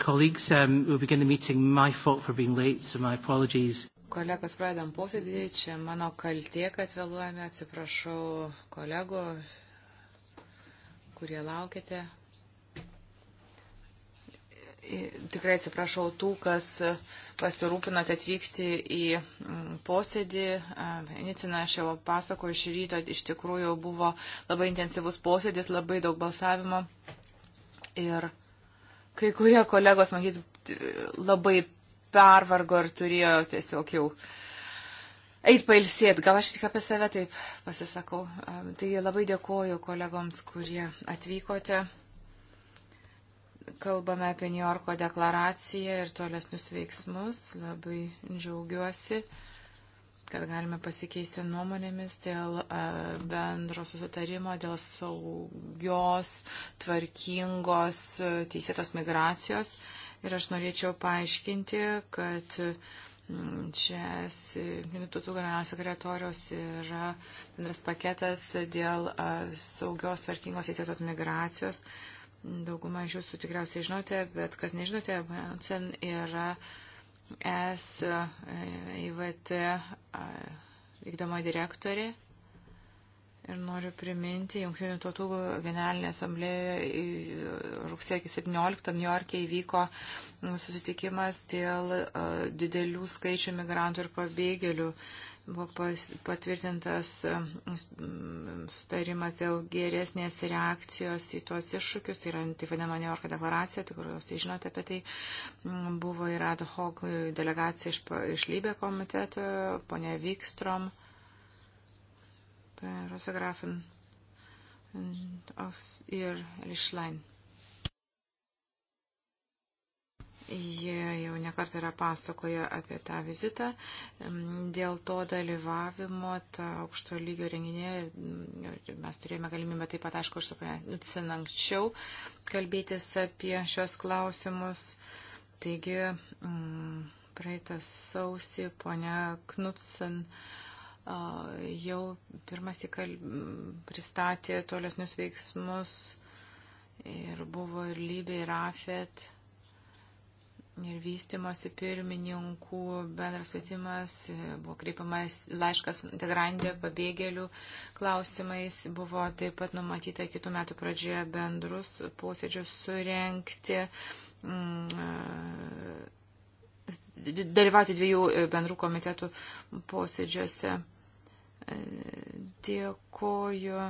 Colleagues, um, we'll begin the meeting. My fault for being late, so my apologies. Kolegos, pradedam posėdį. Čia mano kaltė, kad vėluojame. Atsiprašau kolego, kurie laukite. Tikrai atsiprašau tų, kas pasirūpinote atvykti į mm, posėdį. Nicina, aš jau pasakoju, iš ryto iš tikrųjų buvo labai intensyvus posėdis, labai daug balsavimo. Ir Kai kurie kolegos, matyt, labai pervargo ir turėjo tiesiog jau eit pailsėti. Gal aš tik apie save taip pasisakau. Tai labai dėkoju kolegoms, kurie atvykote. Kalbame apie New Yorko deklaraciją ir tolesnius veiksmus. Labai džiaugiuosi kad galime pasikeisti nuomonėmis dėl e, bendro susitarimo, dėl saugios, tvarkingos, e, teisėtos migracijos. Ir aš norėčiau paaiškinti, kad mm, čia Minututų generalinio sekretoriaus yra bendras paketas dėl e, saugios, tvarkingos teisėtos migracijos. Dauguma iš jūsų tikriausiai žinote, bet kas nežinote, Jansen yra. Uh, es e, IVT e, vykdomo direktorė. Ir noriu priminti, Junktinių tautų generalinė asamblėje rugsėjo 17 New York'e įvyko susitikimas dėl e, didelių skaičių migrantų ir pabėgėlių buvo patvirtintas mm, sutarimas dėl geresnės reakcijos į tuos iššūkius, tai yra taip vadinama New Yorko deklaracija, tai kuriuos tai žinote apie tai, mm, buvo ir ad hoc delegacija iš, iš Lybė komiteto, ponia Vikstrom, Rosa Grafin mm, ir Rišlain. Jie jau nekart yra pasakoję apie tą vizitą. Mm, dėl to dalyvavimo to aukšto lygio renginėje ir mm, mes turėjome galimybę taip pat, aišku, aš suprantu, anksčiau kalbėtis apie šios klausimus. Taigi, mm, praeitą sausį ponia Knutsen jau pirmąjį kalb... pristatė tolesnius veiksmus ir buvo ir Lybė, ir Afet ir vystimosi pirmininkų bendras svetimas, buvo kreipiamas laiškas integrandė pabėgėlių klausimais, buvo taip pat numatyta kitų metų pradžioje bendrus posėdžius surenkti. Mm, dalyvauti dviejų bendrų komitetų posėdžiuose. Dėkoju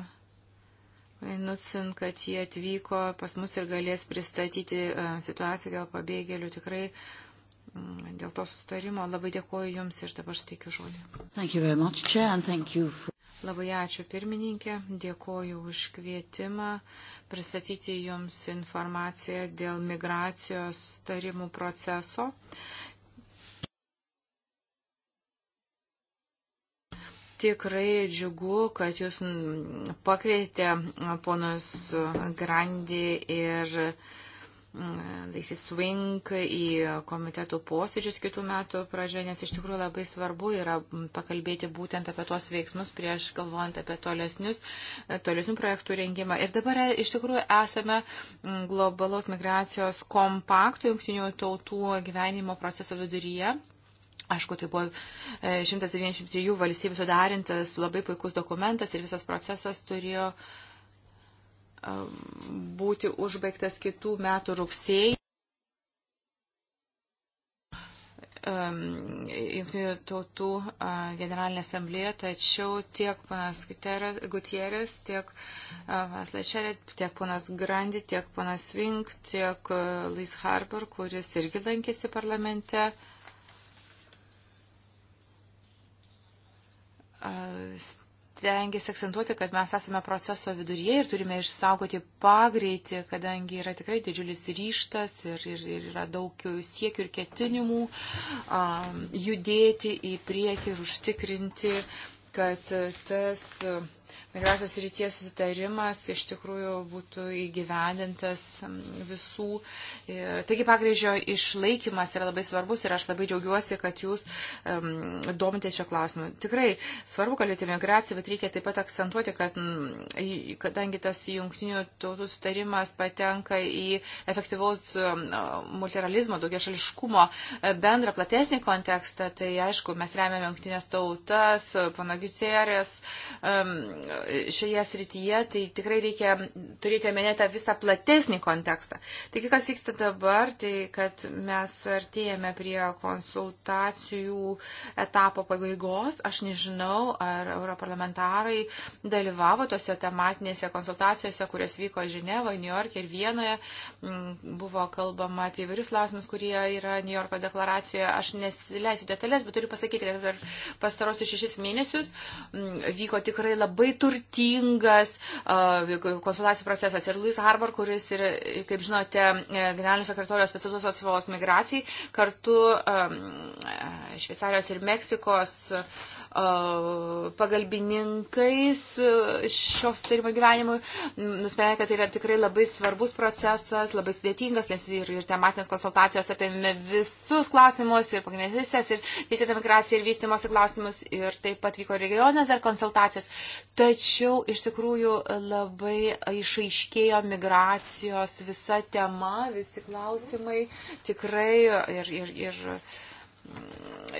Nutsin, kad jie atvyko pas mus ir galės pristatyti e, situaciją dėl pabėgėlių. Tikrai mm, dėl to sustarimo labai dėkuoju Jums ir dabar suteikiu žodį. Much, Chair, for... Labai ačiū pirmininkė, dėkuoju už kvietimą pristatyti Jums informaciją dėl migracijos tarimų proceso. Tikrai džiugu, kad jūs pakvietė ponus Grandi ir Laisy Swing į komitetų posėdžius kitų metų pradžioje, nes iš tikrųjų labai svarbu yra pakalbėti būtent apie tuos veiksmus prieš galvojant apie tolesnius, tolesnių projektų rengimą. Ir dabar e, iš tikrųjų esame globalos migracijos kompaktų jungtinių tautų gyvenimo proceso viduryje. Aišku, tai buvo 193 e, valstybių sudarintas labai puikus dokumentas ir visas procesas turėjo būti užbaigtas kitų metų rugsėjai. Junktinių tautų generalinė asamblėje, tačiau tiek panas Gutierrez, tiek panas Lečeret, tiek panas Grandi, tiek panas Vink, tiek Lais Harbour, kuris irgi lankėsi parlamente, stengiasi akcentuoti, kad mes esame proceso viduryje ir turime išsaugoti pagreitį, kadangi yra tikrai didžiulis ryštas ir, ir, ir yra daug siekių ir ketinimų um, judėti į priekį ir užtikrinti, kad tas. Uh, migracijos ryties susitarimas iš tikrųjų būtų įgyvendintas visų. E, taigi pagrėžio išlaikymas yra labai svarbus ir aš labai džiaugiuosi, kad jūs um, domitės šio klausimu. Tikrai svarbu kalbėti migraciją, bet reikia taip pat akcentuoti, kad kadangi tas jungtinių tautų sutarimas patenka į efektyvaus multiralizmo, daugiašališkumo e, bendrą platesnį kontekstą, tai aišku, mes remiame jungtinės tautas, pana Gutierės. Um, šioje srityje, tai tikrai reikia turėti omenyje tą visą platesnį kontekstą. Taigi, kas vyksta dabar, tai kad mes artėjame prie konsultacijų etapo pabaigos. Aš nežinau, ar europarlamentarai dalyvavo tose tematinėse konsultacijose, kurios vyko Ženevoje, New York ir Vienoje. Mm, buvo kalbama apie įvairius klausimus, kurie yra New Yorko deklaracijoje. Aš nesileisiu detalės, bet turiu pasakyti, kad per pastarosius šešis mėnesius mm, vyko tikrai labai turtingas turtingas konsultacijų procesas. Ir Louis Harbour, kuris, ir, kaip žinote, e, generalinio sekretorijos specialus atstovas migracijai, kartu Šveicarijos ir Meksikos uh, pagalbininkais šio sutarimo gyvenimui. Nusprendė, kad tai yra tikrai labai svarbus procesas, labai sudėtingas, nes ir, ir tematinės konsultacijos apėmė visus klausimus, ir pagrindinės visas, ir teisėtą migraciją, ir vystimosi klausimus, ir taip pat vyko regionės ar konsultacijos. Tačiau iš tikrųjų labai išaiškėjo migracijos visa tema, visi klausimai tikrai ir. ir, ir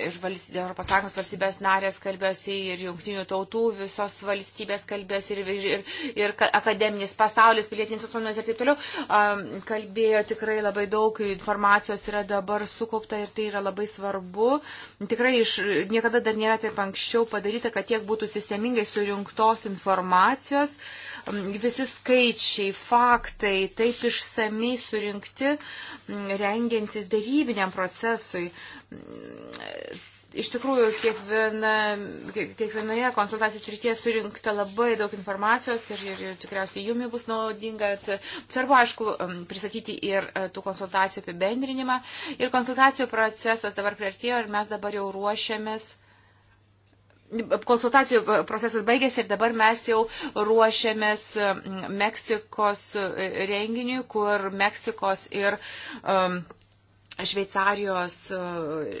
ir Europos Sąjungos valstybės narės kalbėjosi, ir jungtinių tautų visos valstybės kalbėjosi, ir, ir, ir akademinis pasaulis, pilietinis visuomenės ir taip toliau. Um, kalbėjo tikrai labai daug informacijos yra dabar sukaupta ir tai yra labai svarbu. Tikrai iš, niekada dar nėra taip anksčiau padaryta, kad tiek būtų sistemingai surinktos informacijos. Visi skaičiai, faktai taip išsamei surinkti, rengiantis darybiniam procesui. Uh, iš tikrųjų kiekviena, kiekvienoje konsultacijų srityje surinkta labai daug informacijos ir, ir, ir tikriausiai jumi bus naudinga. Svarbu, aišku, um, pristatyti ir e, tų konsultacijų apibendrinimą. Ir konsultacijų procesas dabar prieartėjo ir mes dabar jau ruošiamės. Konsultacijų e, procesas baigėsi ir dabar mes jau ruošiamės Meksikos e, renginiui, kur Meksikos ir um, Šveicarijos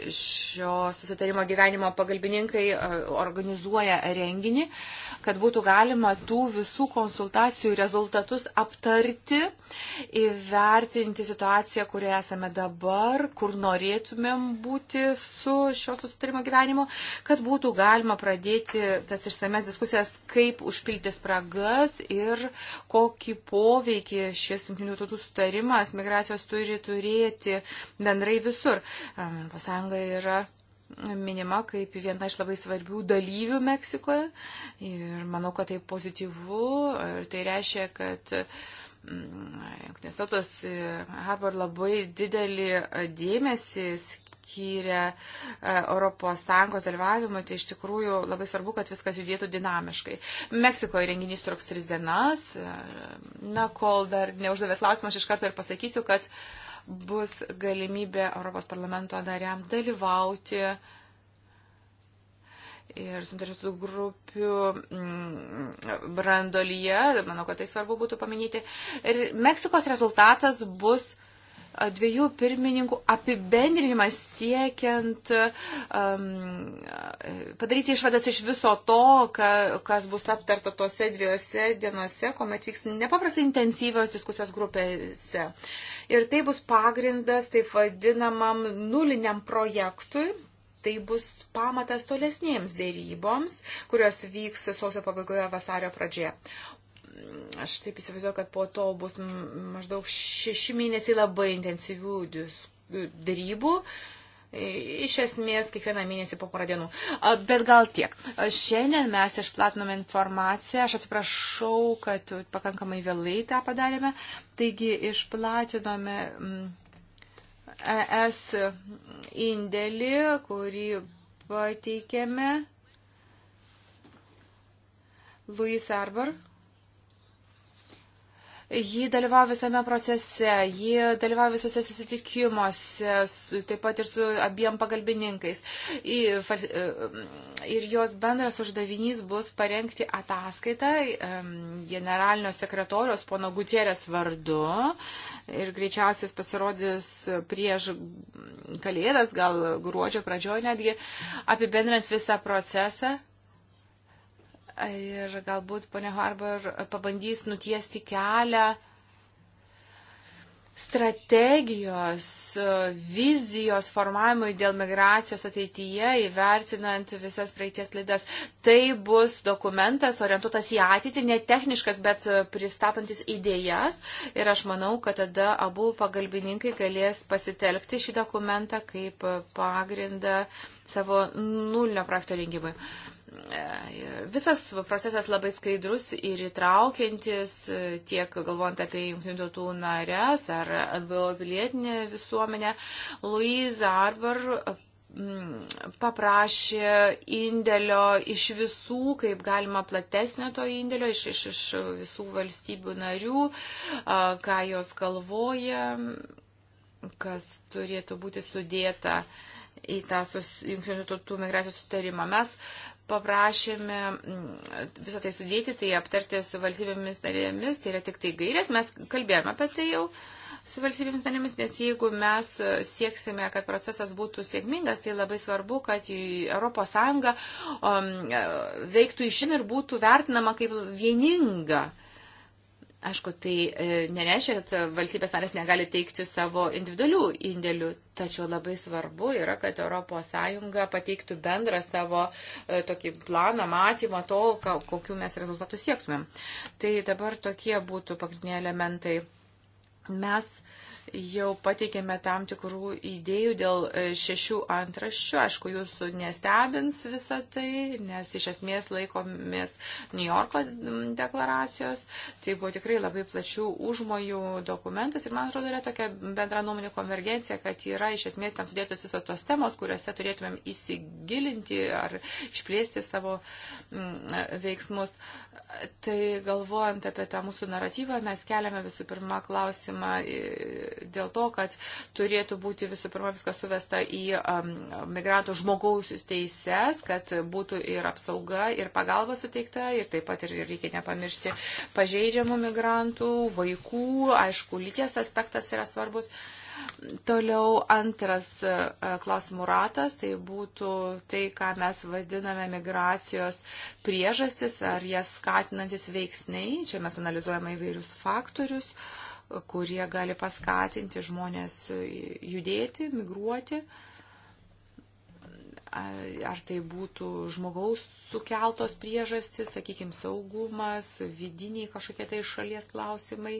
e, šio susitarimo gyvenimo pagalbininkai e, organizuoja renginį, kad būtų galima tų visų konsultacijų rezultatus aptarti, įvertinti situaciją, kurioje esame dabar, kur norėtumėm būti su šio susitarimo gyvenimo, kad būtų galima pradėti tas išsames diskusijas, kaip užpilti spragas ir kokį poveikį šis jungtinių tautų sutarimas migracijos turi turėti. Bet bendrai visur. Europos Sąjunga yra minima kaip viena iš labai svarbių dalyvių Meksikoje ir manau, kad tai pozityvu ir tai reiškia, kad mm, Junktinės tautos Harvard labai didelį e, dėmesį skyrė e, Europos Sąjungos dalyvavimui, tai iš tikrųjų labai svarbu, kad viskas judėtų dinamiškai. Meksikoje renginys truks tris dienas, e, na, kol dar neuždavėt klausimą, aš iš karto ir pasakysiu, kad uh, bus galimybė Europos parlamento nariam dalyvauti ir suinteresų grupių mm, brandolyje. Manau, kad tai svarbu būtų paminėti. Ir Meksikos rezultatas bus uh, dviejų pirmininkų apibendrinimas siekiant um, padaryti išvadas iš viso to, ka, kas bus aptarta tose dviejose dienose, kuomet vyks nepaprastai intensyvios diskusijos grupėse. Ir tai bus pagrindas taip vadinamam nuliniam projektui, tai bus pamatas tolesnėms dėryboms, kurios vyks sausio pabaigoje vasario pradžioje. Aš taip įsivaizduoju, kad po to bus maždaug šeši mėnesiai labai intensyvių darybų. Iš esmės, kiekvieną mėnesį po porą dienų. Bet gal tiek. Šiandien mes išplatinome informaciją. Aš atsiprašau, kad pakankamai vėlai tą padarėme. Taigi išplatinome ES indėlį, kurį pateikėme Louis Arbor. Ji dalyvavo visame procese, ji dalyvavo visose susitikimuose, taip pat ir su abiem pagalbininkais. E, ir jos bendras uždavinys bus parengti ataskaitą generalinio sekretorijos pono Gutierės vardu. Ir greičiausiai pasirodys prieš kalėdas, gal gruodžio pradžioje netgi, apibendrinant visą procesą ir galbūt ponia Harbour pabandys nutiesti kelią strategijos, vizijos formavimui dėl migracijos ateityje, įvertinant visas praeities klaidas. Tai bus dokumentas orientuotas į ateitį, ne techniškas, bet pristatantis idėjas. Ir aš manau, kad tada abu pagalbininkai galės pasitelkti šį dokumentą kaip pagrindą savo nulinio projekto rengimui. Uh, visas procesas labai skaidrus ir įtraukiantis tiek galvojant apie jungtinių tautų narės ar NVO pilietinę visuomenę. Louise Arbor mm, paprašė indėlio iš visų, kaip galima platesnio to indėlio, iš, iš, iš visų valstybių narių, ką jos galvoja, kas turėtų būti sudėta į tą sus, jungtinių tautų migracijos sutarimą. Mes paprašėme mm, visą tai sudėti, tai aptarti su valstybėmis narėmis, tai yra tik tai gairės, mes kalbėjome apie tai jau su valstybėmis narėmis, nes jeigu mes sieksime, kad procesas būtų sėkmingas, tai labai svarbu, kad ES um, veiktų iš ir būtų vertinama kaip vieninga. Aišku, tai e, nereiškia, kad valstybės narės negali teikti savo individualių indėlių, tačiau labai svarbu yra, kad ES pateiktų bendrą savo e, tokį planą, matymą to, kokiu mes rezultatų siektumėm. Tai dabar tokie būtų pagrindiniai elementai. Mes uh, jau pateikėme tam tikrų idėjų dėl e, šešių antraščių. Aišku, jūsų nestebins visą tai, nes iš esmės laikomės New Yorko deklaracijos. Tai buvo tikrai labai plačių užmojų dokumentas ir man atrodo yra tokia bendra nuomonių konvergencija, kad yra iš esmės ten sudėtos visos tos temos, kuriuose turėtumėm įsigilinti ar išplėsti savo veiksmus. Tai galvojant apie tą mūsų naratyvą, mes keliame visų pirma klausimą e, dėl to, kad turėtų būti visų pirma viskas suvesta į um, migrantų žmogausius teises, kad būtų ir apsauga, ir pagalba suteikta, ir taip pat ir reikia nepamiršti pažeidžiamų migrantų, vaikų, aišku, lyties aspektas yra svarbus. Toliau antras e, klausimų ratas, tai būtų tai, ką mes vadiname migracijos priežastis ar jas skatinantis veiksniai. Čia mes analizuojame įvairius faktorius. Uh, kurie gali paskatinti žmonės judėti, migruoti. Ar tai būtų žmogaus sukeltos priežastis, sakykime, saugumas, vidiniai kažkokie tai šalies klausimai,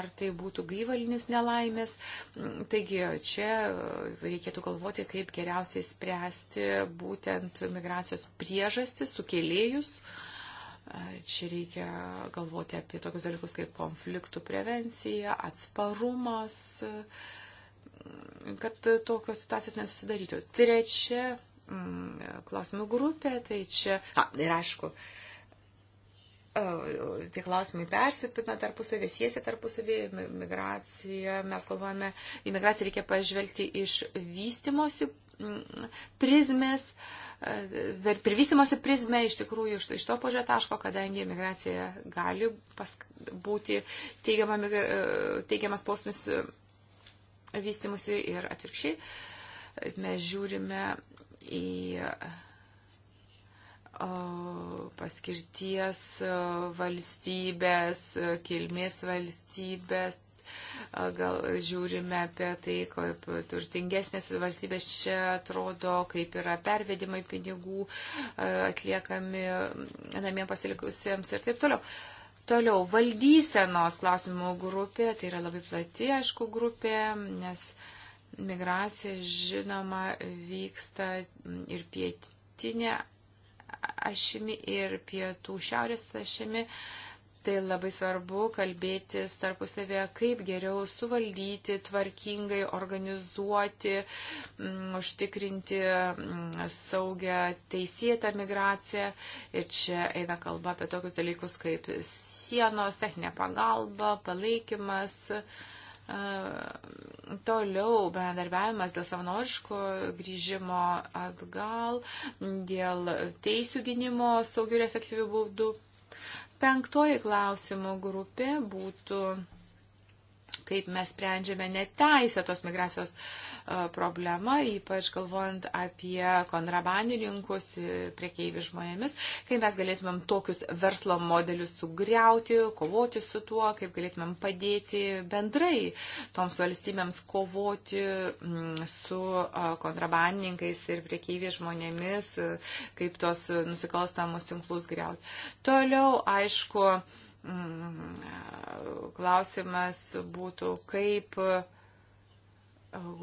ar tai būtų gyvalinis nelaimės. Taigi čia reikėtų galvoti, kaip geriausiai spręsti būtent migracijos priežastis, sukėlėjus. Uh, Čia reikia galvoti apie tokius dalykus kaip konfliktų prevencija, atsparumas, kad tokios situacijos nesusidarytų. Trečia mm, klausimų grupė, tai čia. A, ir aišku, tie klausimai persipina tarpusavė, siesi tarpusavė, migracija, mes galvojame, į migraciją reikia pažvelgti iš vystimosi mm, prizmės. Uh, bet per vystimosi prizmę iš tikrųjų iš, iš to požiūrė taško, kadangi migracija gali pas, būti teigiama, teigiamas posmis e, vystimusi ir atvirkščiai, mes žiūrime į paskirties e, valstybės, e, kilmės valstybės, gal žiūrime apie tai, kaip turtingesnės valstybės čia atrodo, kaip yra pervedimai pinigų atliekami namie pasilikusiems ir taip toliau. Toliau, valdysenos klausimų grupė, tai yra labai plati, aišku, grupė, nes migracija, žinoma, vyksta ir pietinė ašimi, ir pietų šiaurės ašimi. Uh, Tai labai svarbu kalbėtis tarpusavėje, kaip geriau suvaldyti, tvarkingai organizuoti, m, mm, užtikrinti m, mm, saugę teisėtą migraciją. Ir čia eina kalba apie tokius dalykus kaip sienos, techninė pagalba, palaikymas. Toliau bendarbiavimas dėl savanoriško grįžimo atgal, dėl teisų gynimo saugių ir efektyvių būdų Penktoji klausimų grupė būtų kaip mes sprendžiame neteisėtos migracijos e, problemą, ypač galvojant apie kontrabandininkus, priekeivius žmonėmis, kaip mes galėtumėm tokius verslo modelius sugriauti, kovoti su tuo, kaip galėtumėm padėti bendrai toms valstybėms kovoti mm, su e, kontrabandininkais ir priekeivius žmonėmis, e, kaip tos nusikalstamus tinklus griauti. Toliau, aišku, Mm, klausimas būtų, kaip uh,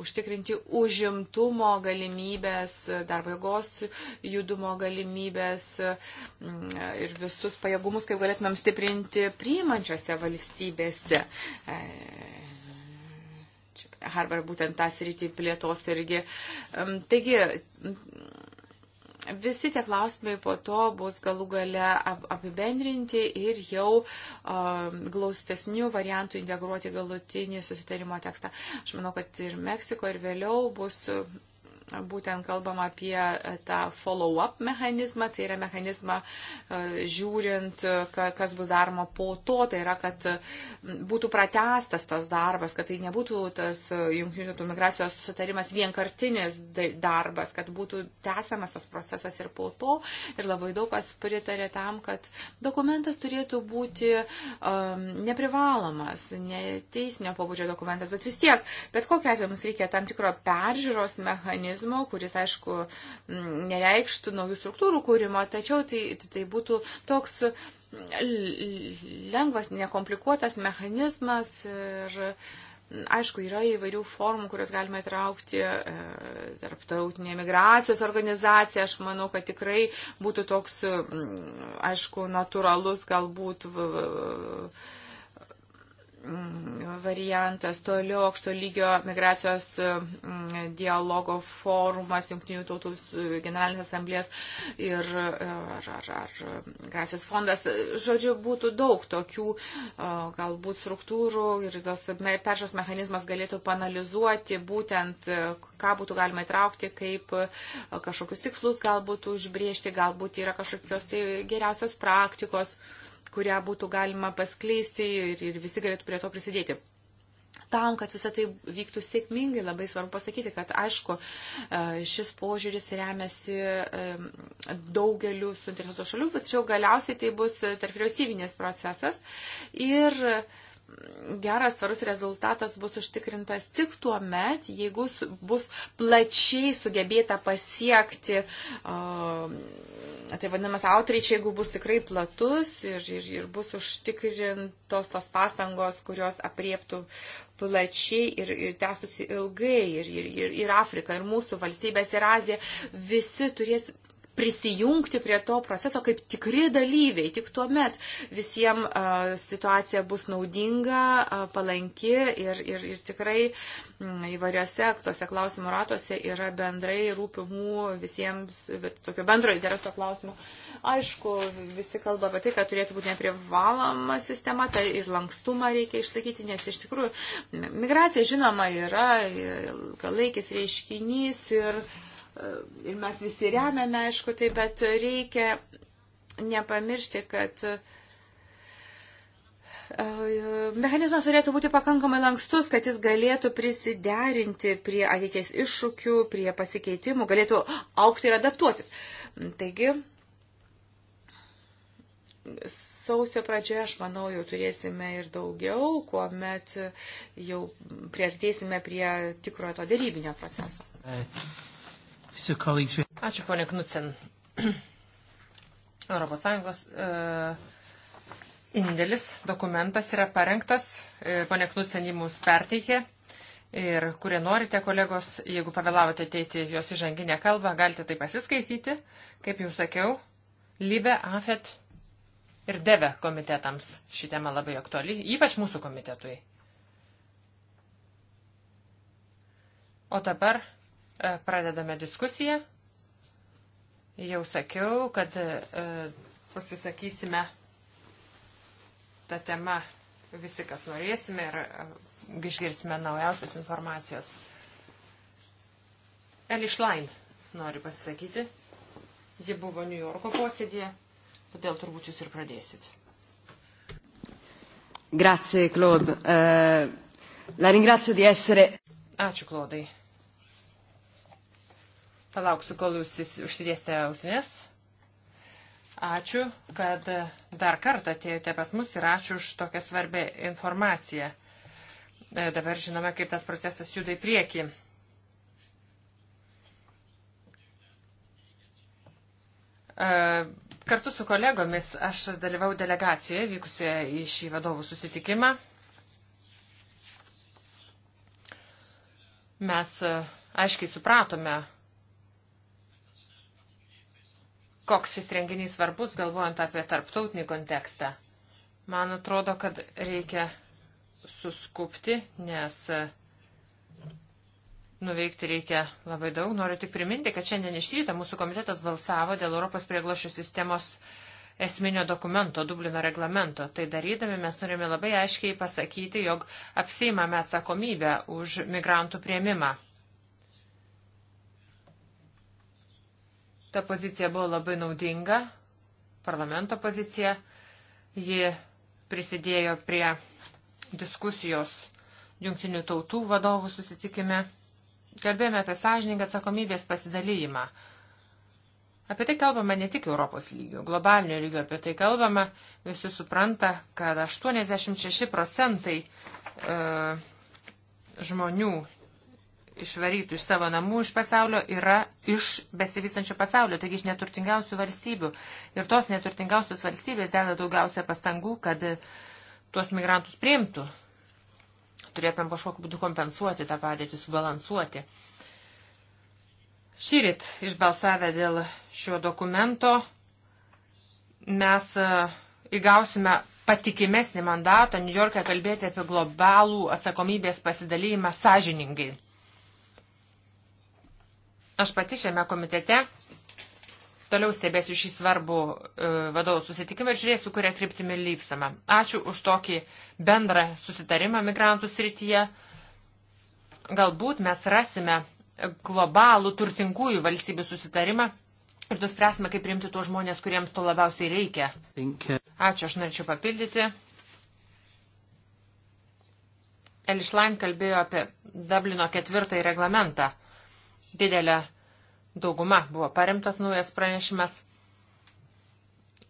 užtikrinti užimtumo galimybės, darbo jėgos judumo galimybės mm, ir visus pajėgumus, kaip galėtumėm stiprinti priimančiose valstybėse. Uh, Harvard būtent tą sritį plėtos irgi. Um, taigi, Visi tie klausimai po to bus galų gale apibendrinti ir jau um, glaustesnių variantų integruoti galutinį susitarimo tekstą. Aš manau, kad ir Meksiko, ir vėliau bus būtent kalbam apie e, tą follow-up mechanizmą, tai yra mechanizmą e, žiūrint, e, kas bus daroma po to, tai yra, kad būtų pratestas tas darbas, kad tai nebūtų tas jungtinių tautų migracijos sutarimas vienkartinis darbas, kad būtų tęsiamas tas procesas ir po to. Ir labai daug kas pritarė tam, kad dokumentas turėtų būti um, neprivalomas, ne teisinio pobūdžio dokumentas, bet vis tiek, bet kokia atveju mums reikia tam tikro peržiūros mechanizmo, mechanizmo, kuris, aišku, nereikštų naujų struktūrų kūrimo, tačiau tai, tai, tai būtų toks lengvas, nekomplikuotas mechanizmas ir Aišku, yra įvairių formų, kurias galima įtraukti. E, tarptautinė migracijos organizacija, aš manau, kad tikrai būtų toks, aišku, natūralus galbūt. V, v, variantas, toliau aukšto lygio migracijos mm, dialogo forumas, jungtinių tautų generalinės asamblės ir ar, ar, ar migracijos fondas. Žodžiu, būtų daug tokių galbūt struktūrų ir tos peršos mechanizmas galėtų panalizuoti būtent, ką būtų galima įtraukti, kaip kažkokius tikslus galbūt užbriežti, galbūt yra kažkokios tai geriausios praktikos kurią būtų galima paskleisti ir, ir visi galėtų prie to prisidėti. Tam, kad visą tai vyktų sėkmingai, labai svarbu pasakyti, kad aišku, e, šis požiūris remiasi e, daugeliu suinteresuotų šalių, tačiau galiausiai tai bus tarp vyriausybinis procesas. Ir uh, geras, svarus rezultatas bus užtikrintas tik tuo met, jeigu bus plačiai sugebėta pasiekti, um, tai vadinamas outreach, jeigu bus tikrai platus ir, ir, ir bus užtikrintos tos pastangos, kurios apriektų plačiai ir, ir tęstusi ilgai ir, ir, ir, ir Afrika, ir mūsų valstybės, ir Azija, visi turės prisijungti prie to proceso kaip tikri dalyviai. Tik tuo met visiems situacija bus naudinga, palanki ir, ir, ir tikrai įvairiose tose klausimų ratose yra bendrai rūpimų visiems, bet tokio bendro intereso klausimų. Aišku, visi kalba apie tai, kad turėtų būti neprivaloma sistema, tai ir lankstumą reikia išlaikyti, nes iš tikrųjų migracija žinoma yra, galaikis reiškinys ir. Uh, ir mes visi remiame, aišku, tai, bet reikia nepamiršti, kad e, mechanizmas turėtų būti pakankamai lankstus, kad jis galėtų prisiderinti prie ateities iššūkių, prie pasikeitimų, galėtų aukti ir adaptuotis. Taigi, sausio pradžioje, aš manau, jau turėsime ir daugiau, kuomet jau priartėsime prie tikrojo to dėrybinio proceso. Ai. Ačiū, ponė Knudsen. Europos Sąjungos uh, indėlis, dokumentas yra parengtas, e, ponė Knudsen jį mums perteikė. Ir kurie norite, kolegos, jeigu pavėlavote ateiti jos įžanginę kalbą, galite tai pasiskaityti, kaip jums sakiau, Libe, Afet ir Deve komitetams ši tema labai aktuali, ypač mūsų komitetui. O dabar E, pradedame diskusiją. Jau sakiau, kad e, pasisakysime tą temą visi, kas norėsime ir e, išgirsime naujausios informacijos. Elišlain nori pasisakyti. Ji buvo New Yorko posėdėje, todėl turbūt jūs ir pradėsit. Grazie, Claude. Uh, la ringrazio di essere. Ačiū, Klaudai. Palauksiu, kol jūs užsidėsite ausinės. Ačiū, kad dar kartą atėjote pas mus ir ačiū už tokią svarbę informaciją. E, dabar žinome, kaip tas procesas juda į priekį. E, kartu su kolegomis aš dalyvau delegacijoje vykusioje į šį vadovų susitikimą. Mes e, aiškiai supratome, koks šis renginys svarbus, galvojant apie tarptautinį kontekstą. Man atrodo, kad reikia suskupti, nes e, nuveikti reikia labai daug. Noriu tik priminti, kad šiandien iš ryto mūsų komitetas balsavo dėl Europos prieglašių sistemos esminio dokumento, Dublino reglamento. Tai darydami mes norime labai aiškiai pasakyti, jog apseimame atsakomybę už migrantų prieimimą. Ta pozicija buvo labai naudinga, parlamento pozicija. Ji prisidėjo prie diskusijos jungtinių tautų vadovų susitikime. Kalbėjome apie sąžininką atsakomybės pasidalyjimą. Apie tai kalbama ne tik Europos lygio, globalinio lygio apie tai kalbama. Visi supranta, kad 86 procentai e, žmonių išvarytų iš savo namų, iš pasaulio, yra iš besivystančio pasaulio, taigi iš neturtingiausių valstybių. Ir tos neturtingiausios valstybės deda daugiausia pastangų, kad tuos migrantus priimtų. Turėtum kažkokiu būdu kompensuoti tą padėtį, subalansuoti. Šyrit išbalsavę dėl šio dokumento mes e, įgausime patikimesnį mandatą New York'e kalbėti apie globalų atsakomybės pasidalymą sąžiningai. Aš pati šiame komitete toliau stebėsiu šį svarbų e, vadovų susitikimą ir žiūrėsiu, kuria kryptimi lypsama. Ačiū už tokį bendrą susitarimą migrantų srityje. Galbūt mes rasime globalų turtingųjų valstybių susitarimą ir nuspręsime, kaip priimti tuos žmonės, kuriems to labiausiai reikia. Ačiū, aš norėčiau papildyti. Elišlain kalbėjo apie Dublino ketvirtąjį reglamentą didelė dauguma buvo paremtas naujas pranešimas.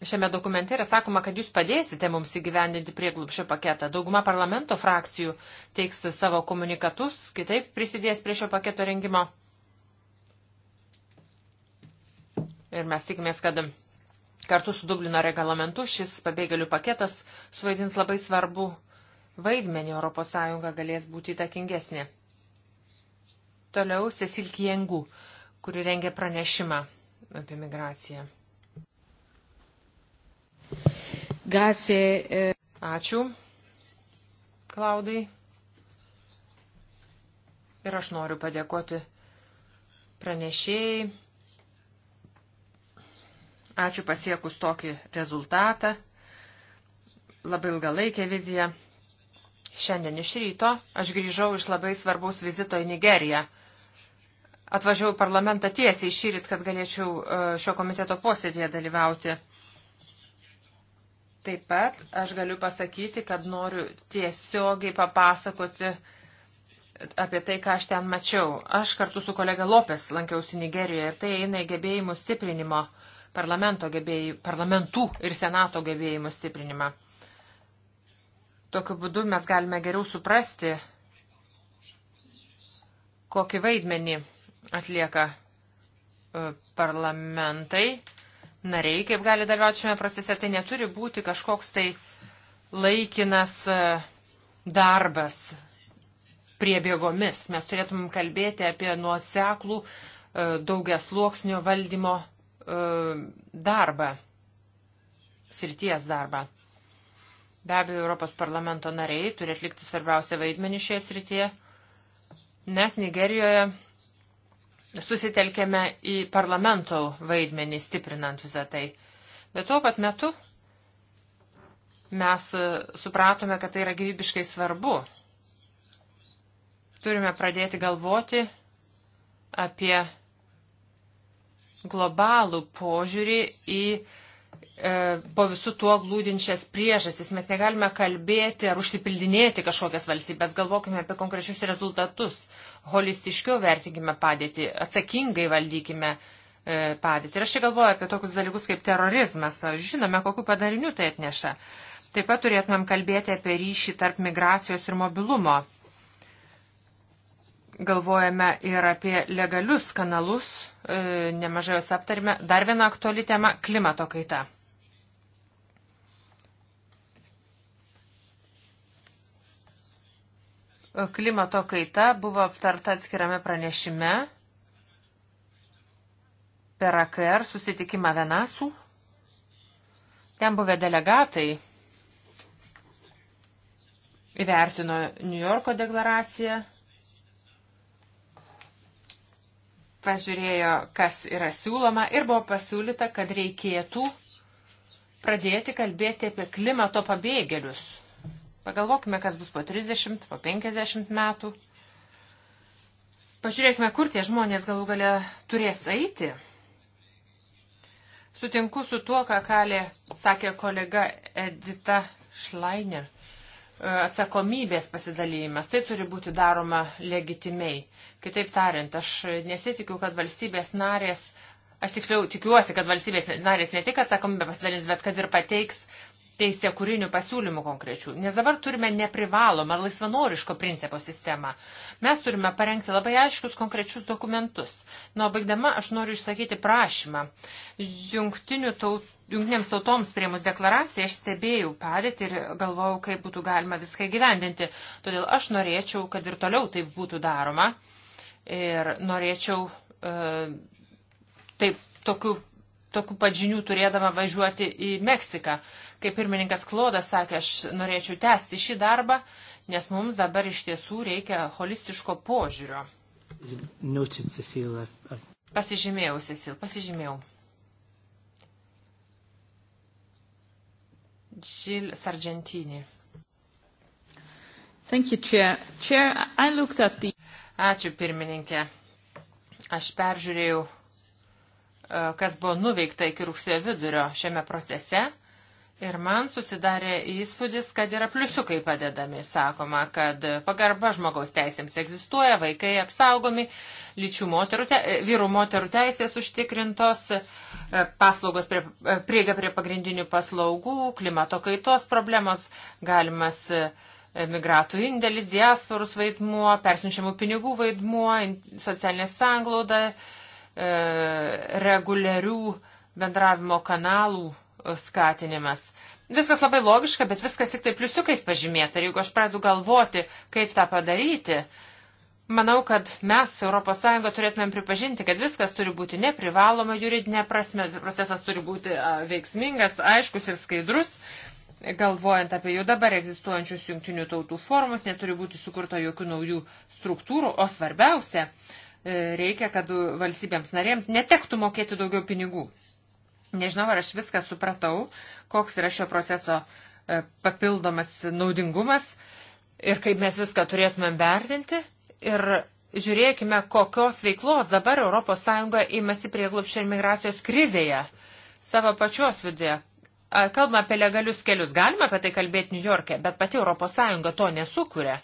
Šiame dokumente yra sakoma, kad jūs padėsite mums įgyvendinti prieglupšio paketą. Dauguma parlamento frakcijų teiks savo komunikatus, kitaip prisidės prie šio paketo rengimo. Ir mes tikimės, kad kartu su Dublino reglamentu šis pabėgėlių paketas suvaidins labai svarbu vaidmenį, ES galės būti įtakingesnė. Toliau Cecil Kiengu, kuri rengia pranešimą apie migraciją. Grazie. Eh. Ačiū, Klaudai. Ir aš noriu padėkoti pranešėjai. Ačiū pasiekus tokį rezultatą. Labai ilgalaikė vizija. Šiandien iš ryto aš grįžau iš labai svarbaus vizito į Nigeriją. Atvažiavau į parlamentą tiesiai šyrit, kad galėčiau e, šio komiteto posėdėje dalyvauti. Taip pat aš galiu pasakyti, kad noriu tiesiogiai papasakoti apie tai, ką aš ten mačiau. Aš kartu su kolega Lopes lankiausi Nigerijoje ir tai eina į gebėjimų stiprinimo, parlamento gebėjimų, parlamentų ir senato gebėjimų stiprinimą. Tokiu būdu mes galime geriau suprasti, kokį vaidmenį atlieka e, parlamentai, nariai, kaip gali dalyvauti šiame procese, tai neturi būti kažkoks tai laikinas e, darbas priebėgomis. Mes turėtumėm kalbėti apie nuoseklų e, daugias luoksnio valdymo darbą, srities darbą. Be abejo, Europos parlamento nariai turi atlikti svarbiausią vaidmenį šioje srityje, nes Nigerijoje susitelkėme į parlamento vaidmenį stiprinant visą tai. Bet tuo pat metu mes supratome, kad tai yra gyvybiškai svarbu. Turime pradėti galvoti apie globalų požiūrį į E, po visų tuo glūdinčias priežastis. Mes negalime kalbėti ar užsipildinėti kažkokias valstybės, galvokime apie konkrečius rezultatus, holistiškiau vertinkime padėtį, atsakingai valdykime e, padėtį. Ir aš čia galvoju apie tokius dalykus kaip terorizmas, pavyzdžiui, žinome, kokiu padariniu tai atneša. Taip pat turėtumėm kalbėti apie ryšį tarp migracijos ir mobilumo. Galvojame ir apie legalius kanalus, e, nemažai jos aptarime. Dar viena aktuali tema - klimato kaita. Klimato kaita buvo aptarta atskirame pranešime per AKR susitikimą Venasų. Ten buvę delegatai įvertino New Yorko deklaraciją, pažiūrėjo, kas yra siūloma ir buvo pasiūlyta, kad reikėtų pradėti kalbėti apie klimato pabėgėlius Pagalvokime, kas bus po 30, po 50 metų. Pažiūrėkime, kur tie žmonės galų gale turės eiti. Sutinku su tuo, ką kalė, sakė kolega Edita Šlainer. E, atsakomybės pasidalymas. Tai turi būti daroma legitimiai. Kitaip tariant, aš nesitikiu, kad valstybės narės, aš tiksliau tikiuosi, kad valstybės narės ne tik atsakomybę pasidalins, bet kad ir pateiks teisė kūrinių pasiūlymų konkrečių, nes dabar turime neprivalomą laisvanoriško principo sistemą. Mes turime parengti labai aiškius konkrečius dokumentus. Nuo baigdama aš noriu išsakyti prašymą. Taut, jungtinėms tautoms priemus deklaraciją aš stebėjau padėtį ir galvojau, kaip būtų galima viską gyvendinti. Todėl aš norėčiau, kad ir toliau taip būtų daroma. Ir norėčiau e, taip tokiu tokių pat žinių turėdama važiuoti į Meksiką. Kaip pirmininkas Klodas sakė, aš norėčiau tęsti šį darbą, nes mums dabar iš tiesų reikia holistiško požiūrio. Pasižymėjau, Cecil, pasižymėjau. Jill Sargentini. Thank you, Chair. Chair, I looked at the... Ačiū, pirmininkė. Aš peržiūrėjau, e, kas buvo nuveikta iki rugsėjo vidurio šiame procese Ir man susidarė įspūdis, kad yra pliusiukai padedami. Sakoma, kad pagarba žmogaus teisėms egzistuoja, vaikai apsaugomi, lyčių moterų, te, vyrų moterų teisės užtikrintos, e, paslaugos prie, e, prieiga prie pagrindinių paslaugų, klimato kaitos problemos, galimas e, migratų indėlis, diasporus vaidmuo, persinčiamų pinigų vaidmuo, socialinė sanglauda, reguliarių bendravimo kanalų skatinimas. Viskas labai logiška, bet viskas tik tai pliusiukais pažymėta. Ir jeigu aš pradedu galvoti, kaip tą padaryti, manau, kad mes, ES, turėtumėm pripažinti, kad viskas turi būti neprivaloma juridinė prasme, procesas turi būti veiksmingas, aiškus ir skaidrus. Galvojant apie jau dabar egzistuojančius jungtinių tautų formus, neturi būti sukurta jokių naujų struktūrų, o svarbiausia, e, reikia, kad valstybėms narėms netektų mokėti daugiau pinigų. Nežinau, ar aš viską supratau, koks yra šio proceso e, papildomas naudingumas ir kaip mes viską turėtumėm vertinti. Ir žiūrėkime, kokios veiklos dabar ES įmasi prieglupščio ir migracijos krizėje savo pačios viduje. Kalbame apie legalius kelius, galima apie tai kalbėti New York'e, bet pati ES to nesukuria.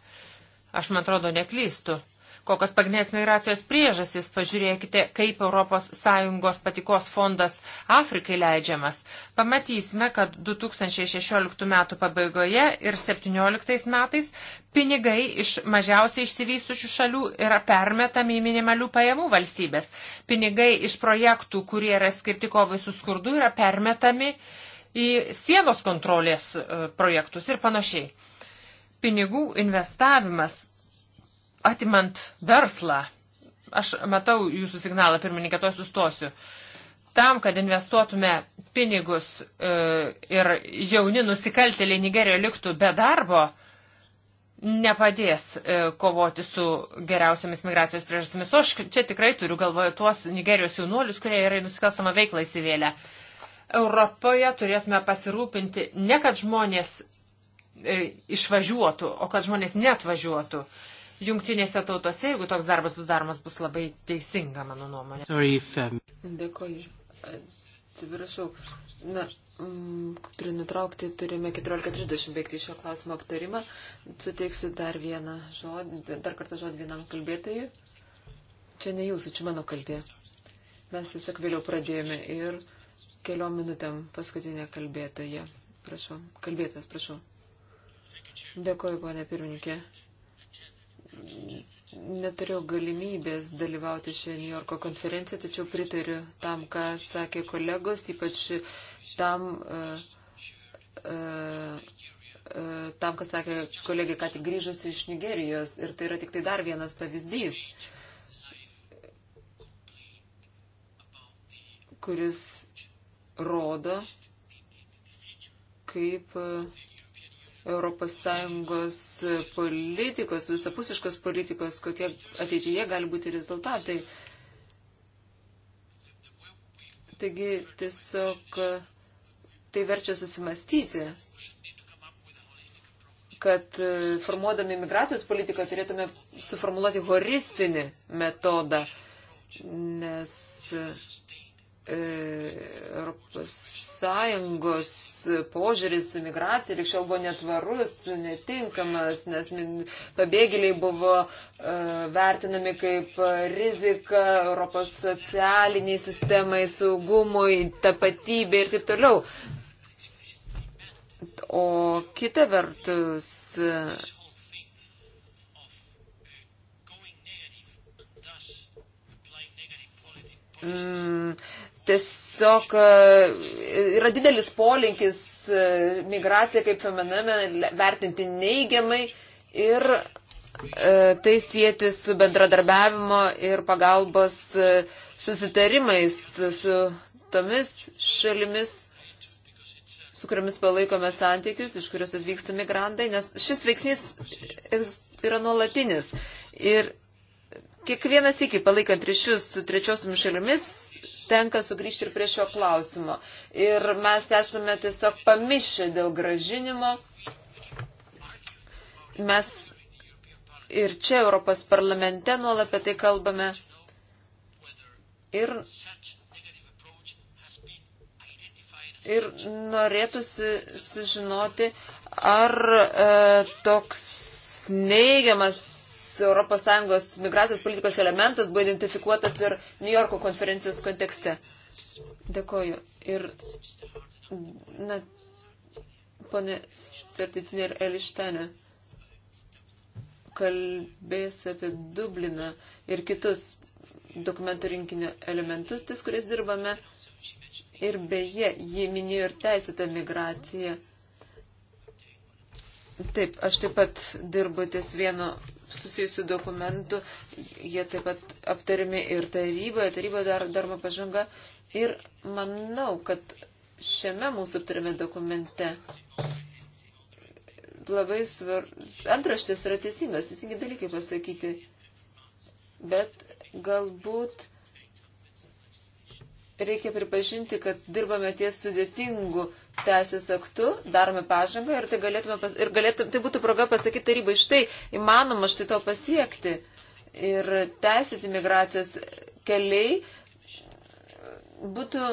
Aš man atrodo neklystu kokios pagrindinės migracijos priežasys. Pažiūrėkite, kaip ES patikos fondas Afrikai leidžiamas. Pamatysime, kad 2016 metų pabaigoje ir 2017 metais pinigai iš mažiausiai išsivystusių šalių yra permetami į minimalių pajamų valstybės. Pinigai iš projektų, kurie yra skirti kovai su skurdu, yra permetami į sienos kontrolės e, projektus ir panašiai. Pinigų investavimas atimant verslą. Aš matau jūsų signalą, pirmininkė, to sustosiu. Tam, kad investuotume pinigus e, ir jauni nusikaltėliai Nigerijoje liktų be darbo, nepadės e, kovoti su geriausiamis migracijos priežastimis. O aš čia tikrai turiu galvoje tuos Nigerijos jaunuolius, kurie yra į nusikalstamą veiklą įsivėlę. Europoje turėtume pasirūpinti ne, kad žmonės e, išvažiuotų, o kad žmonės netvažiuotų jungtinėse tautose, jeigu toks darbas bus daromas, bus labai teisinga, mano nuomonė. Sorry, fem. Um, Dėkoju. Atsiprašau. Na, mm, turiu nutraukti, turime 14.30 baigti šio klausimo aptarimą. Suteiksiu dar vieną žodį, dar kartą žodį vienam kalbėtojui. Čia ne jūsų, čia mano kaltė. Mes tiesiog vėliau pradėjome ir keliom minutėm paskutinė kalbėtoja. Prašau, kalbėtas, prašau. Dėkoju, ponė pirmininkė. Neturiu galimybės dalyvauti šioje New Yorko konferencijoje, tačiau pritariu tam, ką sakė kolegos, ypač tam, uh, uh, uh, tam ką sakė kolegė, ką tik grįžusi iš Nigerijos. Ir tai yra tik tai dar vienas pavyzdys, kuris rodo, kaip uh, ES politikos, visapusiškos politikos, kokie ateityje gali būti rezultatai. Taigi tiesiog tai verčia susimastyti, kad formuodami migracijos politiką turėtume suformuoluoti holistinį metodą, nes E, Europos Sąjungos požiūris į migraciją ir šiol buvo netvarus, netinkamas, nes pabėgėliai buvo e, vertinami kaip rizika Europos socialiniai sistemai, saugumui, tapatybė ir taip toliau. O kita vertus. Mm, Tiesiog e, yra didelis polinkis e, migraciją kaip fenomeną vertinti neigiamai ir e, tai sieti su bendradarbiavimo ir pagalbos susitarimais su tomis šalimis, su kuriamis palaikome santykius, iš kurios atvyksta migrantai, nes šis veiksnys yra nuolatinis. Ir kiekvienas iki palaikant ryšius su trečiosiomis šalimis tenka sugrįžti ir prie šio klausimo. Ir mes esame tiesiog pamišę dėl gražinimo. Mes ir čia Europos parlamente nuolat apie tai kalbame. Ir, ir norėtųsi sužinoti, ar e, toks neigiamas ES migracijos politikos elementas buvo identifikuotas ir New Yorko konferencijos kontekste. Dėkoju. Ir, na, ponė Sertitinė ir Elištenė kalbės apie Dubliną ir kitus dokumentų rinkinio elementus, ties kuriais dirbame. Ir beje, jį minėjo ir teisėta migracija. Taip, aš taip pat dirbu ties vieno susijusių dokumentų, jie taip pat aptariami ir taryboje, taryboje dar, daroma pažanga. Ir manau, kad šiame mūsų aptariame dokumente labai svarbus, antraštės yra teisingas, teisingi dalykai pasakyti, bet galbūt reikia pripažinti, kad dirbame ties sudėtingu teisės aktu, darome pažangą ir tai, galėtume, ir galėtume, tai būtų proga pasakyti tarybai, štai įmanoma štai to pasiekti. Ir teisėti migracijos keliai būtų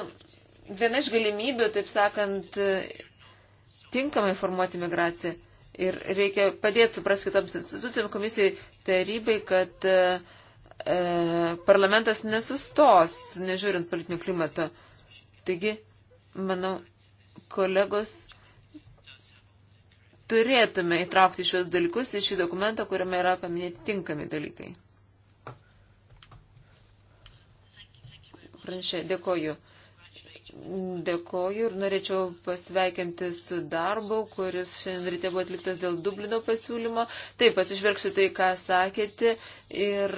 viena iš galimybių, taip sakant, tinkamai formuoti migraciją. Ir reikia padėti suprasti kitoms institucijams, komisijai, tarybai, kad e, e parlamentas nesustos, nežiūrint politinių klimato. Taigi, manau, kolegos, turėtume įtraukti šios dalykus į šį dokumentą, kuriame yra paminėti tinkami dalykai. Pranešė, dėkoju. Dėkoju ir norėčiau pasveikinti su darbu, kuris šiandien ryte buvo atliktas dėl Dublino pasiūlymo. Taip, atsižvelgsiu tai, ką sakėte. Ir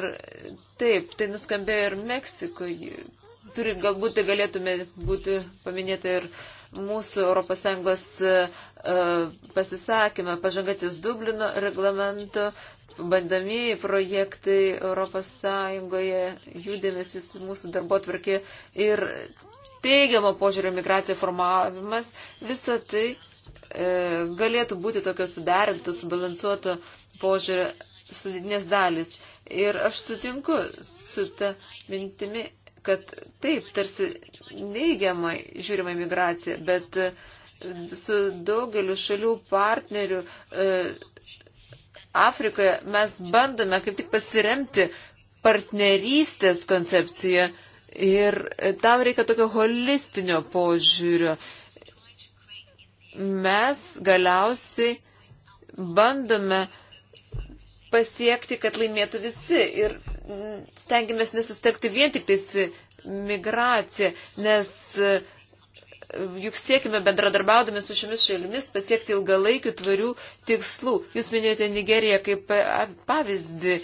taip, tai nuskambėjo ir Meksikoje. Turi, galbūt tai galėtume būti paminėta ir uh, mūsų ES e, pasisakymą pažangatis Dublino reglamento, bandamieji projektai ES, jų dėmesys mūsų darbo tvarkė ir teigiamo požiūrio migracija formavimas, visa tai e, galėtų būti tokio suderinto, subalansuoto požiūrio sudėtinės dalis. Ir aš sutinku su ta mintimi, kad taip, tarsi neigiamai žiūrima imigracija, bet e, su daugeliu šalių partnerių e, Afrikoje mes bandome kaip tik pasiremti partnerystės koncepciją ir e, tam reikia tokio holistinio požiūrio. Mes galiausiai bandome pasiekti, kad laimėtų visi ir stengiamės nesustelkti vien tik tais migraciją, nes e, juk siekime bendradarbiaudami su šiomis šalimis pasiekti ilgalaikių tvarių tikslų. Jūs minėjote Nigeriją kaip pavyzdį,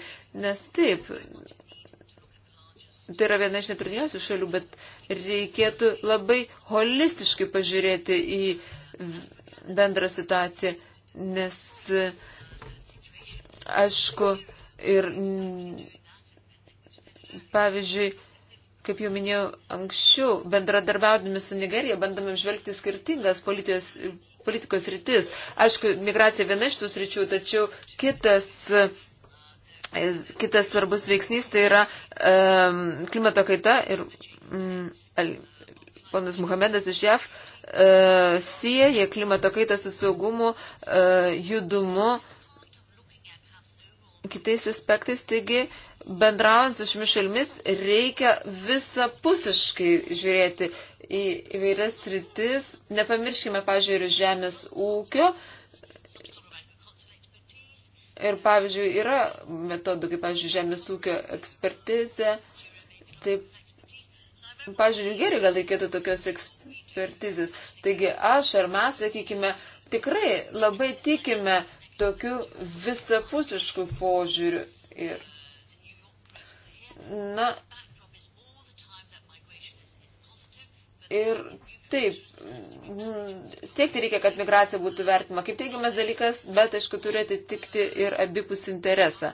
nes taip, tai yra viena iš neturniausių šalių, bet reikėtų labai holistiškai pažiūrėti į bendrą situaciją, nes e, aišku ir pavyzdžiui, Kaip jau minėjau anksčiau, bendradarbiaudami su Nigerija bandome žvelgti skirtingas politijos, politikos rytis. Aišku, migracija viena iš tų sričių, tačiau kitas e, Kitas svarbus veiksnys tai yra um, klimato kaita ir um, ponas Muhamedas iš JAV uh, sieja klimato kaitą su saugumu, uh, judumu, kitais aspektais. Taigi bendraujant su šmišelmis reikia visapusiškai žiūrėti į įvairias rytis. Nepamirškime, pažiūrėjau, ir žemės ūkio. Ir, pavyzdžiui, yra metodų, kaip, pavyzdžiui, žemės ūkio ekspertizė. Taip, pavyzdžiui, Nigerijai gal reikėtų tokios ekspertizės. Taigi aš ar mes, sakykime, tikrai labai tikime tokiu visapusišku požiūriu. Ir Na, ir taip, siekti reikia, kad migracija būtų vertima kaip teigiamas dalykas, bet aišku, turi atitikti ir abipus interesą.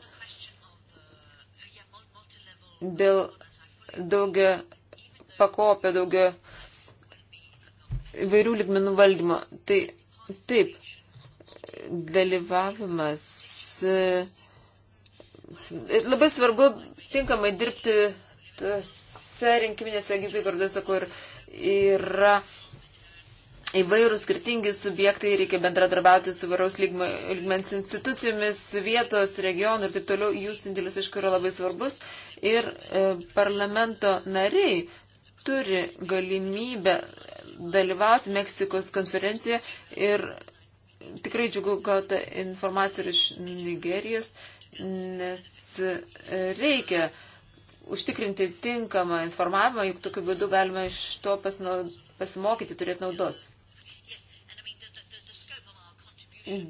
Dėl daugia pakopio, daugia įvairių ligmenų valdymo. Tai taip, dalyvavimas. Ir e, labai svarbu tinkamai dirbti tose rinkiminėse apygardose, kur yra įvairūs skirtingi subjektai, reikia bendradarbiauti su varaus lygmens institucijomis, vietos, regionų ir taip toliau. Jūsų indėlis, aišku, yra labai svarbus. Ir e, parlamento nariai turi galimybę dalyvauti Meksikos konferencijoje ir tikrai džiugu gauta informacija iš Nigerijos, nes reikia užtikrinti tinkamą informavimą, juk tokiu būdu galima iš to pasimokyti, turėti naudos.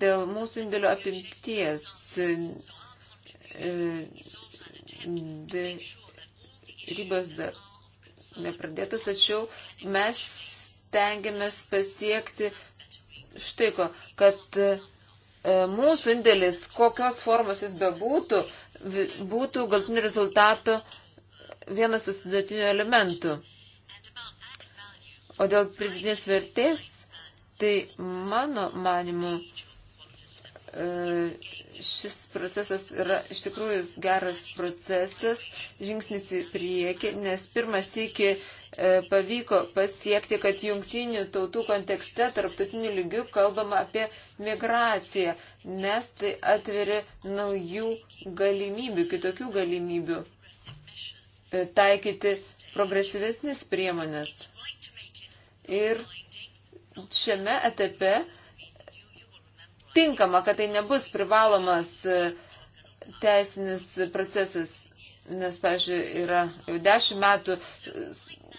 Dėl mūsų indėlio apimties e, ribos dar nepradėtas, tačiau mes tengiamės pasiekti štai ko, kad e, mūsų indėlis, kokios formos jis bebūtų, būtų galtinių rezultatų vienas susidėtinių elementų. O dėl pridinės vertės, tai mano manimu, e, šis procesas yra iš tikrųjų geras procesas, žingsnis į priekį, nes pirmas iki e, pavyko pasiekti, kad jungtinių tautų kontekste, tarptautinių lygių kalbama apie migraciją nes tai atveria naujų galimybių, kitokių galimybių e, taikyti progresyvesnės priemonės. Ir šiame etape tinkama, kad tai nebus privalomas e, teisinis procesas, nes, pavyzdžiui, yra jau dešimt metų e,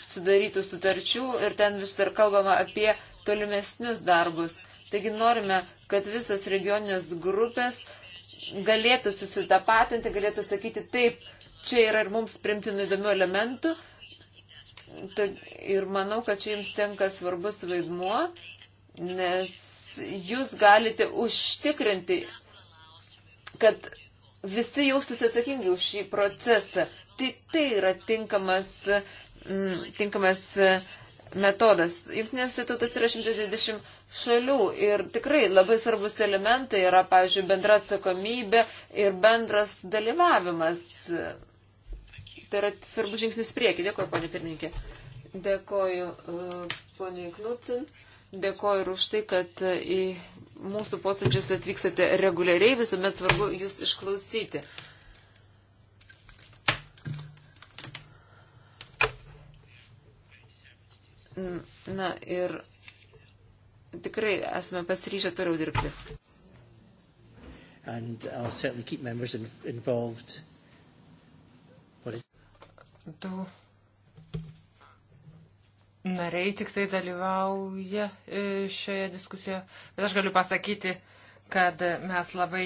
sudarytų sutarčių ir ten vis dar kalbama apie tolimesnius darbus. Taigi norime, kad visos regioninės grupės galėtų susitapatinti, galėtų sakyti taip, čia yra ir mums primtinų įdomių elementų. Ir manau, kad čia jums tenka svarbus vaidmuo, nes jūs galite užtikrinti, kad visi jaustųsi atsakingi už šį procesą. Tai, tai yra tinkamas, m, mm, tinkamas metodas. Jungtinėse tautose yra 120 šalių. Ir tikrai labai svarbus elementai yra, pavyzdžiui, bendra atsakomybė ir bendras dalyvavimas. Tai yra svarbus žingsnis prieki. Dėkuoju, ponė pirmininkė. Dėkuoju, uh, ponė Knutsin. Dėkuoju ir už tai, kad uh, į mūsų posėdžius atvykstate reguliariai. Visuomet svarbu jūs išklausyti. Na ir tikrai esame pasiryžę toliau dirbti. Is... Du nariai tik tai dalyvauja e, šioje diskusijoje, bet aš galiu pasakyti, kad mes labai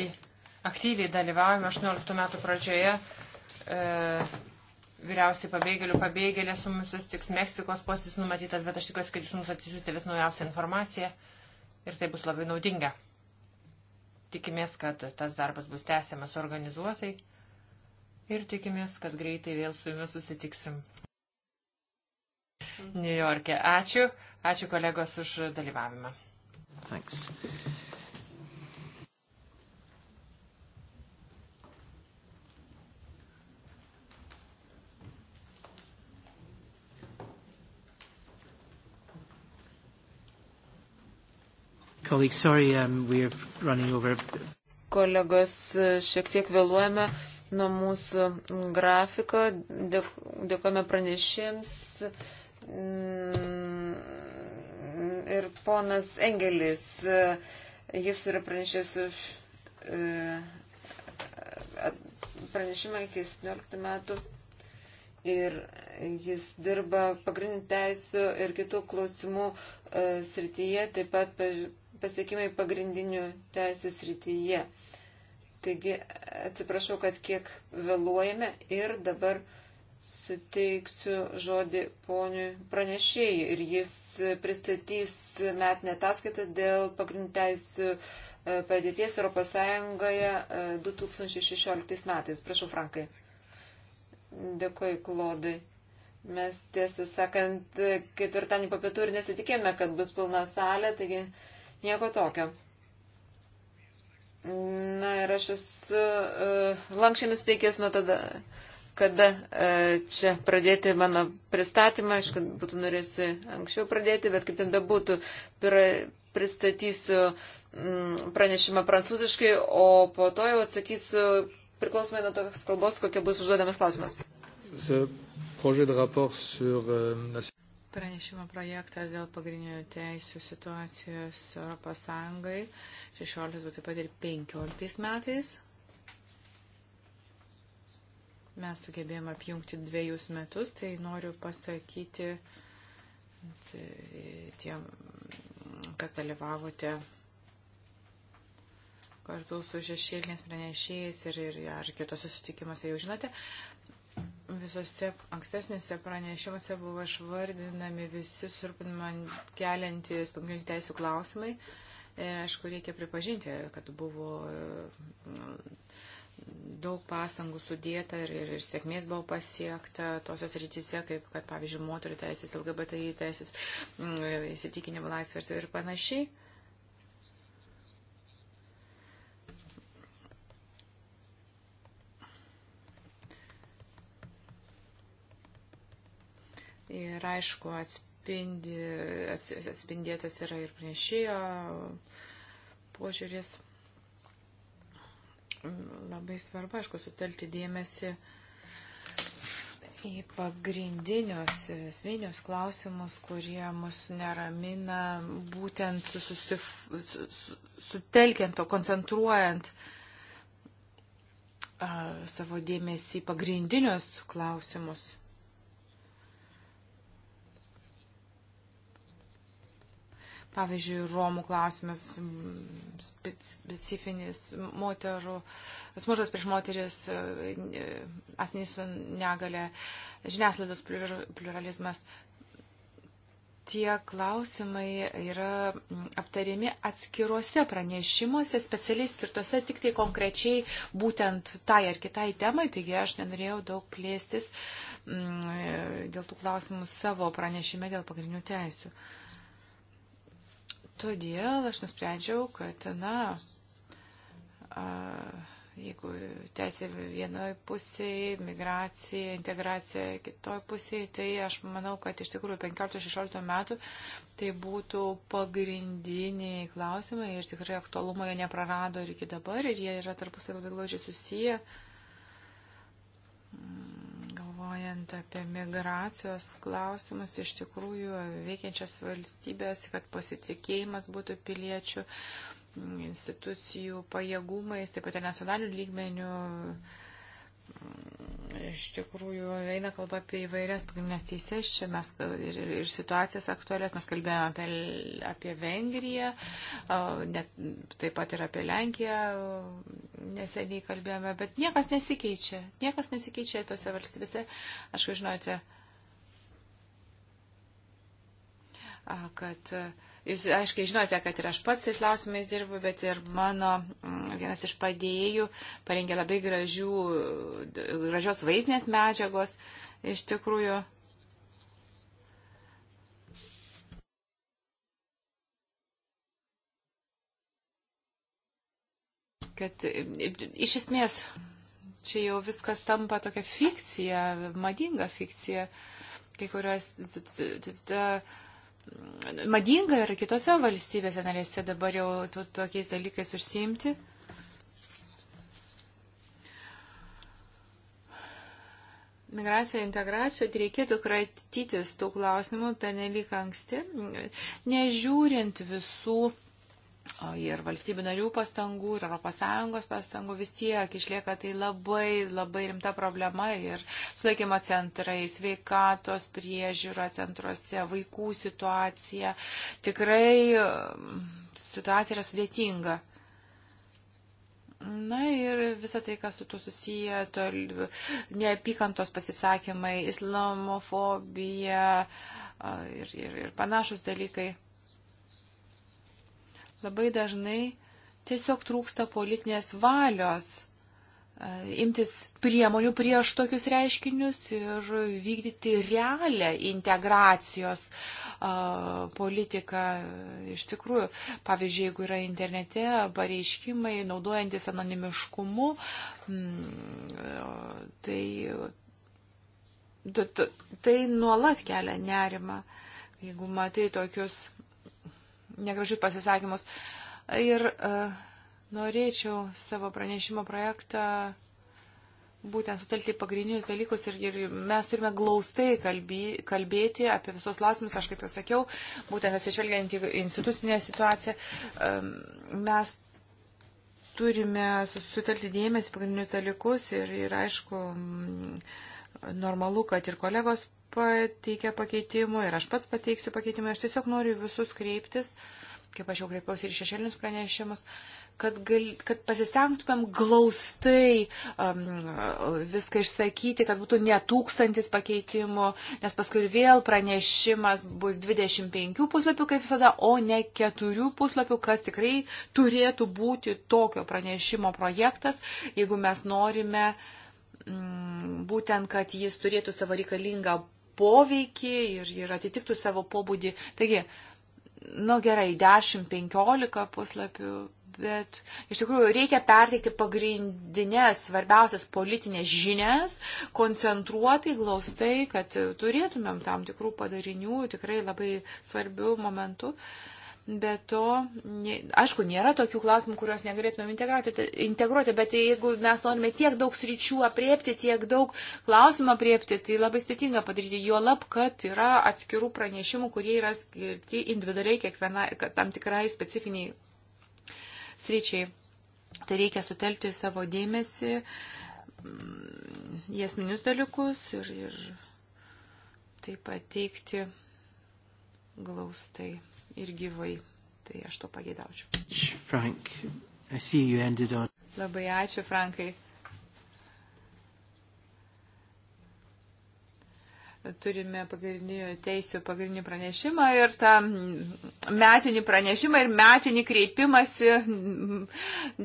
aktyviai dalyvavome 18 metų pradžioje. E, vyriausiai pabėgėlių pabėgėlė su mumis susitiks Meksikos postis numatytas, bet aš tikiuosi, kad jūs mums atsisiųsite vis naujausią informaciją ir tai bus labai naudinga. Tikimės, kad tas darbas bus tęsiamas organizuotai ir tikimės, kad greitai vėl su jumis susitiksim. Niujorke. Ačiū. Ačiū kolegos už dalyvavimą. Thanks. colleagues, sorry, um, we're running over. Kolegos, šiek tiek vėluojame nuo mūsų grafiko. Dėkojame pranešėms. Mm, ir ponas Engelis, jis yra pranešęs už e, pranešimą iki 17 metų ir jis dirba pagrindinių teisų ir kitų klausimų e, srityje, taip pat pasiekimai pagrindinių teisų srityje. Taigi atsiprašau, kad kiek vėluojame ir dabar suteiksiu žodį poniui pranešėjai ir jis pristatys metinę ataskaitą dėl pagrindinių teisų e, padėties ES 2016 e, metais. Prašau, Frankai. Dėkoju, Klodai. Mes tiesą sakant, ketvirtadienį papietų ir nesitikėjome, kad bus pilna salė, taigi Nieko tokio. Na ir aš esu uh, lankščiai nusteikęs nuo tada, kada uh, čia pradėti mano pristatymą. Aišku, būtų norėsi anksčiau pradėti, bet kaip ten bebūtų, pra, pristatysiu mm, pranešimą prancūziškai, o po to jau atsakysiu priklausomai nuo tokios kalbos, kokia bus užduodamas klausimas. Pranešimo projektas dėl pagrindinių teisų situacijos ES 16, bet taip pat ir 15 metais. Mes sugebėjome apjungti dviejus metus, tai noriu pasakyti tai tiem, kas dalyvavote kartu su šešėlinės pranešėjais ir, ir ar kitose sutikimuose jau žinote, visose ankstesnėse pranešimuose buvo išvardinami visi surpinimą keliantys pagrindinių teisų klausimai. Ir aišku, reikia pripažinti, kad buvo mm, daug pastangų sudėta ir, ir, ir sėkmės buvo pasiekta tosios rytise, kaip, kad, pavyzdžiui, moterų teisės, LGBTI teisės, mm, įsitikinimo laisvė ir panašiai. Ir aišku, atspindi, atspindėtas yra ir pranešėjo požiūris. Labai svarbu, aišku, sutelti dėmesį į pagrindinius esminius klausimus, kurie mus neramina, būtent susif, sutelkiant, o koncentruojant a, savo dėmesį į pagrindinius klausimus. Pavyzdžiui, Romų klausimas specifinis, moterų, smurtas prieš moteris, e, e, asmenys su negale, žiniaslaidos pluralizmas. Tie klausimai yra aptariami atskiruose pranešimuose, specialiai skirtuose tik tai konkrečiai būtent tai ar kitai temai, taigi aš nenorėjau daug plėstis e, dėl tų klausimų savo pranešime dėl pagrindinių teisių. Uh, Todėl aš nusprendžiau, kad, na, a, jeigu tęsė vienoje pusėje, migracija, integracija kitoje pusėje, tai aš manau, kad iš tikrųjų 15-16 metų tai būtų pagrindiniai klausimai ir tikrai aktualumo jie neprarado ir iki dabar ir jie yra tarpusai labai glaudžiai susiję. Mm galvojant apie migracijos klausimus, iš tikrųjų veikiančias valstybės, kad pasitikėjimas būtų piliečių institucijų pajėgumais, taip pat ir nacionalių lygmenių. Mm iš tikrųjų eina kalba apie įvairias pagrindinės teises, čia mes ir, ir, ir situacijas aktualias, mes kalbėjome apie, apie Vengriją, net, taip pat ir apie Lenkiją neseniai kalbėjome, bet niekas nesikeičia, niekas nesikeičia tose valstybėse, aišku, žinote, kad Jūs aiškiai žinote, kad ir aš pats tais klausimais dirbu, bet ir mano mm, vienas iš padėjėjų parengė labai gražių, gražios vaizdinės medžiagos. Iš tikrųjų. kad iš esmės čia jau viskas tampa tokia fikcija, madinga fikcija, kai kurios madinga yra kitose valstybėse narėse dabar jau to, tokiais dalykais užsiimti. Migracija integracija, tai reikėtų kratytis tų klausimų per nelik anksti, nežiūrint visų ir valstybių narių pastangų, ir ES pastangų vis tiek išlieka tai labai, labai rimta problema ir sulaikymo centrai, sveikatos priežiūra centruose, vaikų situacija. Tikrai mm, situacija yra sudėtinga. Na ir visą tai, kas su tuo susiję, tol, neapykantos pasisakymai, islamofobija ir, ir, ir panašus dalykai labai dažnai tiesiog trūksta politinės valios e, imtis priemonių prieš tokius reiškinius ir vykdyti realią integracijos uh, politiką. Iš tikrųjų, pavyzdžiui, jeigu yra internete pareiškimai naudojantis anonimiškumu, mm, tai, tai nuolat kelia nerima. Jeigu matai tokius negražius pasisakymus. Ir uh, norėčiau savo pranešimo projektą būtent sutelkti pagrindinius dalykus ir, ir mes turime glaustai kalbė, kalbėti apie visus klausimus, aš kaip jau sakiau, būtent atsižvelgiant į institucinę situaciją, mes turime sutelkti dėmesį pagrindinius dalykus ir, ir aišku, normalu, kad ir kolegos pateikia pakeitimų ir aš pats pateiksiu pakeitimų. Aš tiesiog noriu visus kreiptis, kaip aš jau kreipiausi ir šešėlinius pranešimus, kad, gal, kad pasistengtumėm glaustai um, viską išsakyti, kad būtų ne tūkstantis pakeitimų, nes paskui vėl pranešimas bus 25 puslapių, kaip visada, o ne 4 puslapių, kas tikrai turėtų būti tokio pranešimo projektas, jeigu mes norime um, būtent, kad jis turėtų savo reikalingą poveikį ir, ir atitiktų savo pobūdį. Taigi, nu gerai, 10-15 puslapių, bet iš tikrųjų reikia perteikti pagrindinės, svarbiausias politinės žinias, koncentruotai, glaustai, kad turėtumėm tam tikrų padarinių tikrai labai svarbių momentų. Uh, Be to, ne, aišku, nėra tokių klausimų, kuriuos negalėtumėm integruoti, bet jeigu mes norime tiek daug sričių apriepti, tiek daug klausimų apriepti, tai labai sudėtinga padaryti. Jo lab, kad yra atskirų pranešimų, kurie yra skirti individualiai kiekviena, tam tikrai specifiniai sričiai. Tai reikia sutelkti savo dėmesį mm, į esminius dalykus ir, ir taip pateikti glaustai ir gyvai. Tai aš to pageidaučiau. Frank, on... Labai ačiū, Frankai. turime pagrindinių teisų pagrindinį pranešimą ir tą metinį pranešimą ir metinį kreipimąsi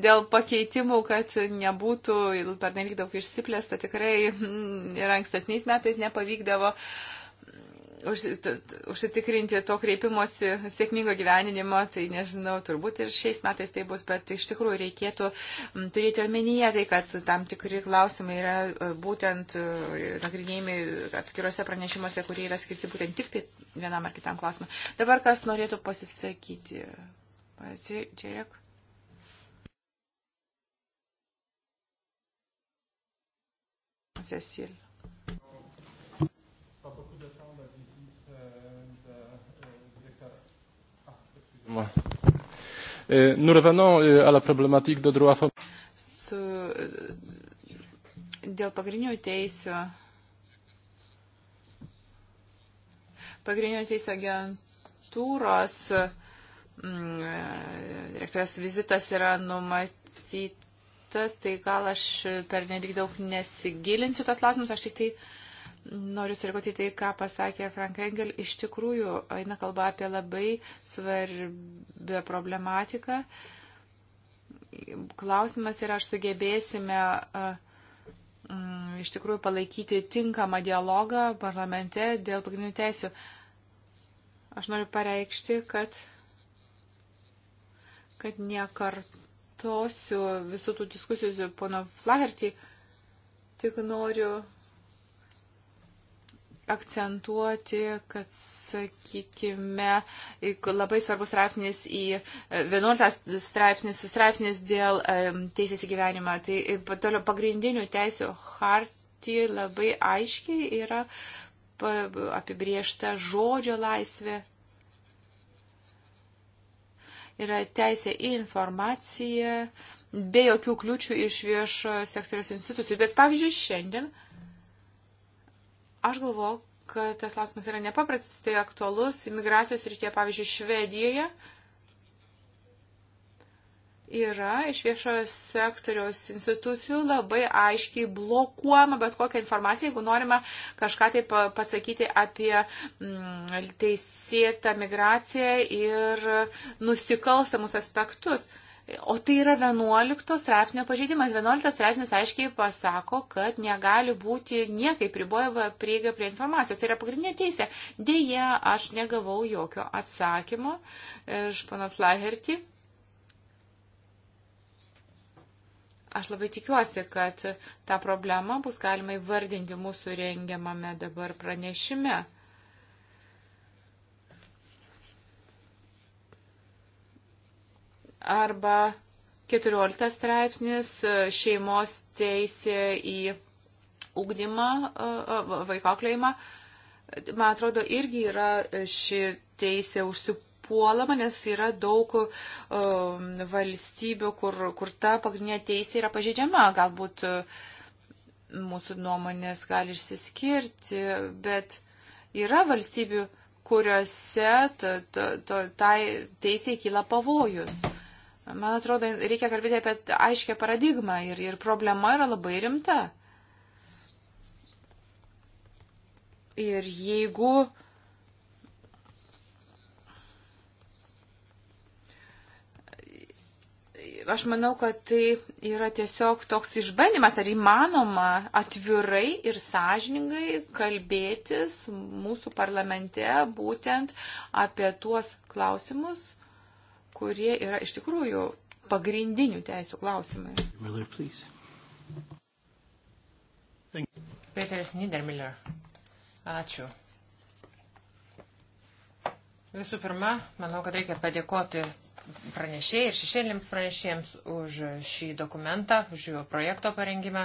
dėl pakeitimų, kad nebūtų per nelik daug išsiplėsta. Tikrai ir ankstesniais metais nepavykdavo uh, užsitikrinti to kreipimosi sėkmingo gyveninimo, tai nežinau, turbūt ir šiais metais tai bus, bet iš tikrųjų reikėtų turėti omenyje tai, kad tam tikri klausimai yra e, būtent e, nagrinėjami atskiruose pranešimuose, kurie yra skirti būtent tik tai vienam ar kitam klausimui. Dabar kas norėtų pasisakyti? Džerek. Cecil. E, Nous revenons à e, la problématique de droit su, Dėl pagrindinių teisų. Pagrindinių teisų agentūros mm, e, direktorės vizitas yra numatytas, tai gal aš per nedik daug nesigilinsiu tos klausimus, aš tik tai uh, Noriu sureaguoti tai, ką pasakė Frank Engel. Iš tikrųjų, eina kalba apie labai svarbią problematiką. Klausimas yra, ar sugebėsime mm, iš tikrųjų palaikyti tinkamą dialogą parlamente dėl pagrindinių teisių. Aš noriu pareikšti, kad, kad nekartosiu visų tų diskusijų su pono Flaherty, tik noriu akcentuoti, kad, sakykime, labai svarbus straipsnis į 11 e, straipsnis, straipsnis dėl e, teisės į gyvenimą. Tai e, toliau pagrindinių teisų hartijai labai aiškiai yra apibriešta žodžio laisvė. Yra teisė į informaciją, be jokių kliūčių iš viešo sektoriaus institucijų. Bet pavyzdžiui, šiandien uh, Aš galvoju, kad tas klausimas yra nepaprastai aktualus imigracijos rytie, pavyzdžiui, Švedijoje. Yra iš viešojo sektoriaus institucijų labai aiškiai blokuojama bet kokią informaciją, jeigu norime kažką tai pasakyti apie mm, teisėtą migraciją ir nusikalstamus aspektus. Uh, O tai yra 11 straipsnio pažeidimas. 11 straipsnis aiškiai pasako, kad negali būti niekaip ribojama prieiga prie informacijos. Tai yra pagrindinė teisė. Deja, aš negavau jokio atsakymo iš pana Flaherty. Aš labai tikiuosi, kad tą problemą bus galima įvardinti mūsų rengiamame dabar pranešime. Arba 14 straipsnis e, šeimos teisė į ugdymą, e, e, vaikoklėjimą. Man atrodo, irgi yra ši teisė užsipūsti puolama, nes yra daug um, valstybių, kur, kur ta pagrindinė teisė yra pažeidžiama. Galbūt mūsų nuomonės gali išsiskirti, bet yra valstybių, kuriuose tai teisė kyla pavojus. Man atrodo, reikia kalbėti apie aiškę paradigmą ir, ir problema yra labai rimta. Ir jeigu aš manau, kad tai yra tiesiog toks išbandymas, ar įmanoma atvirai ir sąžiningai kalbėtis mūsų parlamente būtent apie tuos klausimus, kurie yra iš tikrųjų pagrindinių teisų klausimai. Miller, Peteris Niedermiller. Ačiū. Visų pirma, manau, kad reikia padėkoti pranešėjai ir šešėlėms pranešėjams už šį dokumentą, už jo projekto parengimą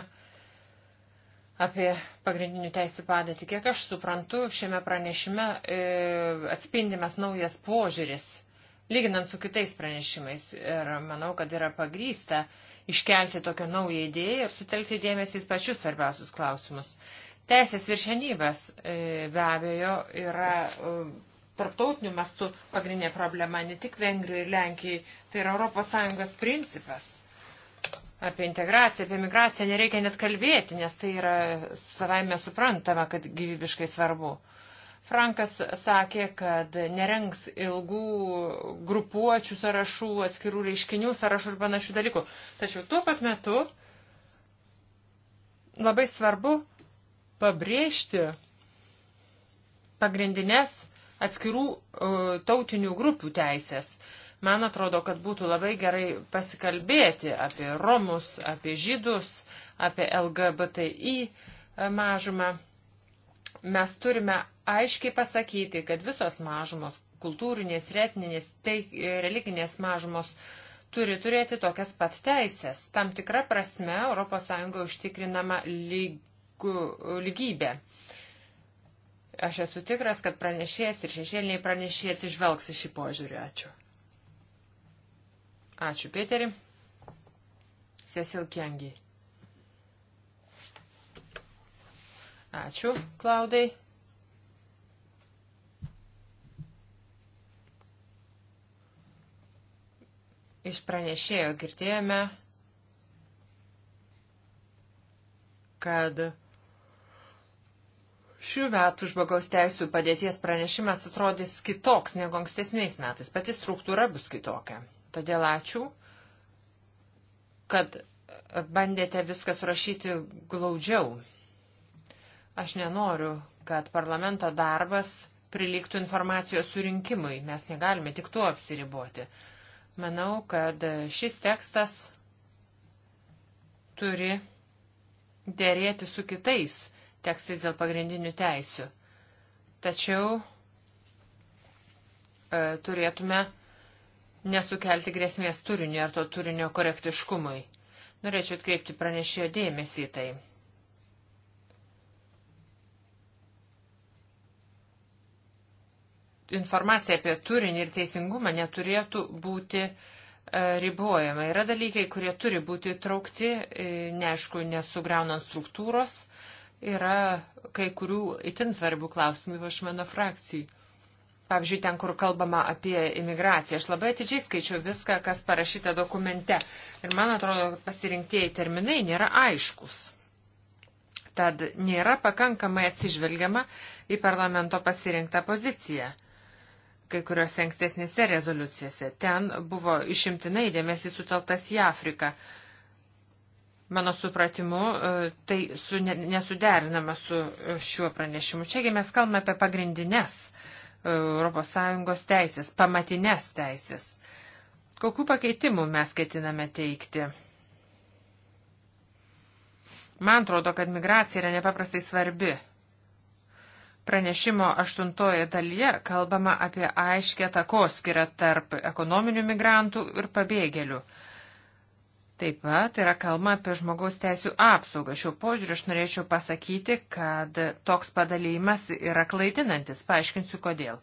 apie pagrindinių teisų padėtį. Kiek aš suprantu, šiame pranešime e, atspindimas naujas požiūris lyginant su kitais pranešimais. Ir manau, kad yra pagrysta iškelti tokią naują idėją ir sutelkti dėmesį į pačius svarbiausius klausimus. Teisės viršenybės e, be abejo yra e, tarptautinių mastų pagrindinė problema, ne tik Vengrijai ir Lenkijai, tai yra ES principas. Apie integraciją, apie migraciją nereikia net kalbėti, nes tai yra savaime suprantama, kad gyvybiškai svarbu. Uh, Frankas sakė, kad nerengs ilgų grupuočių sąrašų, atskirų reiškinių sąrašų ir panašių dalykų. Tačiau tuo pat metu labai svarbu pabrėžti pagrindinės atskirų e, tautinių grupių teisės. Man atrodo, kad būtų labai gerai pasikalbėti apie Romus, apie Žydus, apie LGBTI mažumą. Mes turime aiškiai pasakyti, kad visos mažumos, kultūrinės, retninės, tai religinės mažumos turi turėti tokias pat teisės. Tam tikra prasme ES užtikrinama lygu, lygybė. Aš esu tikras, kad pranešėjas ir šešėliniai pranešėjas išvelgs iš šį požiūrį. Ačiū. Ačiū, Pėteri. Cecil Kengi. Ačiū, Klaudai. Iš pranešėjo girdėjome, kad šių metų žmogaus teisų padėties pranešimas atrodys kitoks negu ankstesniais metais. Pati struktūra bus kitokia. Todėl ačiū, kad bandėte viską surašyti glaudžiau. Aš nenoriu, kad parlamento darbas prilygtų informacijos surinkimui. Mes negalime tik tuo apsiriboti. Manau, kad šis tekstas turi dėrėti su kitais tekstais dėl pagrindinių teisių. Tačiau e, turėtume nesukelti grėsmės turinio ar to turinio korektiškumui. Norėčiau atkreipti pranešėjo dėmesį į tai. informacija apie turinį ir teisingumą neturėtų būti e, ribojama. Yra dalykai, kurie turi būti įtraukti, e, neaišku, nesugriaunant struktūros. Yra kai kurių itin svarbių klausimų iš mano frakcijai. Pavyzdžiui, ten, kur kalbama apie imigraciją. Aš labai atidžiai skaičiau viską, kas parašyta dokumente. Ir man atrodo, kad pasirinktieji terminai nėra aiškus. Tad nėra pakankamai atsižvelgiama į parlamento pasirinktą poziciją kai kuriuose ankstesnėse rezoliucijose. Ten buvo išimtinai dėmesys suteltas į Afriką. Mano supratimu, e, tai su, nesuderinama su e, šiuo pranešimu. Čiagi mes kalbame apie pagrindinės ES teisės, pamatinės teisės. Kokių pakeitimų mes ketiname teikti? Man atrodo, kad migracija yra nepaprastai svarbi Pranešimo aštuntoje dalyje kalbama apie aiškę takoskirą tarp ekonominių migrantų ir pabėgėlių. Taip pat yra kalba apie žmogaus teisų apsaugą. Šiuo požiūriu aš norėčiau pasakyti, kad toks padalymas yra klaidinantis. Paaiškinsiu kodėl.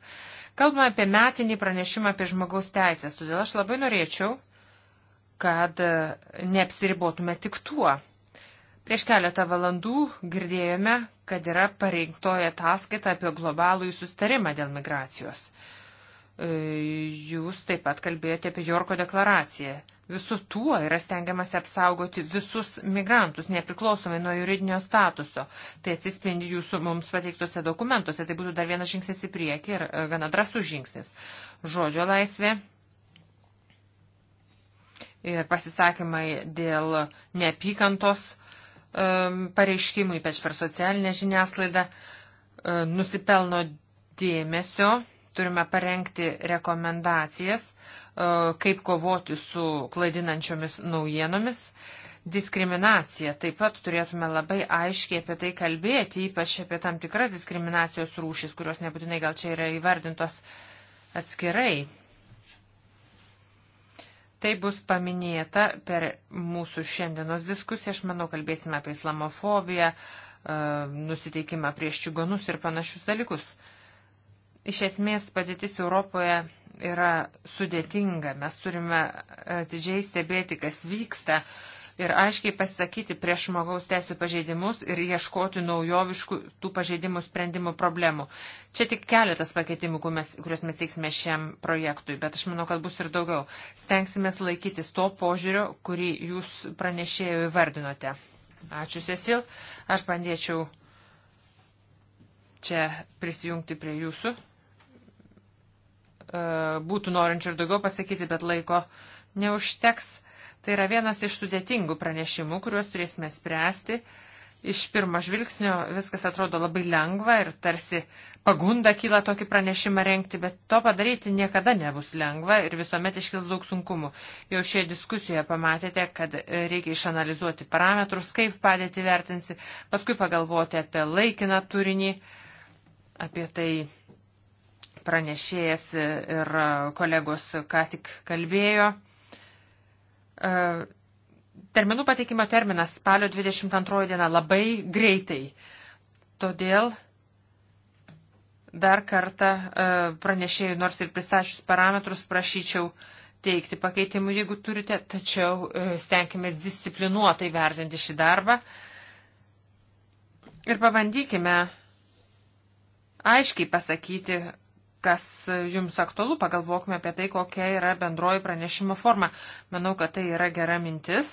Kalbame apie metinį pranešimą apie žmogaus teisės, todėl aš labai norėčiau, kad neapsiribotume tik tuo. Prieš keletą valandų girdėjome, kad yra parinktoja ataskaita apie globalų įsustarimą dėl migracijos. E, jūs taip pat kalbėjote apie Jorko deklaraciją. Visu tuo yra stengiamasi apsaugoti visus migrantus, nepriklausomai nuo juridinio statuso. Tai atsispindi jūsų mums pateiktose dokumentuose. Tai būtų dar vienas žingsnis į priekį ir e, gana drasus žingsnis. Žodžio laisvė, ir pasisakymai dėl neapykantos Um, pareiškimų, ypač per socialinę žiniasklaidą, uh, nusipelno dėmesio. Turime parengti rekomendacijas, uh, kaip kovoti su klaidinančiomis naujienomis. Diskriminacija. Taip pat turėtume labai aiškiai apie tai kalbėti, ypač apie tam tikras diskriminacijos rūšis, kurios nebūtinai gal čia yra įvardintos atskirai Tai bus paminėta per mūsų šiandienos diskusiją. Aš manau, kalbėsime apie islamofobiją, e, nusiteikimą prieš čigonus ir panašius dalykus. Iš esmės padėtis Europoje yra sudėtinga. Mes turime atidžiai stebėti, kas vyksta ir aiškiai pasisakyti prieš žmogaus teisų pažeidimus ir ieškoti naujoviškų tų pažeidimų sprendimų problemų. Čia tik keletas pakeitimų, kuriuos mes teiksime šiam projektui, bet aš manau, kad bus ir daugiau. Stengsimės laikytis to požiūrio, kurį jūs pranešėjo įvardinote. Ačiū, Sesil. Aš bandėčiau čia prisijungti prie jūsų. E, būtų norinčių ir daugiau pasakyti, bet laiko neužteks. Tai yra vienas iš sudėtingų pranešimų, kuriuos turėsime spręsti. Iš pirmo žvilgsnio viskas atrodo labai lengva ir tarsi pagunda kyla tokį pranešimą renkti, bet to padaryti niekada nebus lengva ir visuomet iškils daug sunkumų. Jau šioje diskusijoje pamatėte, kad reikia išanalizuoti parametrus, kaip padėti vertinsi, paskui pagalvoti apie laikiną turinį, apie tai pranešėjas ir kolegos ką tik kalbėjo. E, terminų pateikimo terminas spalio 22 diena labai greitai. Todėl dar kartą e, pranešėjų, nors ir pristačius parametrus, prašyčiau teikti pakeitimų, jeigu turite, tačiau e, stenkime disciplinuotai vertinti šį darbą. Ir pabandykime aiškiai pasakyti, kas jums aktualu, pagalvokime apie tai, kokia yra bendroji pranešimo forma. Manau, kad tai yra gera mintis.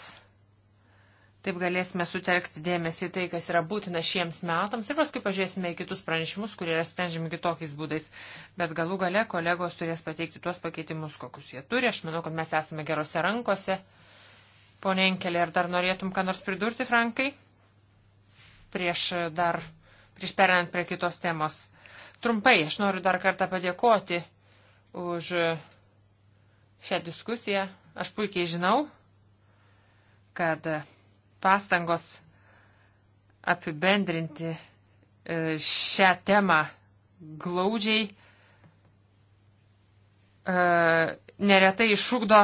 Taip galėsime sutelkti dėmesį į tai, kas yra būtina šiems metams ir paskui pažiūrėsime į kitus pranešimus, kurie yra sprendžiami kitokiais būdais. Bet galų gale kolegos turės pateikti tuos pakeitimus, kokius jie turi. Aš manau, kad mes esame gerose rankose. Pone Enkelė, ar dar norėtum ką nors pridurti, Frankai? Prieš dar, prieš perinant prie kitos temos. Trumpai aš noriu dar kartą padėkoti už šią diskusiją. Aš puikiai žinau, kad pastangos apibendrinti e, šią temą glaudžiai e, neretai iššūkdo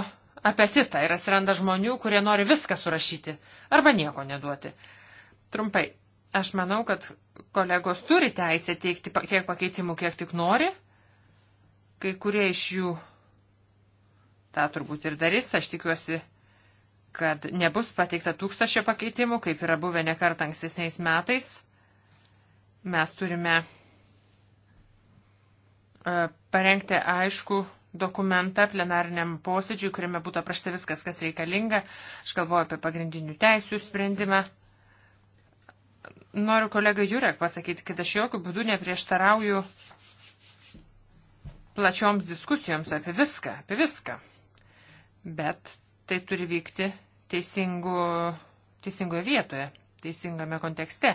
apetitą ir atsiranda žmonių, kurie nori viską surašyti arba nieko neduoti. Trumpai. Aš manau, kad kolegos turi teisę teikti tiek pakeitimų, kiek tik nori. Kai kurie iš jų tą turbūt ir darys. Aš tikiuosi, kad nebus pateikta tūkstančio pakeitimų, kaip yra buvę nekart ankstesniais metais. Mes turime e, parengti aišku dokumentą plenariniam posėdžiui, kuriame būtų aprašta viskas, kas reikalinga. Aš galvoju apie pagrindinių teisų sprendimą noriu kolegai Jurek pasakyti, kad aš jokių būdų neprieštarauju plačioms diskusijoms apie viską, apie viską. Bet tai turi vykti teisingu, teisingoje vietoje, teisingame kontekste.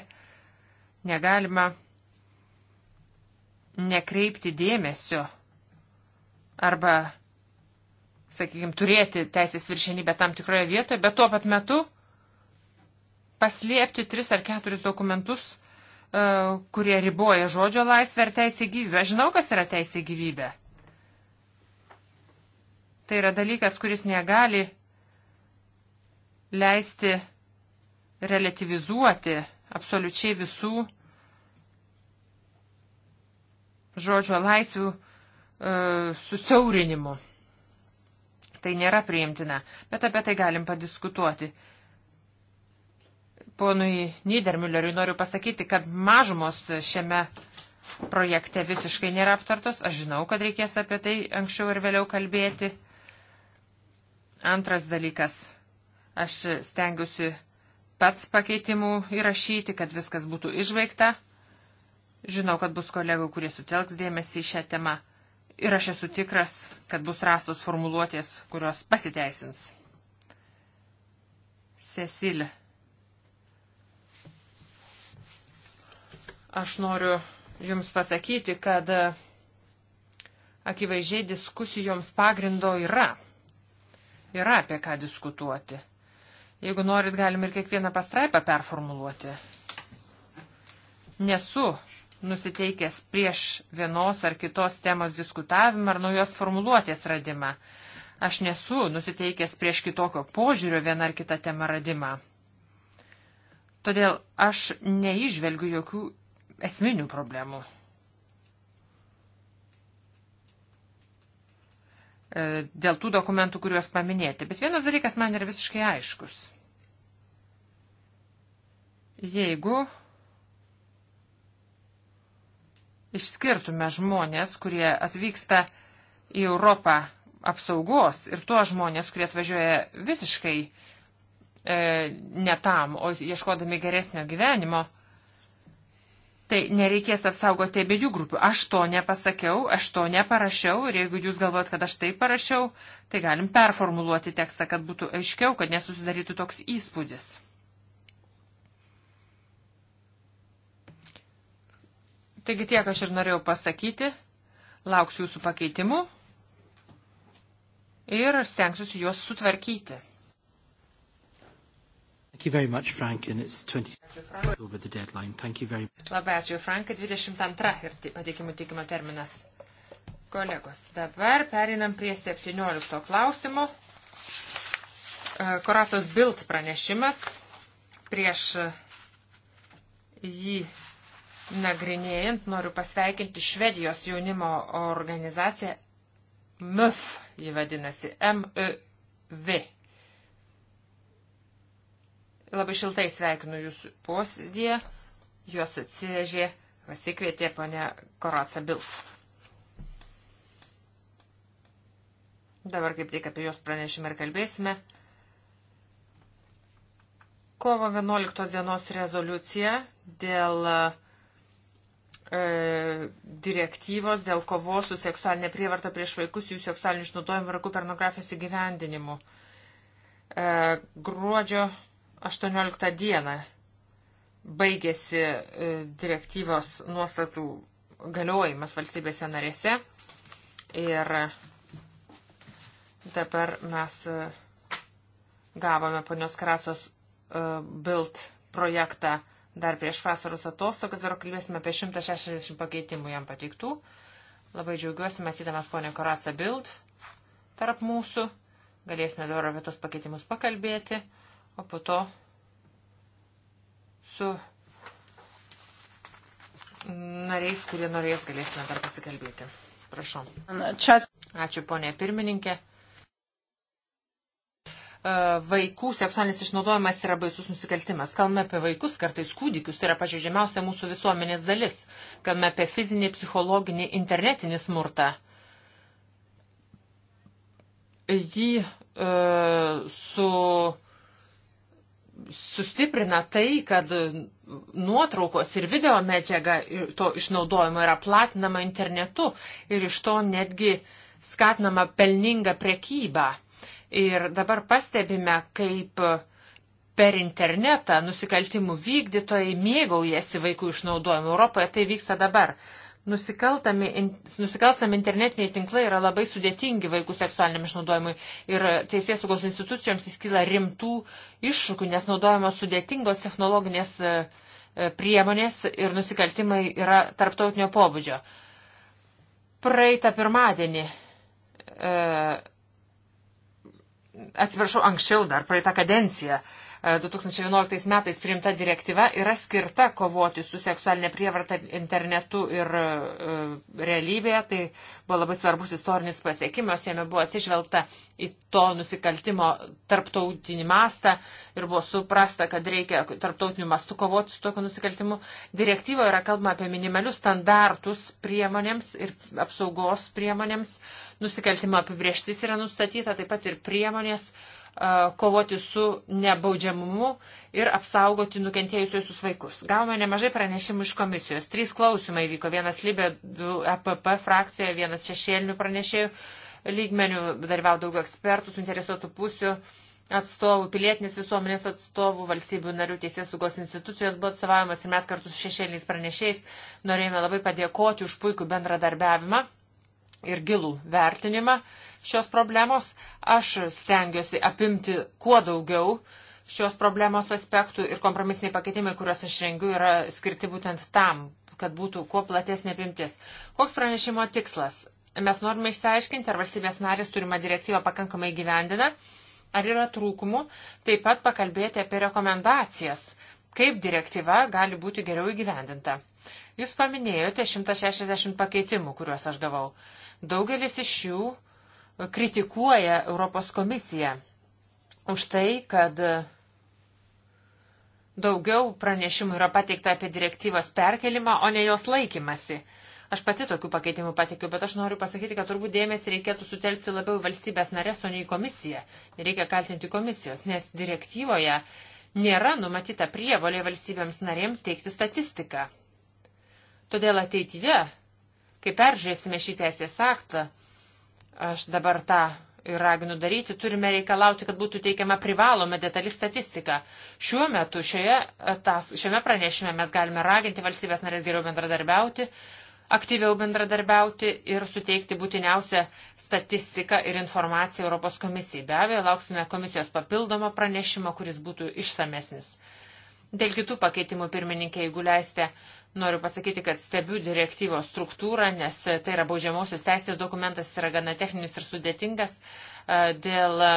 Negalima nekreipti dėmesio arba, sakykime, turėti teisės viršenybę tam tikroje vietoje, bet tuo pat metu paslėpti tris ar keturis dokumentus, e, kurie riboja žodžio laisvę ir teisę gyvybę. Aš žinau, kas yra teisė gyvybė. Tai yra dalykas, kuris negali leisti relativizuoti absoliučiai visų žodžio laisvių e, susiaurinimu. Tai nėra priimtina, bet apie tai galim padiskutuoti ponui Niedermülleriui noriu pasakyti, kad mažumos šiame projekte visiškai nėra aptartos. Aš žinau, kad reikės apie tai anksčiau ir vėliau kalbėti. Antras dalykas. Aš stengiuosi pats pakeitimų įrašyti, kad viskas būtų išveikta. Žinau, kad bus kolegų, kurie sutelks dėmesį į šią temą. Ir aš esu tikras, kad bus rastos formuluotės, kurios pasiteisins. Cecilė Aš noriu Jums pasakyti, kad akivaizdžiai diskusijoms pagrindo yra. Yra apie ką diskutuoti. Jeigu norit, galim ir kiekvieną pastraipą performuluoti. Nesu nusiteikęs prieš vienos ar kitos temos diskutavimą ar naujos formuluotės radimą. Aš nesu nusiteikęs prieš kitokio požiūrio vieną ar kitą temą radimą. Todėl aš neižvelgiu jokių esminių problemų. E, dėl tų dokumentų, kuriuos paminėti. Bet vienas dalykas man yra visiškai aiškus. Jeigu išskirtume žmonės, kurie atvyksta į Europą apsaugos ir tuos žmonės, kurie atvažiuoja visiškai e, ne tam, o ieškodami geresnio gyvenimo, tai nereikės apsaugoti abiejų grupių. Aš to nepasakiau, aš to neparašiau ir jeigu jūs galvojat, kad aš tai parašiau, tai galim performuluoti tekstą, kad būtų aiškiau, kad nesusidarytų toks įspūdis. Taigi tiek aš ir norėjau pasakyti. Lauksiu jūsų pakeitimų ir stengsiuosi juos sutvarkyti. Much, Frank, 20... Labai ačiū, Frankai. 22 ir pateikimų teikimo terminas. Kolegos, dabar perinam prie 17 klausimo. E, Koracijos Bild pranešimas prieš jį nagrinėjant noriu pasveikinti Švedijos jaunimo organizaciją MIF, jį vadinasi MIV. E Labai šiltai sveikinu jūsų posėdėje. Juos atsivežė, pasikvietė ponia Koraca Bils. Dabar kaip tik apie juos pranešimą ir kalbėsime. Kovo 11 dienos rezoliucija dėl e, direktyvos dėl kovos su seksualinė prievarta prieš vaikus, jų seksualiniu išnaudojimu ir vaikų pornografijos įgyvendinimu. E, gruodžio 18 dieną baigėsi e, direktyvos nuostatų galiojimas valstybėse narėse ir dabar mes e, gavome ponios Krasos e, Bild projektą dar prieš vasaros atostogas ir kalbėsime apie 160 pakeitimų jam pateiktų. Labai džiaugiuosi matydamas ponę Korasą Bild tarp mūsų. Galėsime dabar apie tos pakeitimus pakalbėti o po to su nariais, kurie norės, galėsime dar pasikalbėti. Prašau. Ačiū, ponė pirmininkė. E, vaikų seksualinis išnaudojimas yra baisus nusikaltimas. Kalbame apie vaikus, kartais kūdikius, tai yra pažeidžiamiausia mūsų visuomenės dalis. Kalbame apie fizinį, psichologinį, internetinį smurtą. Jį e, su. E, sustiprina tai, kad nuotraukos ir video medžiaga to išnaudojimo yra platinama internetu ir iš to netgi skatinama pelninga prekyba. Ir dabar pastebime, kaip per internetą nusikaltimų vykdytojai mėgaujasi vaikų išnaudojimu. Europoje tai vyksta dabar. Nusikalstami internetiniai tinklai yra labai sudėtingi vaikų seksualiniam išnaudojimui ir teisės saugos institucijoms įskyla rimtų iššūkių, nes naudojamos sudėtingos technologinės e, e, priemonės ir nusikaltimai yra tarptautinio pobūdžio. Praeitą pirmadienį, e, atsiprašau, anksčiau dar praeitą kadenciją, e, 2011 e, metais priimta direktyva yra skirta kovoti su seksualinė prievarta internetu ir e, realybėje. Tai buvo labai svarbus istorinis pasiekimas, jame buvo atsižvelgta į to nusikaltimo tarptautinį mastą ir buvo suprasta, kad reikia tarptautiniu mastu kovoti su tokiu nusikaltimu. Direktyvoje yra kalbama apie minimalius standartus priemonėms ir apsaugos priemonėms. Nusikaltimo apibrieštis yra nustatyta, taip pat ir priemonės, uh, kovoti su nebaudžiamumu ir apsaugoti nukentėjusius vaikus. Gavome nemažai pranešimų iš komisijos. Trys klausimai vyko. Vienas Libė, du EPP frakcijoje, vienas šešėlinių pranešėjų lygmenių, dalyvau daug ekspertų, suinteresuotų pusių atstovų, pilietinės visuomenės atstovų, valstybių narių teisės saugos institucijos buvo atstovavimas ir mes kartu su šešėliniais pranešėjais norėjome labai padėkoti už puikų bendradarbiavimą ir gilų vertinimą šios problemos. Aš stengiuosi apimti kuo daugiau šios problemos aspektų ir kompromisiniai pakeitimai, kuriuos aš rengiu, yra skirti būtent tam, kad būtų kuo platesnė apimtis. Koks pranešimo tikslas? Mes norime išsiaiškinti, ar valstybės narės turimą direktyvą pakankamai gyvendina, ar yra trūkumų, taip pat pakalbėti apie rekomendacijas, kaip direktyva gali būti geriau įgyvendinta. Jūs paminėjote 160 pakeitimų, kuriuos aš gavau. Daugelis iš jų kritikuoja Europos komisiją už tai, kad daugiau pranešimų yra pateikta apie direktyvos perkelimą, o ne jos laikymasi. Aš pati tokių pakeitimų patikiu, bet aš noriu pasakyti, kad turbūt dėmesį reikėtų sutelkti labiau valstybės narės, o ne į komisiją. Nereikia kaltinti komisijos, nes direktyvoje nėra numatyta prievolė valstybėms narėms teikti statistiką. Todėl ateityje Kai peržiūrėsime šį teisės aktą, aš dabar tą ir raginu daryti, turime reikalauti, kad būtų teikiama privaloma detali statistika. Šiuo metu šioje, tas, šiame pranešime mes galime raginti valstybės narės geriau bendradarbiauti, aktyviau bendradarbiauti ir suteikti būtiniausią statistiką ir informaciją Europos komisijai. Be abejo, lauksime komisijos papildomo pranešimo, kuris būtų išsamesnis. Dėl kitų pakeitimų, pirmininkė, jeigu leiste, uh, Noriu pasakyti, kad stebiu direktyvos struktūrą, nes tai yra baudžiamosios teisės dokumentas, jis yra gana techninis ir sudėtingas e, dėl e,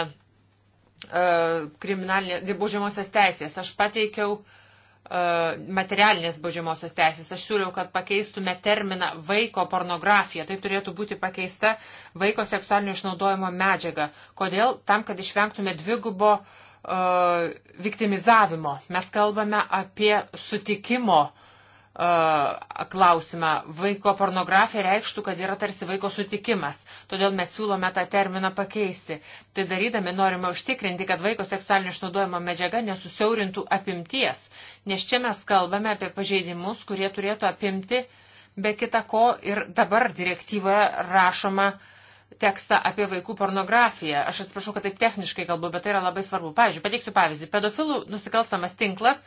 kriminalinės baudžiamosios teisės. Aš pateikiau e, materialinės baudžiamosios teisės. Aš siūliau, kad pakeistume terminą vaiko pornografija. Tai turėtų būti pakeista vaiko seksualinio išnaudojimo medžiaga. Kodėl? Tam, kad išvengtume dvigubo uh, viktimizavimo. Mes kalbame apie sutikimo uh, klausimą. Vaiko pornografija reikštų, kad yra tarsi vaiko sutikimas. Todėl mes siūlome tą terminą pakeisti. Tai darydami norime užtikrinti, kad vaiko seksualinio išnaudojimo medžiaga nesusiaurintų apimties, nes čia mes kalbame apie pažeidimus, kurie turėtų apimti be kita ko ir dabar direktyvoje rašoma uh, tekstą apie vaikų pornografiją. Aš atsiprašau, kad taip techniškai kalbu, bet tai yra labai svarbu. Pavyzdžiui, pateiksiu pavyzdį. Pedofilų nusikalstamas tinklas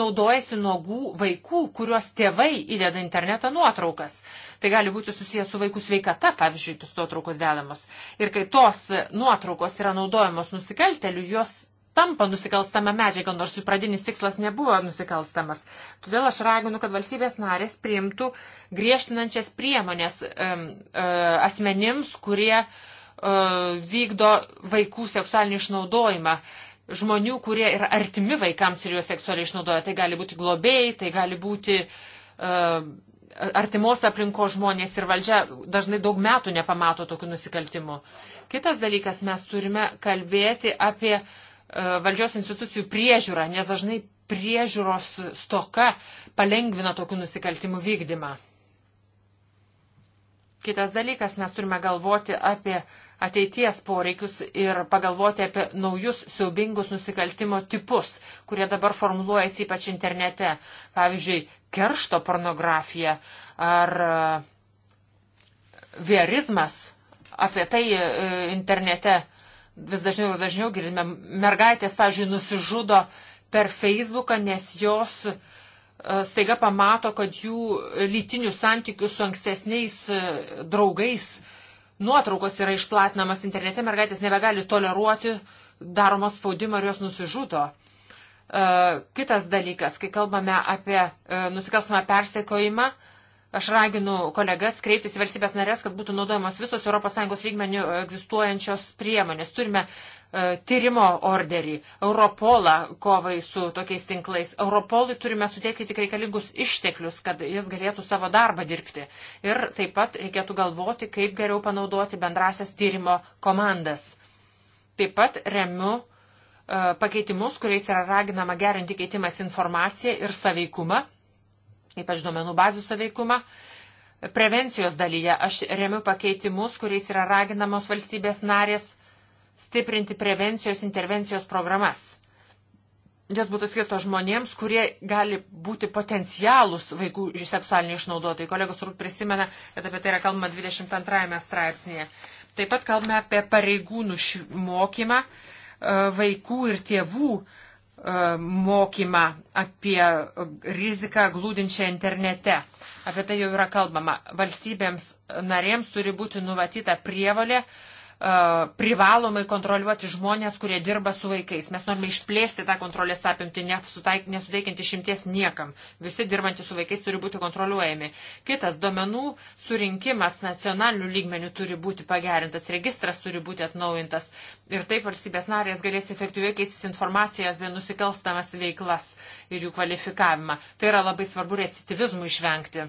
naudojasi nuogų vaikų, kuriuos tėvai įdeda internetą nuotraukas. Tai gali būti susijęs su vaikų sveikata, pavyzdžiui, tos nuotraukos dedamos. Ir kai tos nuotraukos yra naudojamos nusikaltelių, jos tampa nusikalstama medžiaga, nors jų pradinis tikslas nebuvo nusikalstamas. Todėl aš raginu, kad valstybės narės priimtų griežtinančias priemonės um, uh, asmenims, kurie uh, vykdo vaikų seksualinį išnaudojimą. Žmonių, kurie yra artimi vaikams ir juos seksualiai išnaudoja. Tai gali būti globėjai, tai gali būti uh, artimos aplinko žmonės ir valdžia dažnai daug metų nepamato tokių nusikaltimų. Kitas dalykas, mes turime kalbėti apie uh, E, valdžios institucijų priežiūra, nes dažnai priežiūros stoka palengvina tokių nusikaltimų vykdymą. Kitas dalykas, mes turime galvoti apie ateities poreikius ir pagalvoti apie naujus siaubingus nusikaltimo tipus, kurie dabar formuluojasi ypač internete. Pavyzdžiui, keršto pornografija ar e, vierizmas. Apie tai e, internete vis dažniau ir dažniau girdime, mergaitės, pažiūrėjau, nusižudo per Facebooką, nes jos e, staiga pamato, kad jų lytinių santykių su ankstesniais e, draugais nuotraukos yra išplatinamas internete, mergaitės nebegali toleruoti daromos spaudimo ir jos nusižudo. E, kitas dalykas, kai kalbame apie nusikalstamą persekiojimą, Aš raginu kolegas kreiptis į valstybės narės, kad būtų naudojamos visos ES lygmenių egzistuojančios priemonės. Turime e, tyrimo orderį, Europolą kovai su tokiais tinklais. Europolui turime suteikti tik reikalingus išteklius, kad jis galėtų savo darbą dirbti. Ir taip pat reikėtų galvoti, kaip geriau panaudoti bendrasias tyrimo komandas. Taip pat remiu e, pakeitimus, kuriais yra raginama gerinti keitimas informaciją ir saveikumą ypač duomenų bazių saveikumą. Prevencijos dalyje aš remiu pakeitimus, kuriais yra raginamos valstybės narės stiprinti prevencijos intervencijos programas. Jos būtų skirtos žmonėms, kurie gali būti potencialūs vaikų seksualiniai išnaudotojai. Kolegos turbūt prisimena, kad apie tai yra kalbama 22 straipsnėje. Taip pat kalbame apie pareigūnų mokymą e, vaikų ir tėvų uh, E, mokymą apie riziką glūdinčią internete. Apie tai jau yra kalbama. Valstybėms narėms turi būti numatyta prievalė uh, privalomai kontroliuoti žmonės, kurie dirba su vaikais. Mes norime išplėsti tą kontrolės apimti, nesuteikiant išimties niekam. Visi dirbantys su vaikais turi būti kontroliuojami. Kitas duomenų surinkimas nacionalinių lygmenių turi būti pagerintas, registras turi būti atnaujintas ir taip valstybės narės galės efektyviai keistis informaciją apie nusikalstamas veiklas ir jų kvalifikavimą. Tai yra labai svarbu recitivizmų išvengti.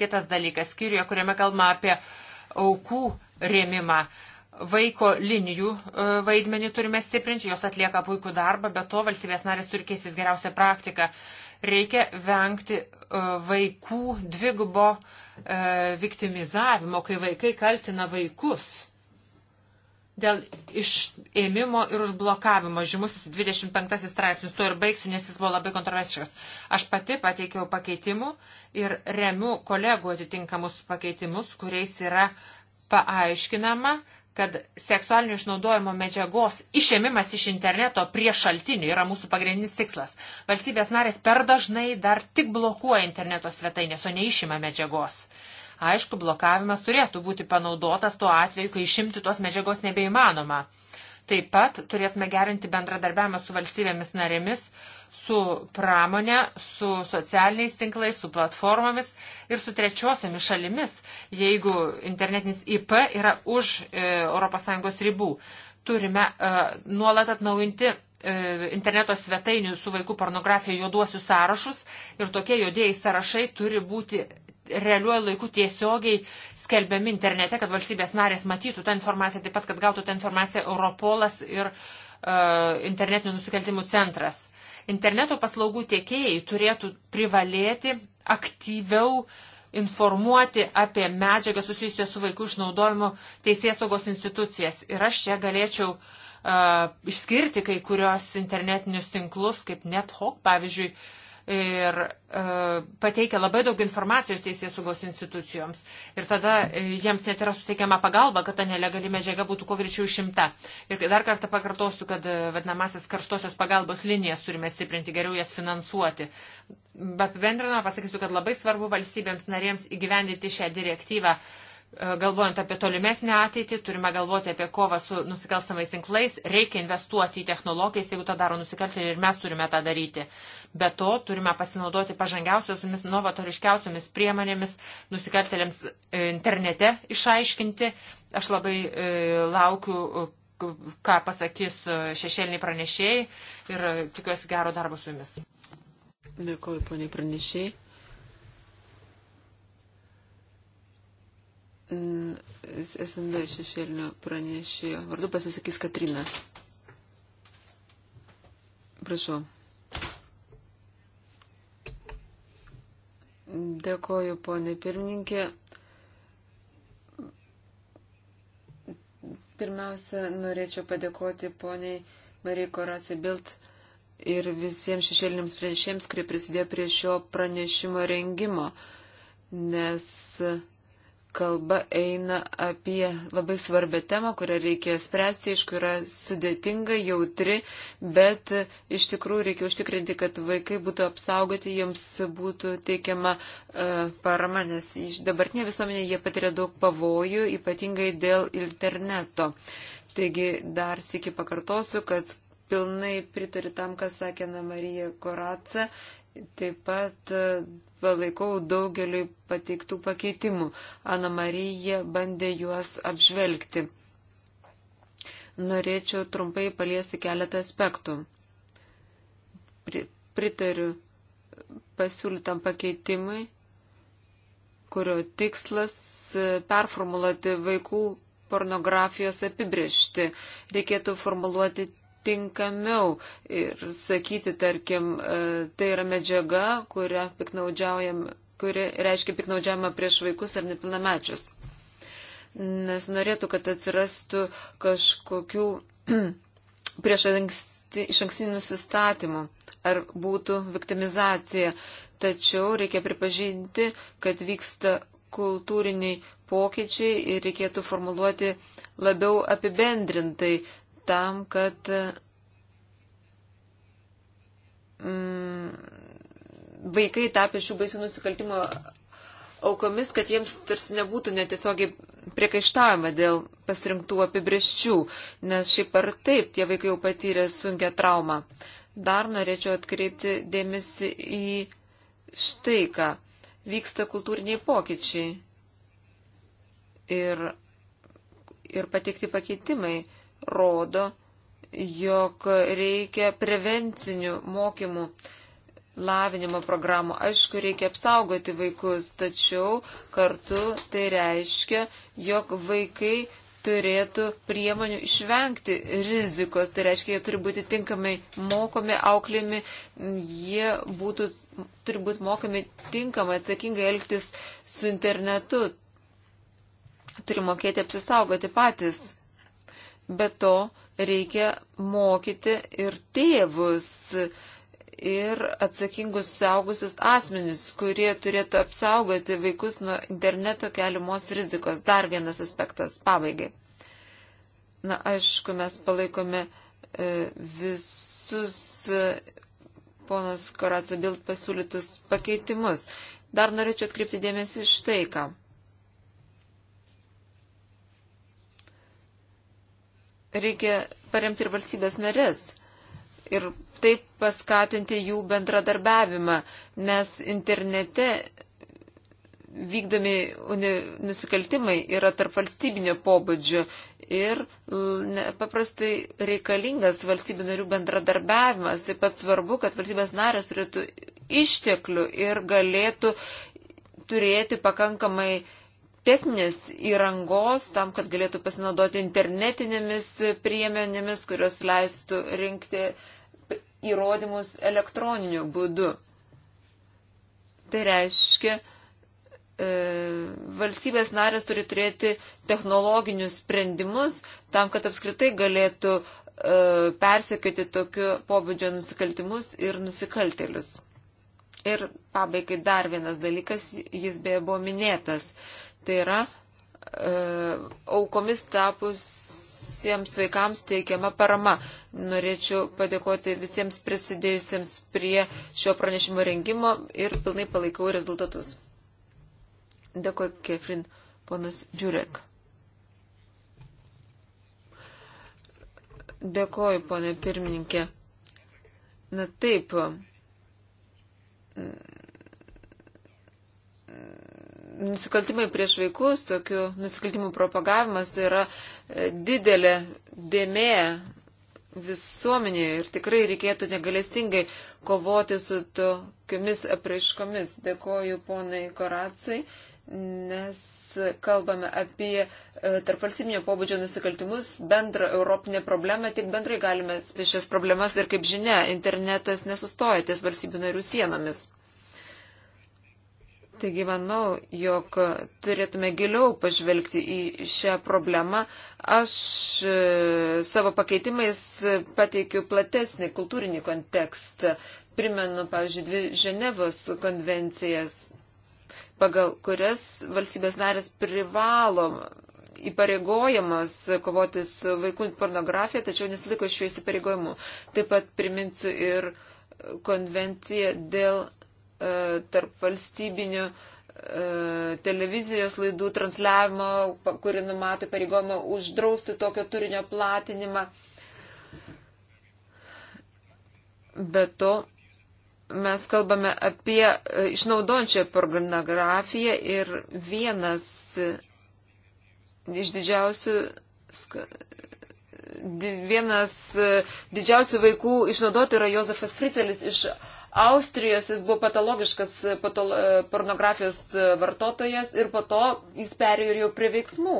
Kitas dalykas, skyriuje, kuriame kalbama apie aukų rėmimą. Vaiko linijų e, vaidmenį turime stiprinti, jos atlieka puikų darbą, bet to valstybės narės turi keistis geriausią praktiką. Reikia vengti e, vaikų dvigubo e, viktimizavimo, kai vaikai kaltina vaikus dėl išėmimo ir užblokavimo. Žymusis 25 straipsnis, to ir baigsiu, nes jis buvo labai kontroversiškas. Aš pati pateikiau pakeitimų ir remiu kolegų atitinkamus pakeitimus, kuriais yra uh, paaiškinama, kad seksualinio išnaudojimo medžiagos išėmimas iš interneto prie šaltinių yra mūsų pagrindinis tikslas. Valstybės narės per dažnai dar tik blokuoja interneto svetainės, o neišima medžiagos. Aišku, blokavimas turėtų būti panaudotas tuo atveju, kai išimti tos medžiagos nebeįmanoma. Taip pat turėtume gerinti bendradarbiavimą su valstybėmis narėmis, su pramonė, su socialiniais tinklais, su platformomis ir su trečiosiamis šalimis, jeigu internetinis IP yra už e, ES ribų. Turime e, nuolat atnaujinti e, interneto svetainių su vaikų pornografija juoduosius sąrašus ir tokie juodieji sąrašai turi būti realiuoju laiku tiesiogiai skelbiami internete, kad valstybės narės matytų tą informaciją, taip pat, kad gautų tą informaciją Europolas ir uh, internetinių nusikaltimų centras. Interneto paslaugų tiekėjai turėtų privalėti aktyviau informuoti apie medžiagą susijusią su vaikų išnaudojimu teisėsaugos institucijas. Ir aš čia galėčiau uh, išskirti kai kurios internetinius tinklus, kaip NetHawk, pavyzdžiui, uh, ir e, pateikia labai daug informacijos teisės saugos institucijoms. Ir tada e, jiems net yra suteikiama pagalba, kad ta nelegali medžiaga būtų kuo greičiau išimta. Ir dar kartą pakartosiu, kad e, vadinamasis karštosios pagalbos linijas turime stiprinti, geriau jas finansuoti. Apibendrinama pasakysiu, kad labai svarbu valstybėms narėms įgyvendinti šią direktyvą. E, E, galvojant apie tolimesnę ateitį, turime galvoti apie kovą su nusikalstamais tinklais, reikia investuoti į technologijas, jeigu tą daro nusikaltėliai ir mes turime tą daryti. Be to, turime pasinaudoti pažangiausiosiomis, novatoriškiausiomis priemonėmis nusikaltėliams e, internete išaiškinti. Aš labai e, laukiu, e, ką pasakys šešėliniai pranešėjai ir tikiuosi gero darbo su jumis. Dėkuoju, poniai pranešėjai. Mm, SND šešėlinio pranešėjo. Vardu pasisakys Katrina. Prašau. Dėkoju, ponė pirmininkė. Pirmiausia, norėčiau padėkoti poniai Marijai Koracijai Bilt ir visiems šešėliniams pranešėjams, kurie prisidėjo prie šio pranešimo rengimo, nes kalba eina apie labai svarbę temą, kurią reikia spręsti, aišku, yra sudėtinga, jautri, bet iš tikrųjų reikia užtikrinti, kad vaikai būtų apsaugoti, jiems būtų teikiama uh, parama, nes dabartinė visuomenė jie patiria daug pavojų, ypatingai dėl interneto. Taigi dar sėki pakartosiu, kad pilnai pritariu tam, ką sakė Ana Marija Koraca. Taip pat uh, palaikau daugeliu pateiktų pakeitimų. Ana Marija bandė juos apžvelgti. Norėčiau trumpai paliesti keletą aspektų. Pritariu pasiūlytam pakeitimui, kurio tikslas performuluoti vaikų pornografijos apibriešti. Reikėtų formuluoti tinkamiau ir sakyti, tarkim, e, tai yra medžiaga, kuria piknaudžiaujam, kuri reiškia piknaudžiamą prieš vaikus ar nepilnamečius. Nes norėtų, kad atsirastų kažkokių prieš anksti, iš ankstinių nusistatymų ar būtų viktimizacija. Tačiau reikia pripažinti, kad vyksta kultūriniai pokyčiai ir reikėtų formuluoti labiau apibendrintai tam, kad mm, vaikai tapę šių baisių nusikaltimo aukomis, kad jiems tarsi nebūtų netiesiogiai priekaištavimą dėl pasirinktų apibrieščių, nes šiaip ar taip tie vaikai jau patyrė sunkę traumą. Dar norėčiau atkreipti dėmesį į štai ką. Vyksta kultūriniai pokyčiai ir, ir pateikti pakeitimai rodo, jog reikia prevencinių mokymų lavinimo programų. Aišku, reikia apsaugoti vaikus, tačiau kartu tai reiškia, jog vaikai turėtų priemonių išvengti rizikos. Tai reiškia, jie turi būti tinkamai mokomi, auklėmi, jie būtų, turi būti mokomi tinkamai, atsakingai elgtis su internetu. Turi mokėti apsisaugoti patys. Be to reikia mokyti ir tėvus ir atsakingus suaugusius asmenis, kurie turėtų apsaugoti vaikus nuo interneto keliamos rizikos. Dar vienas aspektas pabaigai. Na, aišku, mes palaikome e, visus e, ponos Koracabilt pasiūlytus pakeitimus. Dar norėčiau atkreipti dėmesį iš tai, ką. reikia paremti ir valstybės narės ir taip paskatinti jų bendradarbiavimą, nes internete vykdomi nusikaltimai yra tarp valstybinio pobūdžio ir paprastai reikalingas valstybių narių bendradarbiavimas. Taip pat svarbu, kad valstybės narės turėtų išteklių ir galėtų turėti pakankamai uh, techninės įrangos tam, kad galėtų pasinaudoti internetinėmis priemonėmis, kurios leistų rinkti įrodymus elektroniniu būdu. Tai reiškia, e, valstybės narės turi turėti technologinius sprendimus tam, kad apskritai galėtų e, persekioti tokiu pobūdžio nusikaltimus ir nusikaltelius. Ir pabaigai dar vienas dalykas, jis beje buvo minėtas. Uh, Tai yra, e, aukomis tapusiems vaikams teikiama parama. Norėčiau padėkoti visiems prisidėjusiems prie šio pranešimo rengimo ir pilnai palaikau rezultatus. Dėkuoju, Kefrin, ponas Džiurek. Dėkuoju, ponė pirmininkė. Na taip nusikaltimai prieš vaikus, tokių nusikaltimų propagavimas tai yra e, didelė dėmė visuomenėje ir tikrai reikėtų negalestingai kovoti su tokiamis apraiškomis. Dėkoju ponai Koracai, nes kalbame apie e, tarpvalstybinio pobūdžio nusikaltimus, bendrą europinę problemą, tik bendrai galime šias problemas ir kaip žinia, internetas nesustoja ties valstybių narių sienomis. Taigi manau, jog turėtume giliau pažvelgti į šią problemą. Aš e, savo pakeitimais pateikiu platesnį kultūrinį kontekstą. Primenu, pavyzdžiui, dvi Ženevos konvencijas, pagal kurias valstybės narės privalo įpareigojamos kovoti su vaikų pornografija, tačiau nesilaiko šių įsipareigojimų. Taip pat priminsiu ir konvenciją dėl E, tarp valstybinių e, televizijos laidų transliavimo, kuri numato pareigojimą uždrausti tokio turinio platinimą. Be to, mes kalbame apie e, išnaudojančią pornografiją ir vienas iš didžiausių vienas didžiausių vaikų išnaudotų yra Jozefas Fricelis iš Austrijos jis buvo patologiškas patolo, e, pornografijos vartotojas ir po to jis perėjo ir jau prie veiksmų.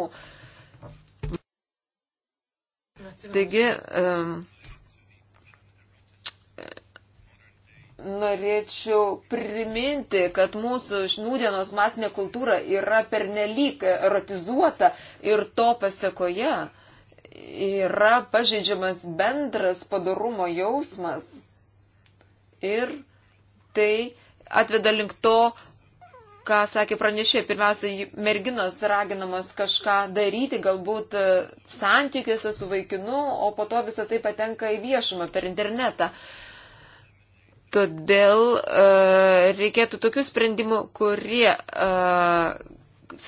Taigi, um, norėčiau priminti, kad mūsų šnūdienos masinė kultūra yra pernelyg erotizuota ir to pasiekoje yra pažeidžiamas bendras padarumo jausmas. Ir tai atveda link to, ką sakė pranešė, pirmiausia, merginos raginamos kažką daryti, galbūt e, santykiuose su vaikinu, o po to visą tai patenka į viešumą per internetą. Todėl e, reikėtų tokių sprendimų, kurie e,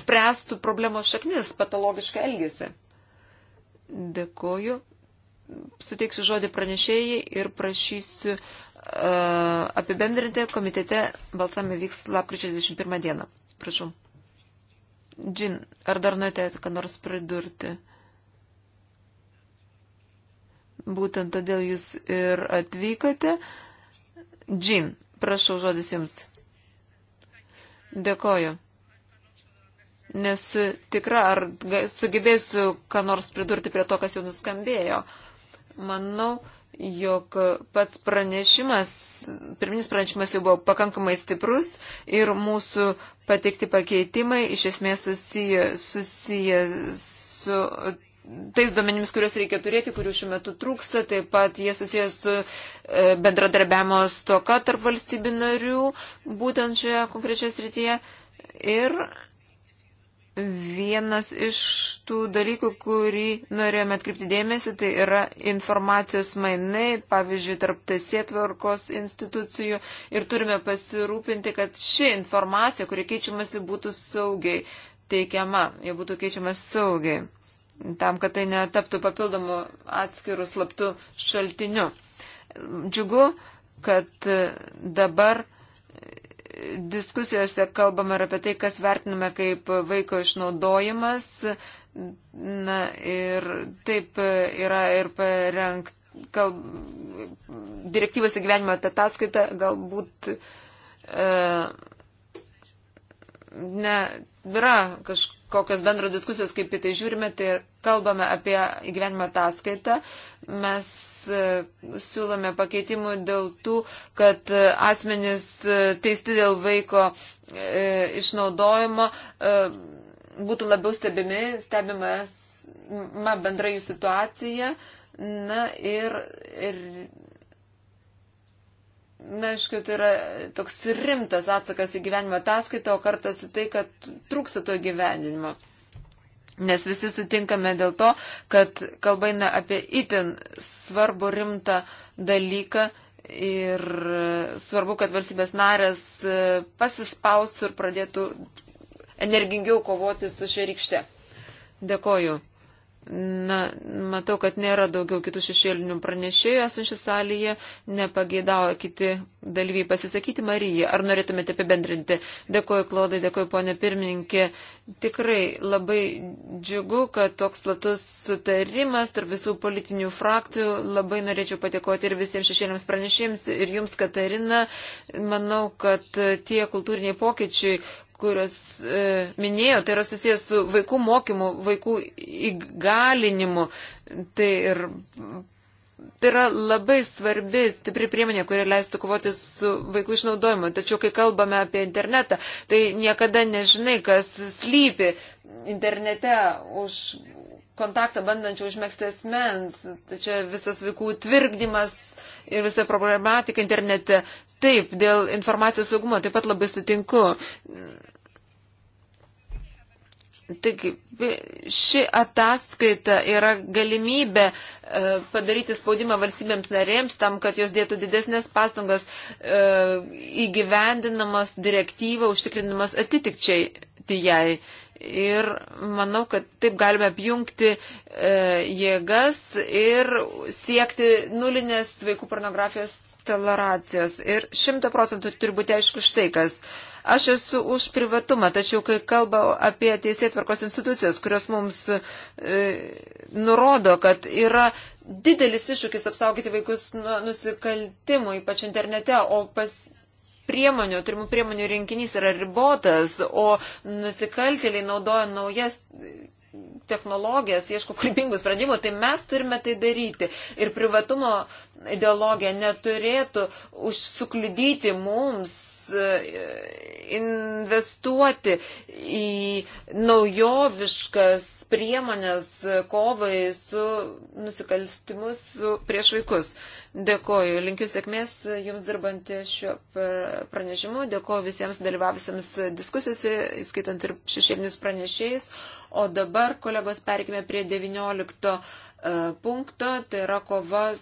spręstų problemos šaknis patologišką elgesį. Dėkoju. Suteiksiu žodį pranešėjai ir prašysiu apibendrinti komitete balsami vyks lapkričio 21 dieną. Prašau. Džin, ar dar norite ką nors pridurti? Būtent todėl jūs ir atvykote. Džin, prašau žodis jums. Dėkoju. Nesu tikra, ar sugebėsiu ką nors pridurti prie to, kas jau nuskambėjo. Manau, jog pats pranešimas, pirminis pranešimas jau buvo pakankamai stiprus ir mūsų pateikti pakeitimai iš esmės susiję, susiję su tais duomenimis, kuriuos reikia turėti, kurių šiuo metu trūksta, taip pat jie susijęs su e, bendradarbiavimo stoka tarp valstybių narių, būtent šioje konkrečioje srityje. Ir Vienas iš tų dalykų, kurį norėjome atkreipti dėmesį, tai yra informacijos mainai, pavyzdžiui, tarp teisėtvarkos institucijų ir turime pasirūpinti, kad ši informacija, kuri keičiamasi, būtų saugiai teikiama, jie būtų keičiamas saugiai, tam, kad tai netaptų papildomų atskirų slaptų šaltinių. Džiugu, kad dabar uh, diskusijose kalbama ir apie tai, kas vertiname kaip vaiko išnaudojimas. Na ir taip yra ir parengta kalb... direktyvos įgyvenimo ataskaita, galbūt e, ne, yra kažkokios bendro diskusijos, kaip į tai žiūrime, tai kalbame apie įgyvenimo ataskaitą. Mes E, siūlome pakeitimų dėl tų, kad e, asmenys e, teisti dėl vaiko išnaudojimo būtų labiau stebimi, stebimas ma, bendra jų situacija. Na ir, ir na, aišku, tai yra toks rimtas atsakas į gyvenimo ataskaitą, o kartas į tai, kad trūksta to gyvenimo. Nes visi sutinkame dėl to, kad kalba eina apie itin svarbu rimtą dalyką ir svarbu, kad valstybės narės e, pasispaustų ir pradėtų energingiau kovoti su šia rykšte. Dėkoju. Na, matau, kad nėra daugiau kitų šešėlinių pranešėjų esančių salėje, nepageidavo kiti dalyviai pasisakyti. Marija, ar norėtumėte apibendrinti? Dėkuoju, Klodai, dėkuoju, ponė pirmininkė. Tikrai labai džiugu, kad toks platus sutarimas tarp visų politinių frakcijų. Labai norėčiau padėkoti ir visiems šešėliniams pranešėjams ir jums, Katarina. Manau, kad tie kultūriniai pokyčiai, kurios e, minėjo, tai yra susijęs su vaikų mokymu, vaikų įgalinimu. Tai, ir, tai yra labai svarbi, stipri priemonė, kuri leistų kovoti su vaikų išnaudojimu. Tačiau, kai kalbame apie internetą, tai niekada nežinai, kas slypi internete už kontaktą bandančių užmėgsti asmens. Tačiau visas vaikų tvirkdymas ir visa problematika internete. Taip, dėl informacijos saugumo taip pat labai sutinku. Taigi, ši ataskaita yra galimybė e, padaryti spaudimą valstybėms narėms tam, kad jos dėtų didesnės pastangas e, įgyvendinamas direktyvą, užtikrinamas atitikčiai jai. Ir manau, kad taip galime apjungti e, jėgas ir siekti nulinės vaikų pornografijos tolerancijos. Ir šimta procentų turi būti aišku štai kas. Aš esu už privatumą, tačiau kai kalba apie teisėtvarkos institucijos, kurios mums e, nurodo, kad yra didelis iššūkis apsaugoti vaikus nuo nusikaltimų, ypač internete, o pas priemonių, turimų priemonių rinkinys yra ribotas, o nusikaltėliai naudoja naujas technologijas, ieško kūrybingų sprendimų, tai mes turime tai daryti. Ir privatumo ideologija neturėtų užsukliudyti mums e, investuoti į naujoviškas priemonės kovai su nusikalstimus su prieš vaikus. Dėkoju, linkiu sėkmės jums dirbantį šiuo pranešimu, dėkoju visiems dalyvavusiems diskusijose, įskaitant ir šešėlinius pranešėjus. O dabar, kolegos, perkime prie 19 e, punkto, tai yra kovas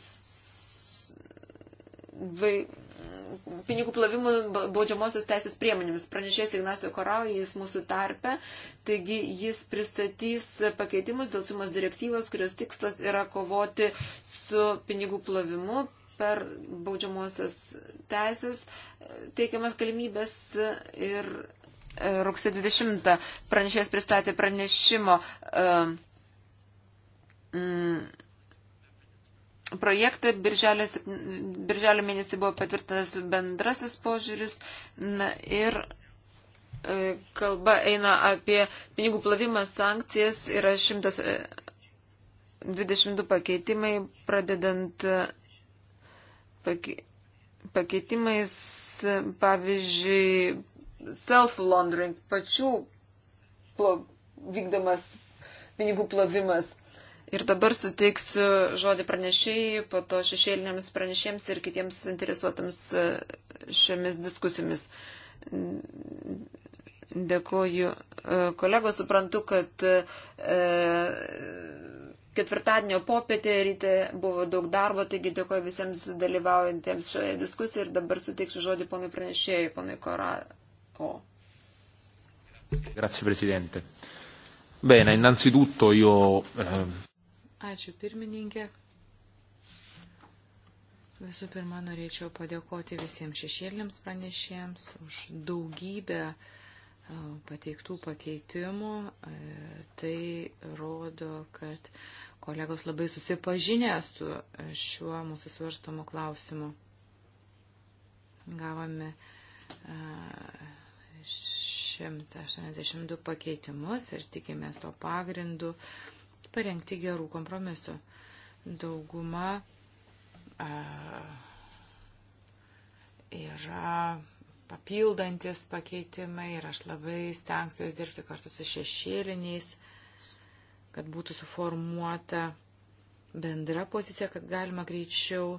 vai... pinigų plavimų baudžiamosios teisės priemonėmis. Pranešės Ignacio Korau, jis mūsų tarpe, taigi jis pristatys pakeitimus dėl sumos direktyvos, kurios tikslas yra kovoti su pinigų plavimu per baudžiamosios teisės e, teikiamas galimybės ir rugsė 20 pranešėjas pristatė pranešimo mm, projektą. Birželio, birželio mėnesį buvo patvirtinas bendrasis požiūris na, ir e, kalba eina apie pinigų plovimą, sankcijas, yra 122 e, pakeitimai, pradedant e, pakeitimais, pavyzdžiui, self-laundering, pačių plo, vykdomas pinigų plovimas. Ir dabar suteiksiu žodį pranešėjai, po to šešėliniams pranešėjams ir kitiems interesuotams e, šiomis diskusijomis. Dėkuoju. E, kolegos, suprantu, kad e, ketvirtadienio popietė ryte buvo daug darbo, taigi dėkuoju visiems dalyvaujantiems šioje diskusijoje ir dabar suteiksiu žodį ponui pranešėjai, ponui Korarai ko. Grazie, prezidente. Bene, innanzitutto io. Eh... Ačiū pirmininkė. Visų pirma, norėčiau padėkoti visiems šešėlėms pranešėjams už daugybę e, pateiktų pakeitimų. E, tai rodo, kad kolegos labai susipažinę su e, šiuo mūsų svarstomu klausimu. Gavome 182 pakeitimus ir tikimės to pagrindu parengti gerų kompromisų. Dauguma a, yra papildantis pakeitimai ir aš labai stengsiuosi dirbti kartu su šešėliniais, kad būtų suformuota bendra pozicija, kad galima greičiau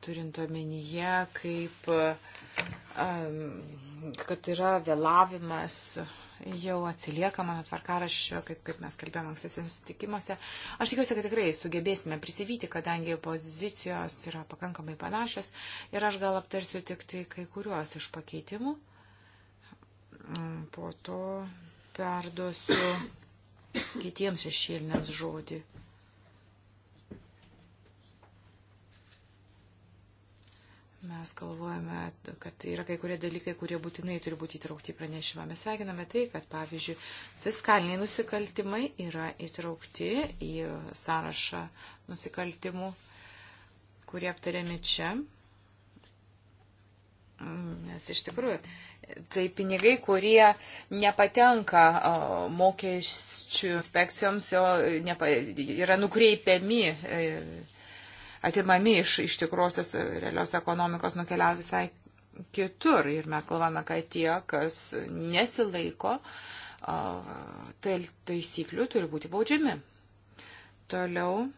turint omenyje, kaip, kad yra vėlavimas jau atsiliekama nuo tvarkaraščio, kaip, kaip mes kalbėjome ankstesniuose sutikimuose. Aš tikiuosi, kad tikrai sugebėsime prisivyti, kadangi pozicijos yra pakankamai panašios ir aš gal aptarsiu tik tai kai kuriuos iš pakeitimų. Mm, po to perduosiu kitiems šešėlinėms žodį. Mes galvojame, kad yra kai kurie dalykai, kurie būtinai turi būti įtraukti į pranešimą. Mes sveikiname tai, kad, pavyzdžiui, fiskaliniai nusikaltimai yra įtraukti į sąrašą nusikaltimų, kurie aptariami čia. Nes iš tikrųjų, tai pinigai, kurie nepatenka mokesčių inspekcijoms, yra nukreipiami e, atimami iš, iš tikrosios e, realios ekonomikos nukeliavo visai kitur. Ir mes galvame, kad tie, kas nesilaiko tai, taisyklių, turi būti baudžiami. Toliau.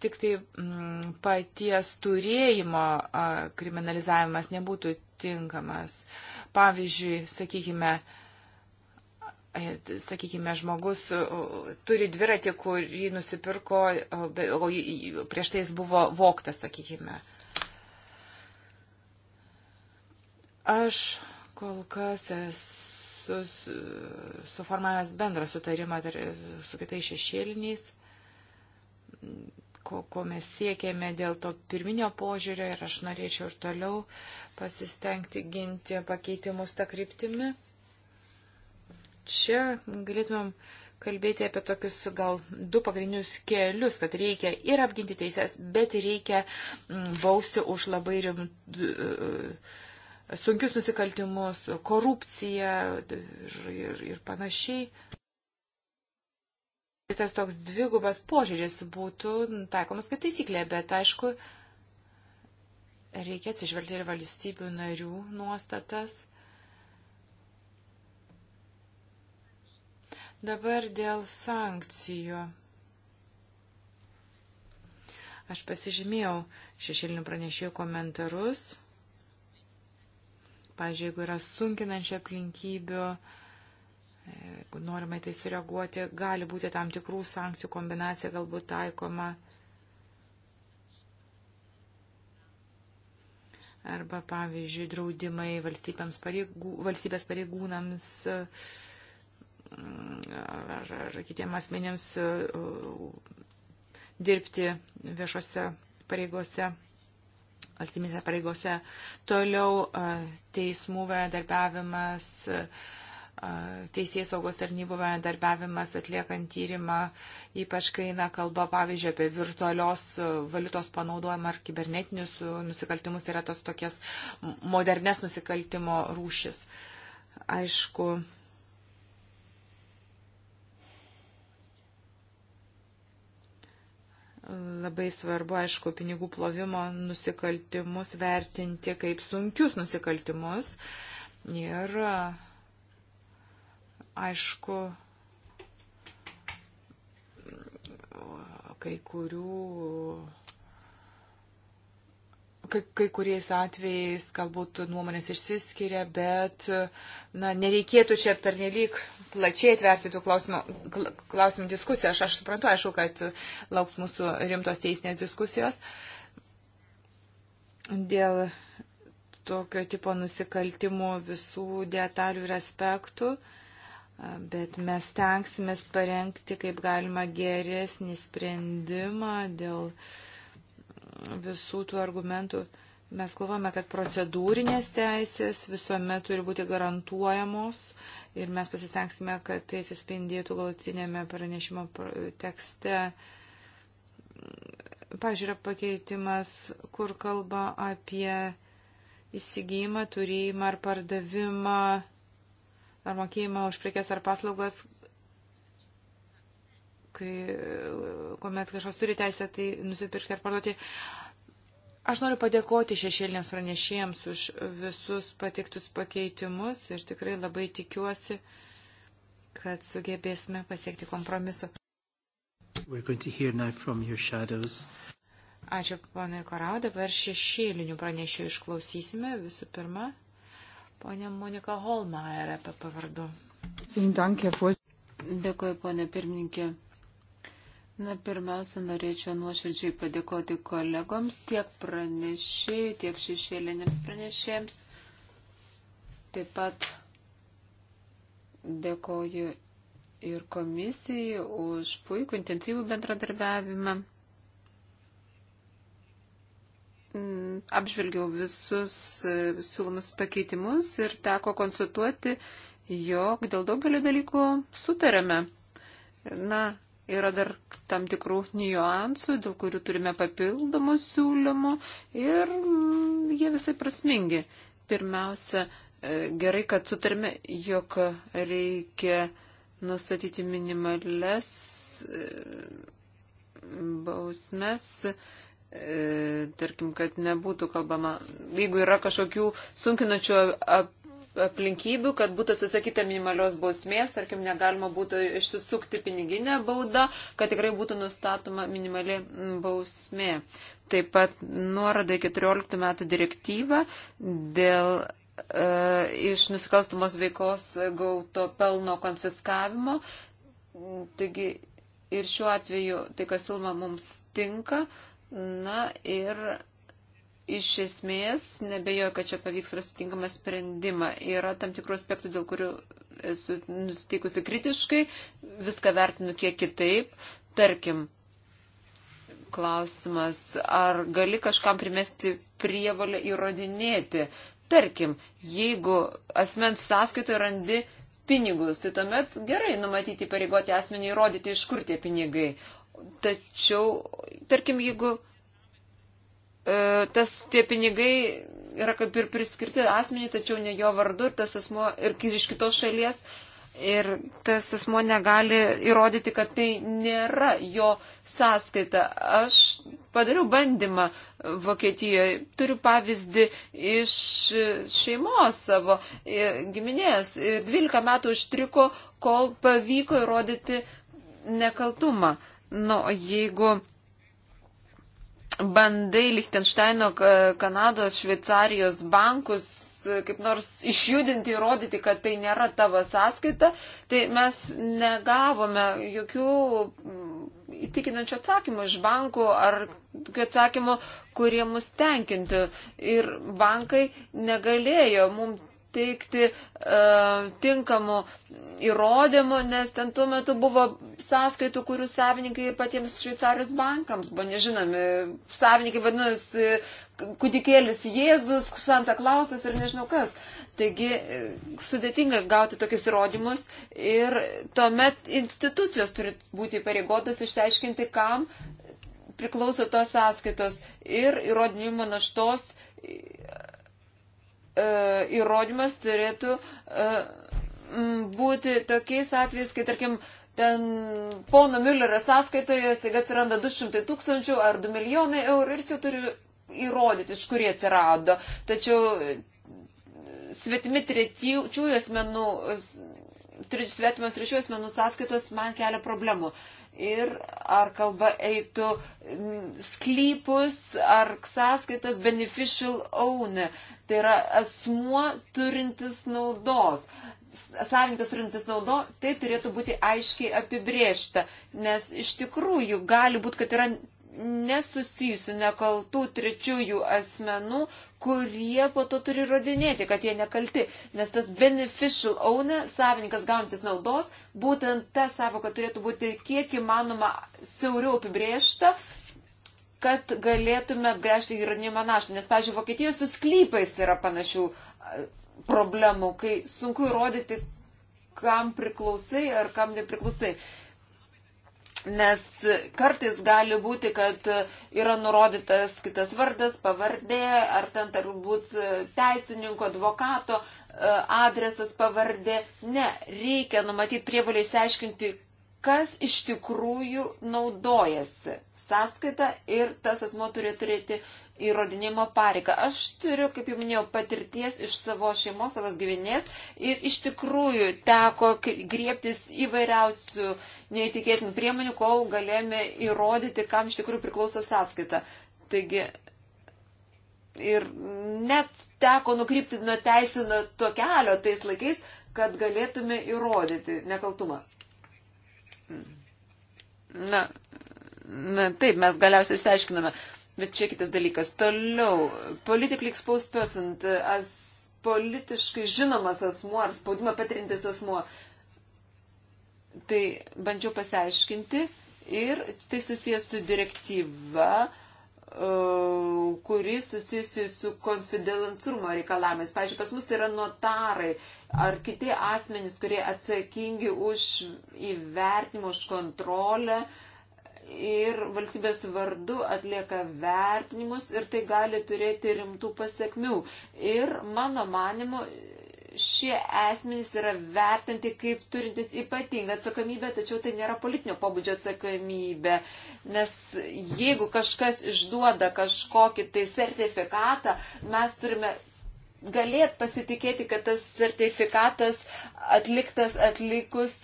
Tik tai mm, paties turėjimo kriminalizavimas nebūtų tinkamas. Pavyzdžiui, sakykime, E, sakykime, žmogus e, turi dviratį, kurį nusipirko, e, o prieš tai jis buvo voktas, sakykime. Aš kol kas esu suformavęs bendrą sutarimą su kitais šešėliniais, ko, ko mes siekėme dėl to pirminio požiūrio ir aš norėčiau ir toliau pasistengti ginti pakeitimus tą kryptimį čia galėtumėm kalbėti apie tokius gal du pagrindinius kelius, kad reikia ir apginti teises, bet reikia mm, bausti už labai rimt, e, sunkius nusikaltimus, korupciją ir, ir, ir panašiai. Tai tas toks dvigubas požiūris būtų taikomas kaip taisyklė, bet aišku, reikia atsižvelgti ir valstybių narių nuostatas Dabar dėl sankcijų. Aš pasižymėjau šešėlinių pranešėjų komentarus. Pavyzdžiui, jeigu yra sunkinančio aplinkybių, jeigu norime tai sureaguoti, gali būti tam tikrų sankcijų kombinacija galbūt taikoma. Arba, pavyzdžiui, draudimai valstybės pareigūnams ar, ar kitiem asmenėms e, dirbti viešose pareigose valstybinėse pareigose. Toliau e, teismų bendarbiavimas, e, teisės saugos tarnybų bendarbiavimas atliekant tyrimą, ypač kai eina kalba, pavyzdžiui, apie virtualios valiutos panaudojimą ar kibernetinius nusikaltimus, tai yra tos tokias modernes nusikaltimo rūšis. Aišku, Labai svarbu, aišku, pinigų plovimo nusikaltimus vertinti kaip sunkius nusikaltimus. Ir, aišku, kai kurių kai, kai kuriais atvejais galbūt nuomonės išsiskiria, bet na, nereikėtų čia pernelyg plačiai atverti tų klausimų, klausimų diskusiją. Aš, aš suprantu, aišku, kad lauks mūsų rimtos teisinės diskusijos dėl tokio tipo nusikaltimų visų detalių ir aspektų, bet mes tenksimės parengti kaip galima geresnį sprendimą dėl uh, visų tų argumentų. Mes galvojame, kad procedūrinės teisės visuomet turi būti garantuojamos ir mes pasistengsime, kad tai atsispindėtų galutinėme pranešimo tekste. Pavyzdžiui, yra pakeitimas, kur kalba apie įsigijimą, turėjimą ar pardavimą ar mokėjimą už prekes ar paslaugas kai, kuomet kažkas turi teisę tai nusipirkti ar parduoti. Aš noriu padėkoti šešėliniams pranešėjams už visus patiktus pakeitimus ir tikrai labai tikiuosi, kad sugebėsime pasiekti kompromisu. Ačiū, ponai Korau. Dabar šešėlinių pranešėjų išklausysime. Visų pirma, ponė Monika Holmaer apie pavardu. Dėkuoju, ponė pirmininkė. Na, pirmiausia, norėčiau nuoširdžiai padėkoti kolegoms, tiek pranešėjai, tiek šešėlinėms pranešėjams. Taip pat dėkoju ir komisijai už puikų intensyvų bendradarbiavimą. Mm, apžvelgiau visus e, siūlomus pakeitimus ir teko konsultuoti, jog dėl daugelio dalykų sutarėme. Na, Yra dar tam tikrų niuansų, dėl kurių turime papildomų siūlymų ir mm, jie visai prasmingi. Pirmiausia, e, gerai, kad sutarime, jog reikia nustatyti minimales e, bausmes e, tarkim, kad nebūtų kalbama, jeigu yra kažkokių sunkinančių ap, aplinkybių, kad būtų atsisakyta minimalios bausmės, tarkim, negalima būtų išsisukti piniginę baudą, kad tikrai būtų nustatoma minimali bausmė. Taip pat nuorada į 14 metų direktyvą dėl e, iš nusikalstamos veikos gauto pelno konfiskavimo. Taigi ir šiuo atveju tai, kas siūloma, mums tinka. Na ir iš esmės nebejoju, kad čia pavyks rasti tinkamą sprendimą. Yra tam tikrų aspektų, dėl kurių esu nusiteikusi kritiškai, viską vertinu kiek kitaip. Tarkim, klausimas, ar gali kažkam primesti prievalę įrodinėti. Tarkim, jeigu asmens sąskaitoje randi pinigus, tai tuomet gerai numatyti pareigoti asmenį įrodyti, iš kur tie pinigai. Tačiau, tarkim, jeigu E, tas tie pinigai yra kaip ir priskirti asmenį, tačiau ne jo vardu ir tas asmo ir iš kitos šalies. Ir tas asmo negali įrodyti, kad tai nėra jo sąskaita. Aš padariau bandymą Vokietijoje. Turiu pavyzdį iš šeimos savo e, giminės. Ir 12 metų užtriko, kol pavyko įrodyti nekaltumą. Na, nu, jeigu bandai Lichtensteino, Kanados, Šveicarijos bankus e, kaip nors išjudinti, įrodyti, kad tai nėra tavo sąskaita, tai mes negavome jokių mm, įtikinančių atsakymų iš bankų ar tokių atsakymų, kurie mus tenkintų. Ir bankai negalėjo mums pateikti e, tinkamų įrodymų, nes ten tuo metu buvo sąskaitų, kurių savininkai ir patiems šveicarijos bankams buvo nežinomi. Savininkai vadinosi kudikėlis Jėzus, Santa Klausas ir nežinau kas. Taigi e, sudėtinga gauti tokius įrodymus ir tuomet institucijos turi būti pareigotas išsiaiškinti, kam priklauso tos sąskaitos ir įrodinimo naštos E, įrodymas turėtų e, būti tokiais atvejais, kai, tarkim, ten pono Müllerio sąskaitoje staiga atsiranda 200 tūkstančių ar 2 milijonai eurų ir jis jau turi įrodyti, iš kur jie atsirado. Tačiau e, svetimi trečiųjų asmenų, svetimas trečiųjų asmenų sąskaitos man kelia problemų ir ar kalba eitų sklypus ar sąskaitas beneficial owner. Tai yra asmuo turintis naudos. Savininkas turintis naudo, tai turėtų būti aiškiai apibriešta, nes iš tikrųjų gali būti, kad yra nesusijusių nekaltų trečiųjų asmenų, kurie po to turi rodinėti, kad jie nekalti, nes tas beneficial owner, savininkas gaunantis naudos, būtent ta savoka turėtų būti kiek įmanoma siauriau apibriešta, kad galėtume apgręžti įrodinimą naštą. Nes, pavyzdžiui, Vokietijos su sklypais yra panašių problemų, kai sunku įrodyti, kam priklausai ar kam nepriklausai. Nes kartais gali būti, kad yra nurodytas kitas vardas, pavardė, ar ten turbūt teisininko, advokato e, adresas, pavardė. Ne, reikia numatyti prievalį išsiaiškinti, kas iš tikrųjų naudojasi sąskaitą ir tas asmo turi turėti įrodinimo pareigą. Aš turiu, kaip jau minėjau, patirties iš savo šeimos, savo gyvinės ir iš tikrųjų teko griebtis įvairiausių neįtikėtinų priemonių, kol galėjome įrodyti, kam iš tikrųjų priklauso sąskaita. Taigi, ir net teko nukrypti nuo teisų, nuo to kelio tais laikais, kad galėtume įrodyti nekaltumą. Na, na taip, mes galiausiai išsiaiškiname. Bet čia kitas dalykas. Toliau, politically exposed person, as politiškai žinomas asmuo ar spaudimą patirintis asmuo. Tai bandžiau pasiaiškinti ir tai susijęs su direktyva, e, kuri susijusi su konfidencialumo reikalavimais. Pavyzdžiui, pas mus tai yra notarai ar kiti asmenys, kurie atsakingi už įvertimą, už kontrolę. Uh, ir valstybės vardu atlieka vertinimus ir tai gali turėti rimtų pasiekmių. Ir mano manimu, šie esmenys yra vertinti kaip turintis ypatingą atsakomybę, tačiau tai nėra politinio pobūdžio atsakomybė. Nes jeigu kažkas išduoda kažkokį tai sertifikatą, mes turime galėt pasitikėti, kad tas sertifikatas atliktas atlikus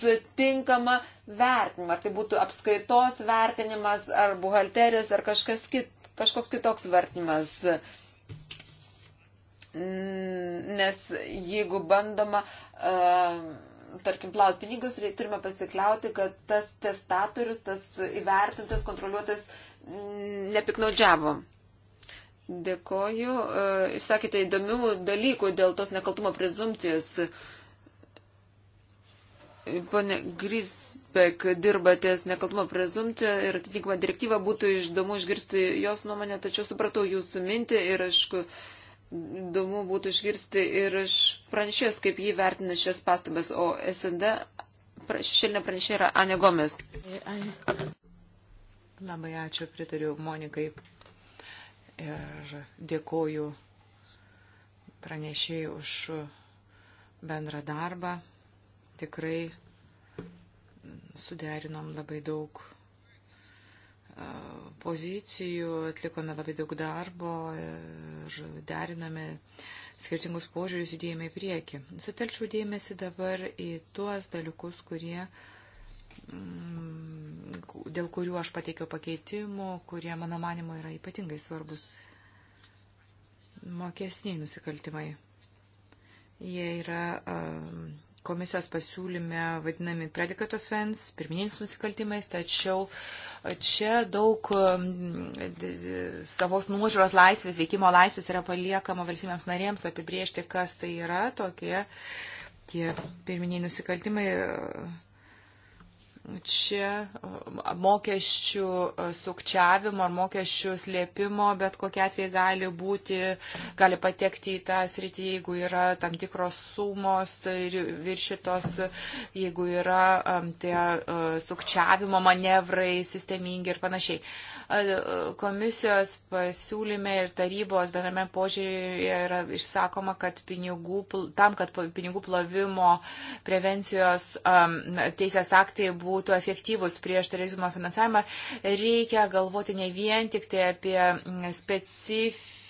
tinkamą vertinimą. Ar tai būtų apskaitos vertinimas, ar buhalterijos, ar kit, kažkoks kitoks vertinimas. Mm, nes jeigu bandoma, uh, tarkim, plauti pinigus, turime pasikliauti, kad tas testatorius, tas įvertintas, kontroliuotas mm, nepiknaudžiavo. Dėkoju. E, išsakėte įdomių dalykų dėl tos nekaltumo prezumcijos. Pane Grisbek, dirbatės nekaltumo prezumciją ir atitinkamą direktyvą, būtų įdomu išgirsti jos nuomonę, tačiau supratau jūsų mintį ir aišku, įdomu būtų išgirsti ir iš pranešės, kaip jį vertina šias pastabas, o SND šešėlinė pranešė yra Ane Gomes. Labai ačiū, pritariu Monikai ir dėkoju pranešėjai už bendrą darbą. Tikrai suderinom labai daug pozicijų, atlikome labai daug darbo ir derinome skirtingus požiūrius judėjimai prieki. Sutelčiau dėmesį dabar į tuos dalykus, kurie uh, Mm, dėl kurių aš pateikiau pakeitimų, kurie mano manimo yra ypatingai svarbus. Mokesniai nusikaltimai. Jie yra um, komisijos pasiūlyme vadinami predicate offense, pirminiais nusikaltimais, tačiau čia daug um, savos nuožiūros laisvės, veikimo laisvės yra paliekama valstybėms narėms apibriežti, kas tai yra tokie tie pirminiai nusikaltimai čia mokesčių sukčiavimo ar mokesčių slėpimo, bet kokia atveju gali būti, gali patekti į tą sritį, jeigu yra tam tikros sumos ir tai viršytos, jeigu yra tie sukčiavimo manevrai sistemingi ir panašiai. Komisijos pasiūlyme ir tarybos bendrame požiūrėje yra išsakoma, kad pinigų, tam, kad pinigų plovimo prevencijos um, teisės aktai būtų efektyvus prieš terorizmo finansavimą, reikia galvoti ne vien tik tai apie specifinį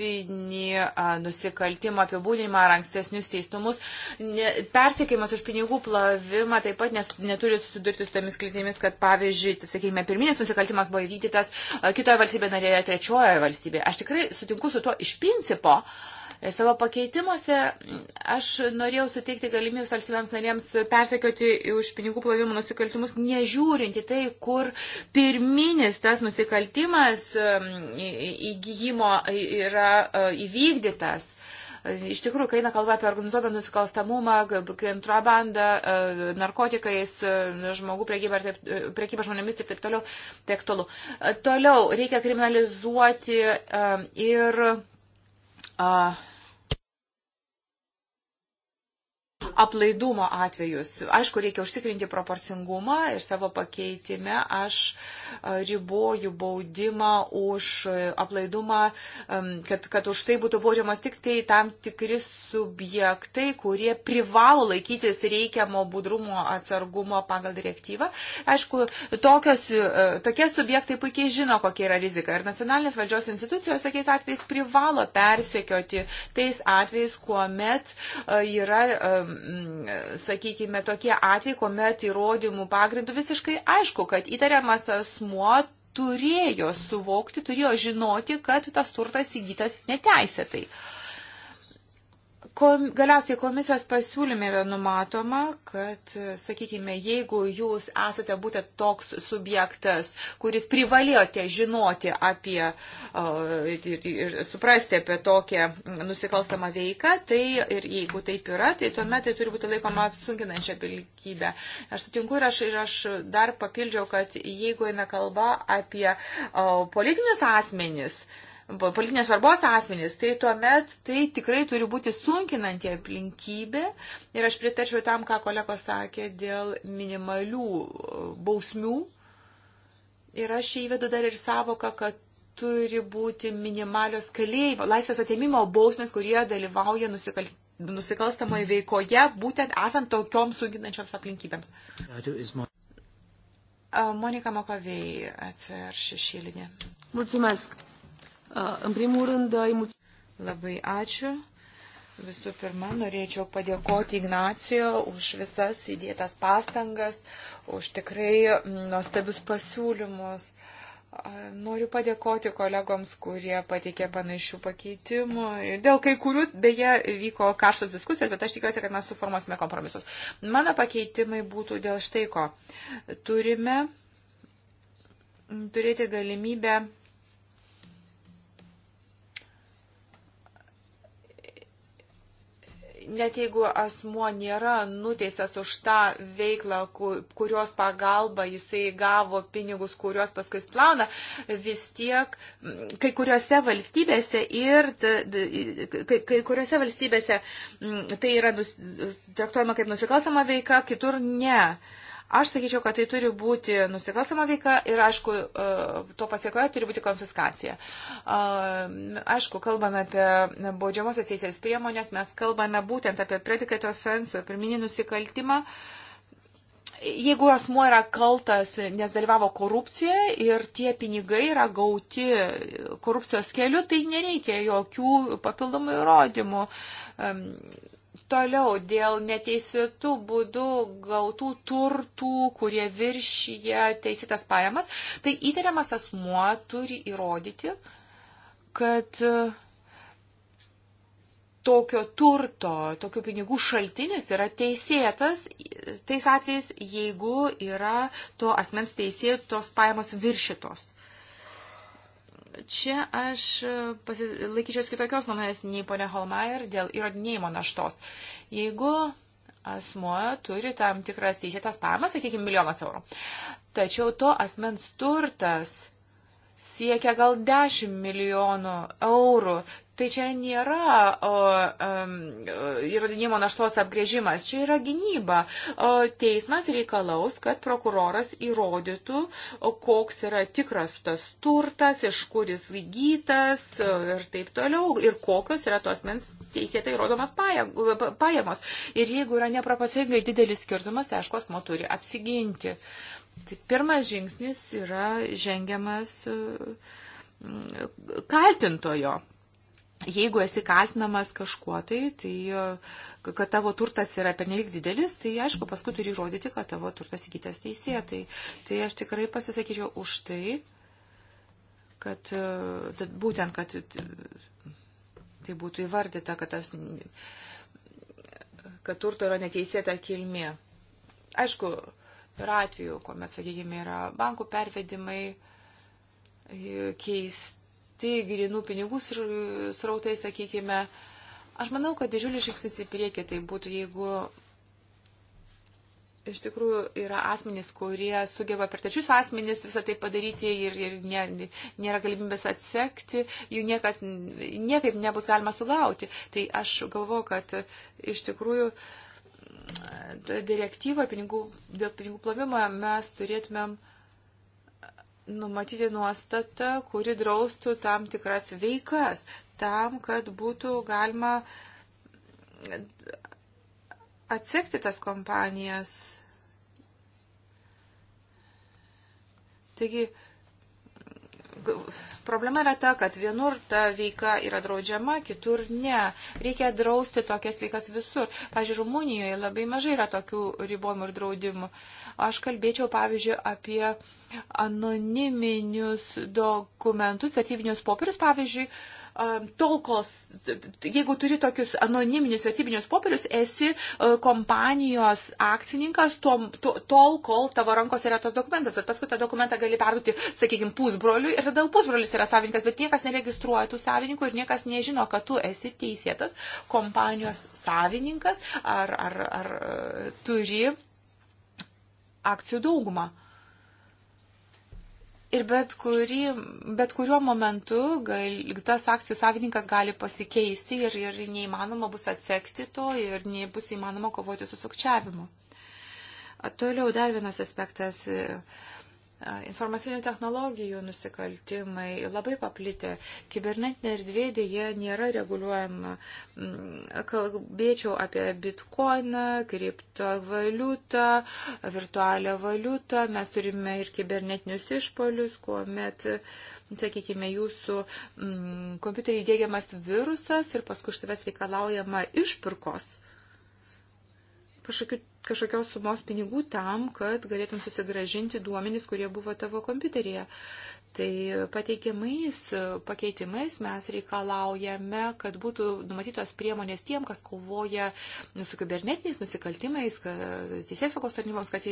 specifinį a, nusikaltimą apibūdinimą ar ankstesnius teistumus. Ne, persiekimas už pinigų plavimą taip pat nes, neturi susidurti su tomis kliūtimis, kad pavyzdžiui, tai, sakykime, pirminis nusikaltimas buvo įvykdytas kitoje valstybėje narėje, trečiojoje valstybėje. Aš tikrai sutinku su tuo iš principo. A, Savo pakeitimuose aš norėjau suteikti galimybės valstybėms narėms persekioti už pinigų plovimo nusikaltimus, nežiūrinti tai, kur pirminis tas nusikaltimas um, įgyjimo yra uh, įvykdytas iš tikrųjų, kai eina kalba apie organizuotą nusikalstamumą, kontrabandą, uh, narkotikais, uh, žmogų priekybą, taip, priekybą žmonėmis ir taip toliau, tai aktualu. Toliau reikia kriminalizuoti um, ir. Uh, aplaidumo atvejus. Aišku, reikia užtikrinti proporcingumą ir savo pakeitime aš e, riboju baudimą už e, aplaidumą, kad, kad už tai būtų baudžiamas tik tai tam tikri subjektai, kurie privalo laikytis reikiamo budrumo atsargumo pagal direktyvą. Aišku, tokios, e, tokie subjektai puikiai žino, kokia yra rizika. Ir nacionalinės valdžios institucijos tokiais atvejais privalo persekioti tais atvejais, kuomet yra Mm, sakykime, tokie atvejai, kuomet įrodymų pagrindų visiškai aišku, kad įtariamas asmuo turėjo suvokti, turėjo žinoti, kad tas turtas įgytas neteisėtai. Uh, Kom, galiausiai komisijos pasiūlyme yra numatoma, kad, sakykime, jeigu jūs esate būtent toks subjektas, kuris privalėjote žinoti apie ir, ir suprasti apie tokią nusikalstamą veiką, tai ir jeigu taip yra, tai tuomet tai turi būti laikoma apsunkinančia aplinkybė. Aš sutinku ir aš, ir aš dar papildžiau, kad jeigu eina kalba apie o, politinius asmenis, o, politinės svarbos asmenys, tai tuomet tai tikrai turi būti sunkinanti aplinkybė. Ir aš pritarčiau tam, ką kolegos sakė dėl minimalių e, bausmių. Ir aš įvedu dar ir savoką, kad turi būti minimalios kalėjimo, laisvės atėmimo bausmės, kurie dalyvauja nusikal... nusikalstamoje veikoje, būtent esant tokioms sunkinančioms aplinkybėms. Monika Makovei, atsiprašau, šešėlinė. Mulțumesc. În primul rând, îi mulțumesc. Labai ačiū. Visų pirma, norėčiau padėkoti Ignacijo už visas įdėtas pastangas, už tikrai mm, nuostabius pasiūlymus. Noriu padėkoti kolegoms, kurie pateikė panašių pakeitimų. Dėl kai kurių, beje, vyko karštos diskusijos, bet aš tikiuosi, kad mes suformuosime kompromisus. Mano pakeitimai būtų dėl štai ko. Turime turėti galimybę net jeigu asmuo nėra nuteistas už tą veiklą, kurios pagalba jisai gavo pinigus, kuriuos paskui splauna, vis tiek kai kuriuose valstybėse ir kai, kai kuriuose valstybėse tai yra nus, traktuojama kaip nusikalstama veika, kitur ne. Uh, Aš sakyčiau, kad tai turi būti nusikalstama veika ir, aišku, e, to pasiekoje turi būti konfiskacija. E, aišku, kalbame apie baudžiamosios teisės priemonės, mes kalbame būtent apie predicate offense, pirminį nusikaltimą. Jeigu asmuo yra kaltas, nes dalyvavo korupcijoje ir tie pinigai yra gauti korupcijos keliu, tai nereikia jokių papildomų įrodymų Toliau dėl neteisėtų būdų gautų turtų, kurie viršyje teisėtas pajamas, tai įtariamas asmuo turi įrodyti, kad e, tokio turto, tokių pinigų šaltinis yra teisėtas, tais atvejais, jeigu yra to asmens teisėtos pajamos viršytos. Čia aš laikyčiau e, kitokios nuomonės nei ponia Holmeier dėl įrodinėjimo naštos. Jeigu asmuo turi tam tikras teisėtas pajamas, sakykime, milijonas eurų, tačiau to asmens turtas siekia gal 10 milijonų eurų. Tai čia nėra o, um, įrodinimo naštos apgrėžimas, čia yra gynyba. O, teismas reikalaus, kad prokuroras įrodytų, o, koks yra tikras tas turtas, iš kur jis įgytas ir taip toliau, ir kokios yra tos mens teisėtai įrodomas pajamos. Ir jeigu yra neproporcingai didelis skirtumas, tai aišku, asmo turi apsiginti. Uh, Tai pirmas žingsnis yra žengiamas e, kaltintojo. Jeigu esi kaltinamas kažkuo tai, tai e, kad tavo turtas yra pernelyg didelis, tai aišku, paskui turi įrodyti, kad tavo turtas įgytas teisėtai. Tai aš tikrai pasisakyčiau už tai, kad e, būtent, kad tai būtų įvardyta, kad, tas, kad turto yra neteisėta kilmė. Aišku, Yra atvejų, kuomet, sakykime, yra bankų pervedimai keisti grinų pinigų srautai, sakykime. Aš manau, kad didžiulis žingsnis į priekį tai būtų, jeigu iš tikrųjų yra asmenys, kurie sugeba per trečius asmenys visą tai padaryti ir, ir nė, nėra galimybės atsekti, jų niekad, niekaip nebus galima sugauti. Tai aš galvoju, kad iš tikrųjų uh, direktyvą pinigų, dėl pinigų plovimo mes turėtumėm numatyti nuostatą, kuri draustų tam tikras veikas, tam, kad būtų galima atsekti tas kompanijas. Taigi, problema yra ta, kad vienur ta veika yra draudžiama, kitur ne. Reikia drausti tokias veikas visur. Pavyzdžiui, Rumunijoje labai mažai yra tokių ribojimų ir draudimų. Aš kalbėčiau, pavyzdžiui, apie anoniminius dokumentus, vertybinius popierius, pavyzdžiui, Um, tol, kol, jeigu turi tokius anoniminius vertybinius popierius, esi uh, kompanijos akcininkas tom, to, tol, kol tavo rankos yra tas dokumentas. Bet paskui tą dokumentą gali perduoti, sakykime, pusbroliui ir tada pusbrolis yra savininkas, bet niekas neregistruoja tų savininkų ir niekas nežino, kad tu esi teisėtas kompanijos savininkas ar, ar, ar uh, turi akcijų daugumą. Ir bet, kurį, bet kuriuo momentu gal, tas akcijų savininkas gali pasikeisti ir, ir neįmanoma bus atsekti to ir nebus įmanoma kovoti su sukčiavimu. Toliau dar vienas aspektas. E, Informacinių technologijų nusikaltimai labai paplitę. Kibernetinė erdvė dėje nėra reguliuojama. Mm, kalbėčiau apie bitkoiną, kriptovaliutą, virtualią valiutą. Mes turime ir kibernetinius išpolius, kuomet sakykime, jūsų mm, kompiuterį dėgiamas virusas ir paskui iš tavęs reikalaujama išpirkos kažkokių kažkokios sumos pinigų tam, kad galėtum susigražinti duomenys, kurie buvo tavo kompiuteryje. Tai pateikiamais pakeitimais mes reikalaujame, kad būtų numatytos priemonės tiem, kas kovoja su kibernetiniais nusikaltimais, teisės saugos tarnyboms, kad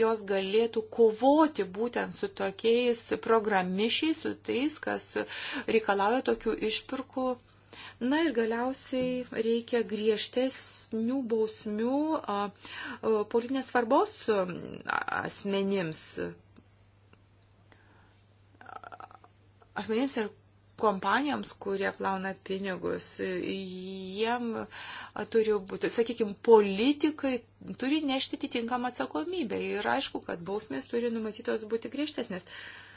jos galėtų kovoti būtent su tokiais programišiais, su tais, kas reikalauja tokių išpirkų Na ir galiausiai reikia griežtesnių bausmių politinės svarbos asmenims. Asmenims ir kompanijoms, kurie plauna pinigus, jiem turi būti, sakykime, politikai turi nešti atitinkamą atsakomybę. Ir aišku, kad bausmės turi numatytos būti griežtesnės. Uh,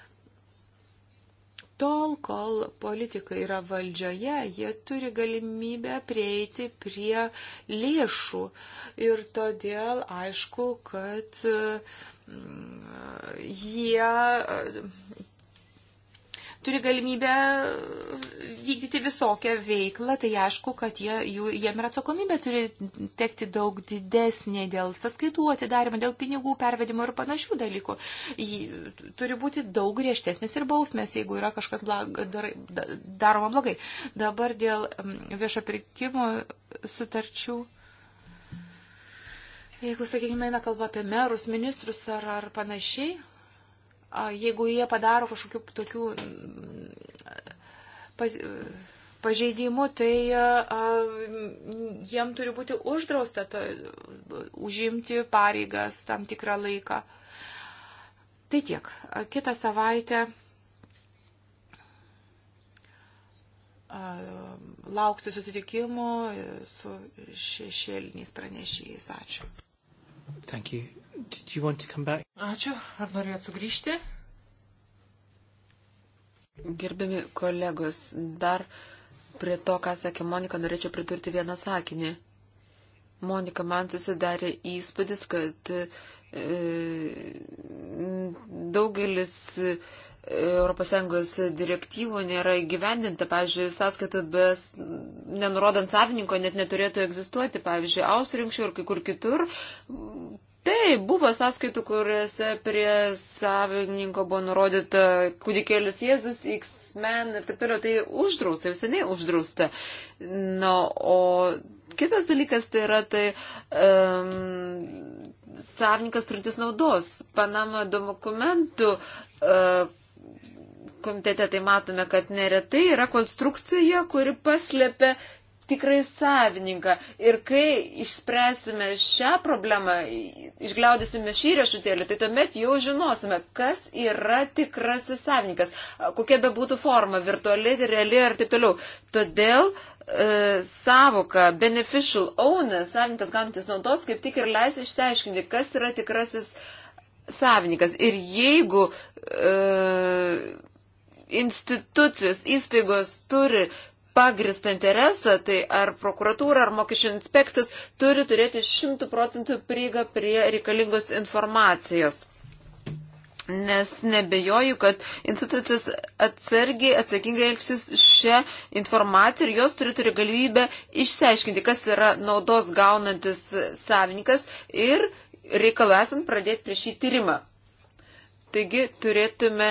tol, kol politikai yra valdžioje, jie turi galimybę prieiti prie lėšų. Ir todėl aišku, kad mm, jie turi galimybę vykdyti visokią veiklą, tai aišku, kad jie, jų, jiem ir atsakomybė turi tekti daug didesnė dėl sąskaitų atidarimo, dėl pinigų pervedimo ir panašių dalykų. Jį, turi būti daug griežtesnės ir bausmės, jeigu yra kažkas blag, dar, daroma blogai. Dabar dėl viešo pirkimo sutarčių. Jeigu, sakykime, eina kalba apie merus, ministrus ar, ar panašiai, jeigu jie padaro kažkokių tokių mm, pas, pažeidimų, tai jiem turi būti uždrausta to, užimti pareigas tam tikrą laiką. Tai tiek. Kitą savaitę laukti susitikimų su šešėliniais pranešėjais. Ačiū. Thank you. Ačiū. Ar norėjot sugrįžti? Gerbiami kolegos, dar prie to, ką sakė Monika, norėčiau pridurti vieną sakinį. Monika, man susidarė įspūdis, kad e, daugelis ES direktyvų nėra įgyvendinta. Pavyzdžiui, sąskaita be nenurodant savininko net neturėtų egzistuoti. Pavyzdžiui, Austrinkščių ir kai kur kitur Taip, buvo sąskaitų, kuriuose prie savininko buvo nurodyta kūdikėlis Jėzus, X-Men ir taip toliau. Tai uždrausta, jau seniai uždrausta. Na, o kitas dalykas tai yra, tai um, savininkas turintis naudos. Panama dokumentų. Uh, Komitete tai matome, kad neretai yra konstrukcija, kuri paslėpia uh, tikrai savininką. Ir kai išspręsime šią problemą, išgliaudysime šį riešutėlį, tai tuomet jau žinosime, kas yra tikrasis savininkas, kokia be būtų forma, virtuali, reali ir taip toliau. Todėl e, savoka beneficial owner, savininkas gantis naudos, kaip tik ir leis išsiaiškinti, kas yra tikrasis savininkas. Ir jeigu e, institucijos, įstaigos turi pagristą interesą, tai ar prokuratūra, ar mokesčių inspektus turi turėti šimtų procentų prieigą prie reikalingos informacijos. Nes nebejoju, kad institucijos atsargiai, atsakingai elgsis šią informaciją ir jos turi turi galimybę išsiaiškinti, kas yra naudos gaunantis savininkas ir reikalu esant pradėti prieš jį tyrimą. Taigi turėtume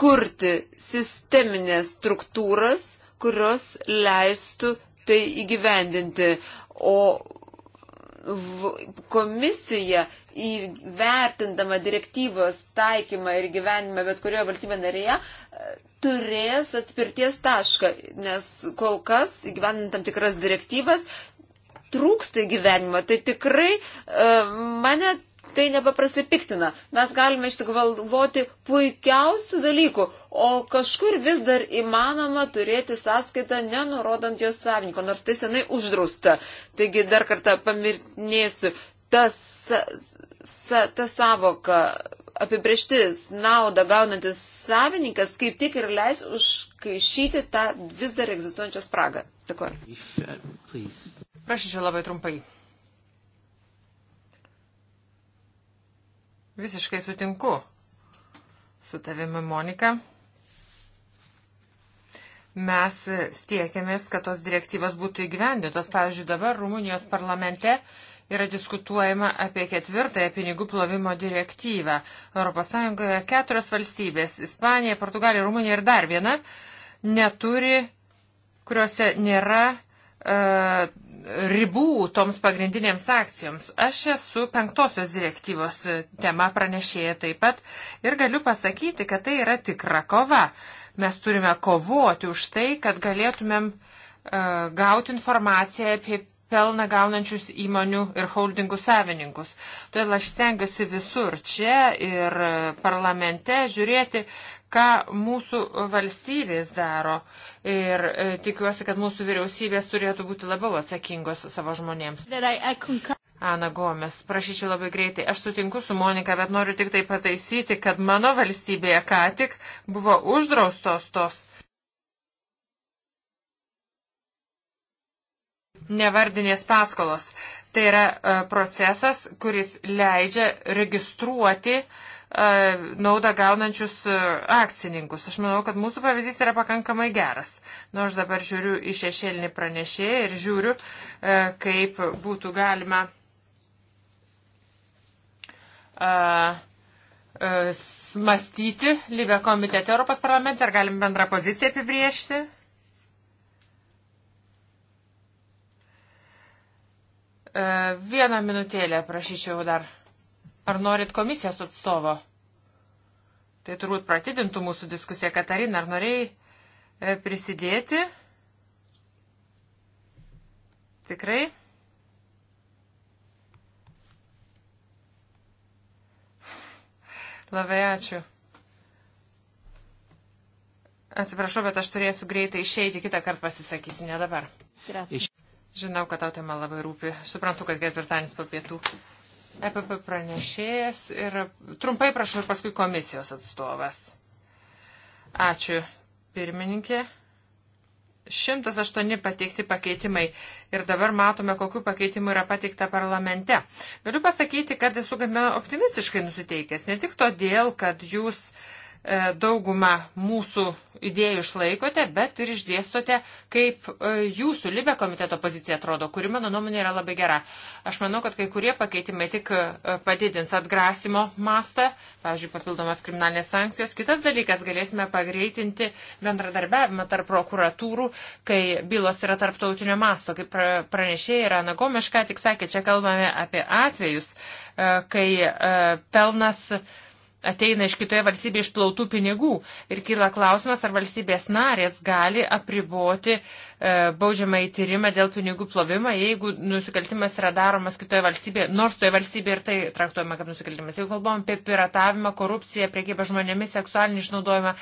kurti sisteminės struktūras, kurios leistų tai įgyvendinti. O komisija įvertindama direktyvos taikymą ir gyvenimą bet kurioje valstybė narėje e, turės atspirties tašką, nes kol kas įgyvendinant tam tikras direktyvas trūksta gyvenimo. Tai tikrai e, mane tai nepaprastai piktina. Mes galime išsigalvoti puikiausių dalykų, o kažkur vis dar įmanoma turėti sąskaitą, nenurodant jos savininko, nors tai senai uždrausta. Taigi dar kartą pamirtinėsiu, tas, sa, ta savoka apibrieštis naudą gaunantis savininkas kaip tik ir leis užkaišyti tą vis dar egzistuojančią spragą. Dėkuoju. Uh, Prašyčiau labai trumpai. Visiškai sutinku su tavimi, Monika. Mes stiekėmės, kad tos direktyvos būtų įgyvendintos. Pavyzdžiui, dabar Rumunijos parlamente yra diskutuojama apie ketvirtąją pinigų plovimo direktyvą. ES keturios valstybės - Ispanija, Portugalija, Rumunija ir dar viena - neturi, kuriuose nėra E, ribų toms pagrindinėms akcijoms. Aš esu penktosios direktyvos e, tema pranešėja taip pat ir galiu pasakyti, kad tai yra tikra kova. Mes turime kovoti už tai, kad galėtumėm e, gauti informaciją apie pelną gaunančius įmonių ir holdingų savininkus. Todėl aš stengiuosi visur čia ir parlamente žiūrėti, ką mūsų valstybės daro ir e, tikiuosi, kad mūsų vyriausybės turėtų būti labiau atsakingos savo žmonėms. Ana Gomes, prašyčiau labai greitai, aš sutinku su Monika, bet noriu tik tai pataisyti, kad mano valstybėje ką tik buvo uždraustos tos. Nevardinės paskolos. Tai yra e, procesas, kuris leidžia registruoti uh, E, naudą gaunančius e, akcininkus. Aš manau, kad mūsų pavyzdys yra pakankamai geras. Nors nu, dabar žiūriu į šešėlinį pranešėją ir žiūriu, e, kaip būtų galima mąstyti Libė komitete Europos parlamente, ar galim bendrą poziciją apibriežti? Vieną minutėlę prašyčiau dar. Ar norit komisijos atstovo? Tai turbūt pratidintų mūsų diskusiją. Katarina, ar norėjai e, prisidėti? Tikrai? Labai ačiū. Atsiprašau, bet aš turėsiu greitai išeiti, kitą kartą pasisakysiu, ne dabar. Gracias. Žinau, kad tau tema labai rūpi. Suprantu, kad ketvirtadienis po pietų. EPP pranešėjas ir trumpai prašau ir paskui komisijos atstovas. Ačiū, pirmininkė. 108 pateikti pakeitimai ir dabar matome, kokiu pakeitimu yra pateikta parlamente. Galiu pasakyti, kad esu gana optimistiškai nusiteikęs, ne tik todėl, kad jūs uh, E, daugumą mūsų idėjų išlaikote, bet ir išdėstote, kaip e, jūsų Libė komiteto pozicija atrodo, kuri, mano nuomonė, yra labai gera. Aš manau, kad kai kurie pakeitimai tik e, padidins atgrasimo mastą, pavyzdžiui, papildomas kriminalinės sankcijos. Kitas dalykas, galėsime pagreitinti bendradarbiavimą tarp prokuratūrų, kai bylos yra tarptautinio masto. Kaip pranešėjai yra Nagomiška, tik sakė, čia kalbame apie atvejus, kai pelnas ateina iš kitoje valstybėje išplautų pinigų. Ir kyla klausimas, ar valstybės narės gali apriboti e, baudžiamą įtyrimą dėl pinigų plovimą, jeigu nusikaltimas yra daromas kitoje valstybėje, nors toje valstybėje ir tai traktuojama kaip nusikaltimas. Jeigu kalbam apie piratavimą, korupciją, priekybę žmonėmis, seksualinį išnaudojimą.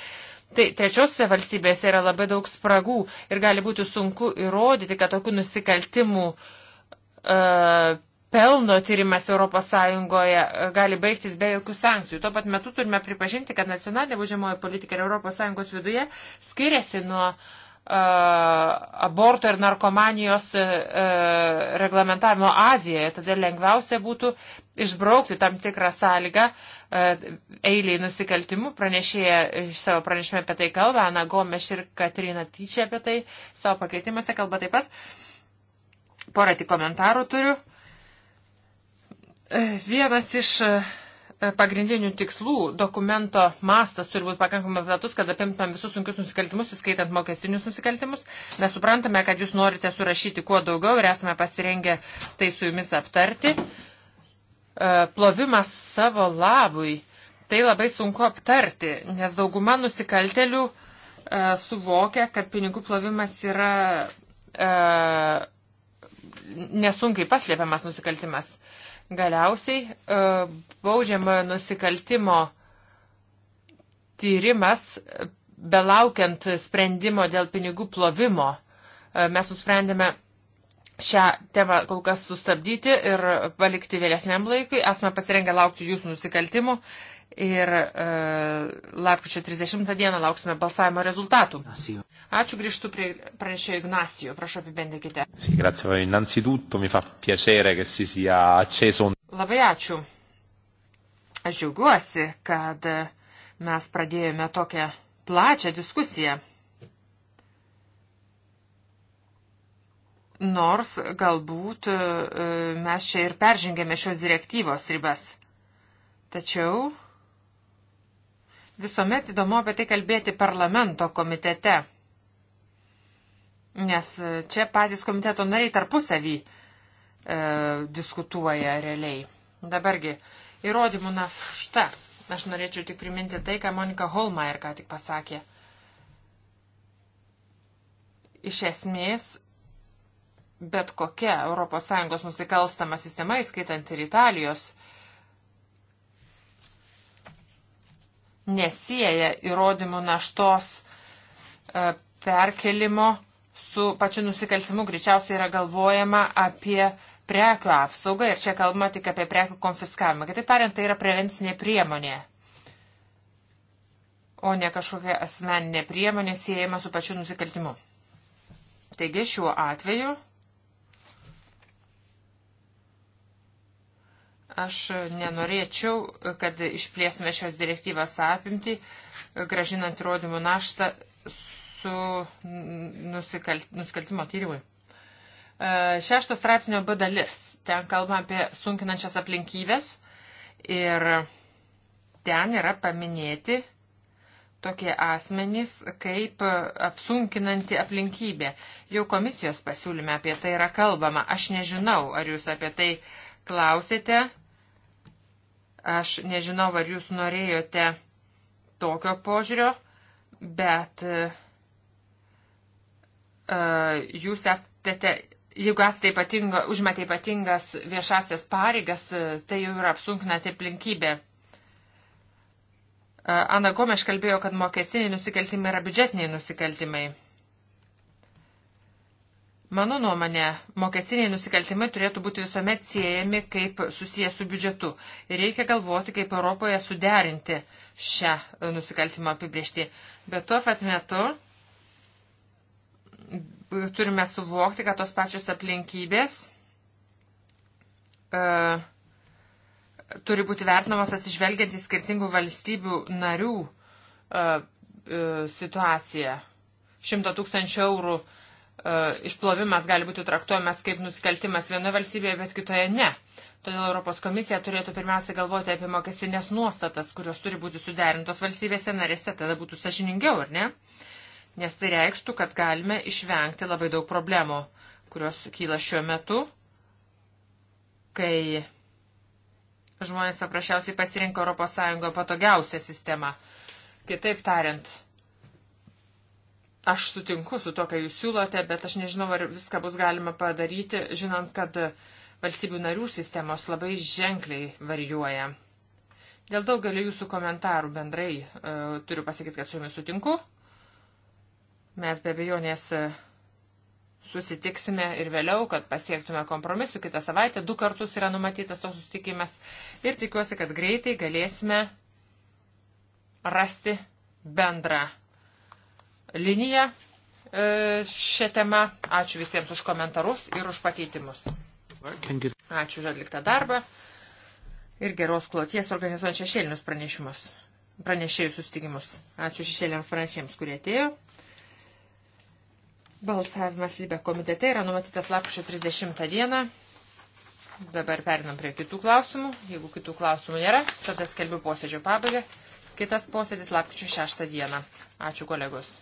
Tai trečiosiose valstybėse yra labai daug spragų ir gali būti sunku įrodyti, kad tokių nusikaltimų uh, e, pelno tyrimas ES e, gali baigtis be jokių sankcijų. Tuo pat metu turime pripažinti, kad nacionalinė užimoji politika ir ES viduje skiriasi nuo uh, aborto ir narkomanijos e, reglamentavimo Azijoje. Todėl lengviausia būtų išbraukti tam tikrą sąlygą eiliai nusikaltimų. Pranešėja iš savo pranešime apie tai kalba, Ana Gomes ir Katrina Tyčia apie tai savo pakeitimuose kalba taip pat. Porą tik komentarų turiu. Uh, Vienas iš e, pagrindinių tikslų dokumento mastas turi būti pakankamai platus, kad apimtam visus sunkius nusikaltimus, įskaitant mokestinius nusikaltimus. Mes suprantame, kad jūs norite surašyti kuo daugiau ir esame pasirengę tai su jumis aptarti. E, plovimas savo labui. Tai labai sunku aptarti, nes dauguma nusikaltelių e, suvokia, kad pinigų plovimas yra nesunkiai paslėpiamas nusikaltimas. Galiausiai e, baudžiamojo nusikaltimo tyrimas, e, belaukiant sprendimo dėl pinigų plovimo, e, mes nusprendėme šią temą kol kas sustabdyti ir palikti vėlesniam laikui. Esame pasirengę laukti jūsų nusikaltimų ir e, lapkričio 30 dieną lauksime balsavimo rezultatų. Ačiū, grįžtu prie pranešėjo Ignacijo, prašau apibendrinkite. Labai ačiū. Aš džiaugiuosi, kad mes pradėjome tokią plačią diskusiją. Nors galbūt e, mes čia ir peržengėme šios direktyvos ribas. Tačiau visuomet įdomu apie tai kalbėti parlamento komitete. Nes čia patys komiteto nariai tarpusavį e, diskutuoja realiai. Dabargi, įrodymų našta. Aš norėčiau tik priminti tai, ką Monika Holmaier ką tik pasakė. Iš esmės, bet kokia ES nusikalstama sistema, įskaitant ir Italijos, nesieja įrodymų naštos e, perkelimo su pačiu nusikalsimu, greičiausiai yra galvojama apie prekių apsaugą ir čia kalbama tik apie prekių konfiskavimą. Kitaip tariant, tai yra prevencinė priemonė, o ne kažkokia asmeninė priemonė siejama su pačiu nusikaltimu. Taigi šiuo atveju Aš nenorėčiau, kad išplėsime šios direktyvos apimti, gražinant įrodymų naštą su nusikalt, nusikaltimo tyrimui. E, šešto straipsnio B dalis. Ten kalbama apie sunkinančias aplinkybės ir ten yra paminėti tokie asmenys kaip apsunkinanti aplinkybė. Jau komisijos pasiūlyme apie tai yra kalbama. Aš nežinau, ar jūs apie tai klausėte Aš nežinau, ar jūs norėjote tokio požiūrio, bet uh, jūs esate, jeigu esate ypatingo, užmete ypatingas viešasias pareigas, e, tai jau yra apsunkinanti aplinkybė. Ana Gomeš kalbėjo, kad mokesiniai nusikaltimai yra biudžetiniai nusikaltimai. Mano nuomonė, mokestiniai nusikaltimai turėtų būti visuomet siejami kaip susijęs su biudžetu. Ir reikia galvoti, kaip Europoje suderinti šią nusikaltimą apibriežti. Bet tuo pat metu turime suvokti, kad tos pačios aplinkybės uh, turi būti vertinamos atsižvelgiant į skirtingų valstybių narių uh, uh, situaciją. 100 tūkstančių eurų uh, E, išplovimas gali būti traktuojamas kaip nusikaltimas vienoje valstybėje, bet kitoje ne. Todėl Europos komisija turėtų pirmiausia galvoti apie mokesinės nuostatas, kurios turi būti suderintos valstybėse narėse, tada būtų sažiningiau, ar ne? Nes tai reikštų, kad galime išvengti labai daug problemų, kurios kyla šiuo metu, kai žmonės paprasčiausiai pasirinko ES patogiausią sistemą. Kitaip tariant, Aš sutinku su to, ką jūs siūlote, bet aš nežinau, ar viską bus galima padaryti, žinant, kad valstybių narių sistemos labai ženkliai varijuoja. Dėl daugelio jūsų komentarų bendrai e, turiu pasakyti, kad su jumis sutinku. Mes be abejonės e, susitiksime ir vėliau, kad pasiektume kompromisu. Kitą savaitę du kartus yra numatytas to susitikimas ir tikiuosi, kad greitai galėsime rasti bendrą liniją e, šią temą. Ačiū visiems už komentarus ir už pakeitimus. Ačiū už atliktą darbą ir geros kloties organizuojant šešėlinius pranešimus, pranešėjų sustikimus. Ačiū šešėliniams pranešėjams, kurie atėjo. Balsavimas Libė komitete yra numatytas lapkričio 30 dieną. Dabar perinam prie kitų klausimų. Jeigu kitų klausimų nėra, tada skelbiu posėdžio pabaigą. Kitas posėdis lapkričio 6 dieną. Ačiū kolegos.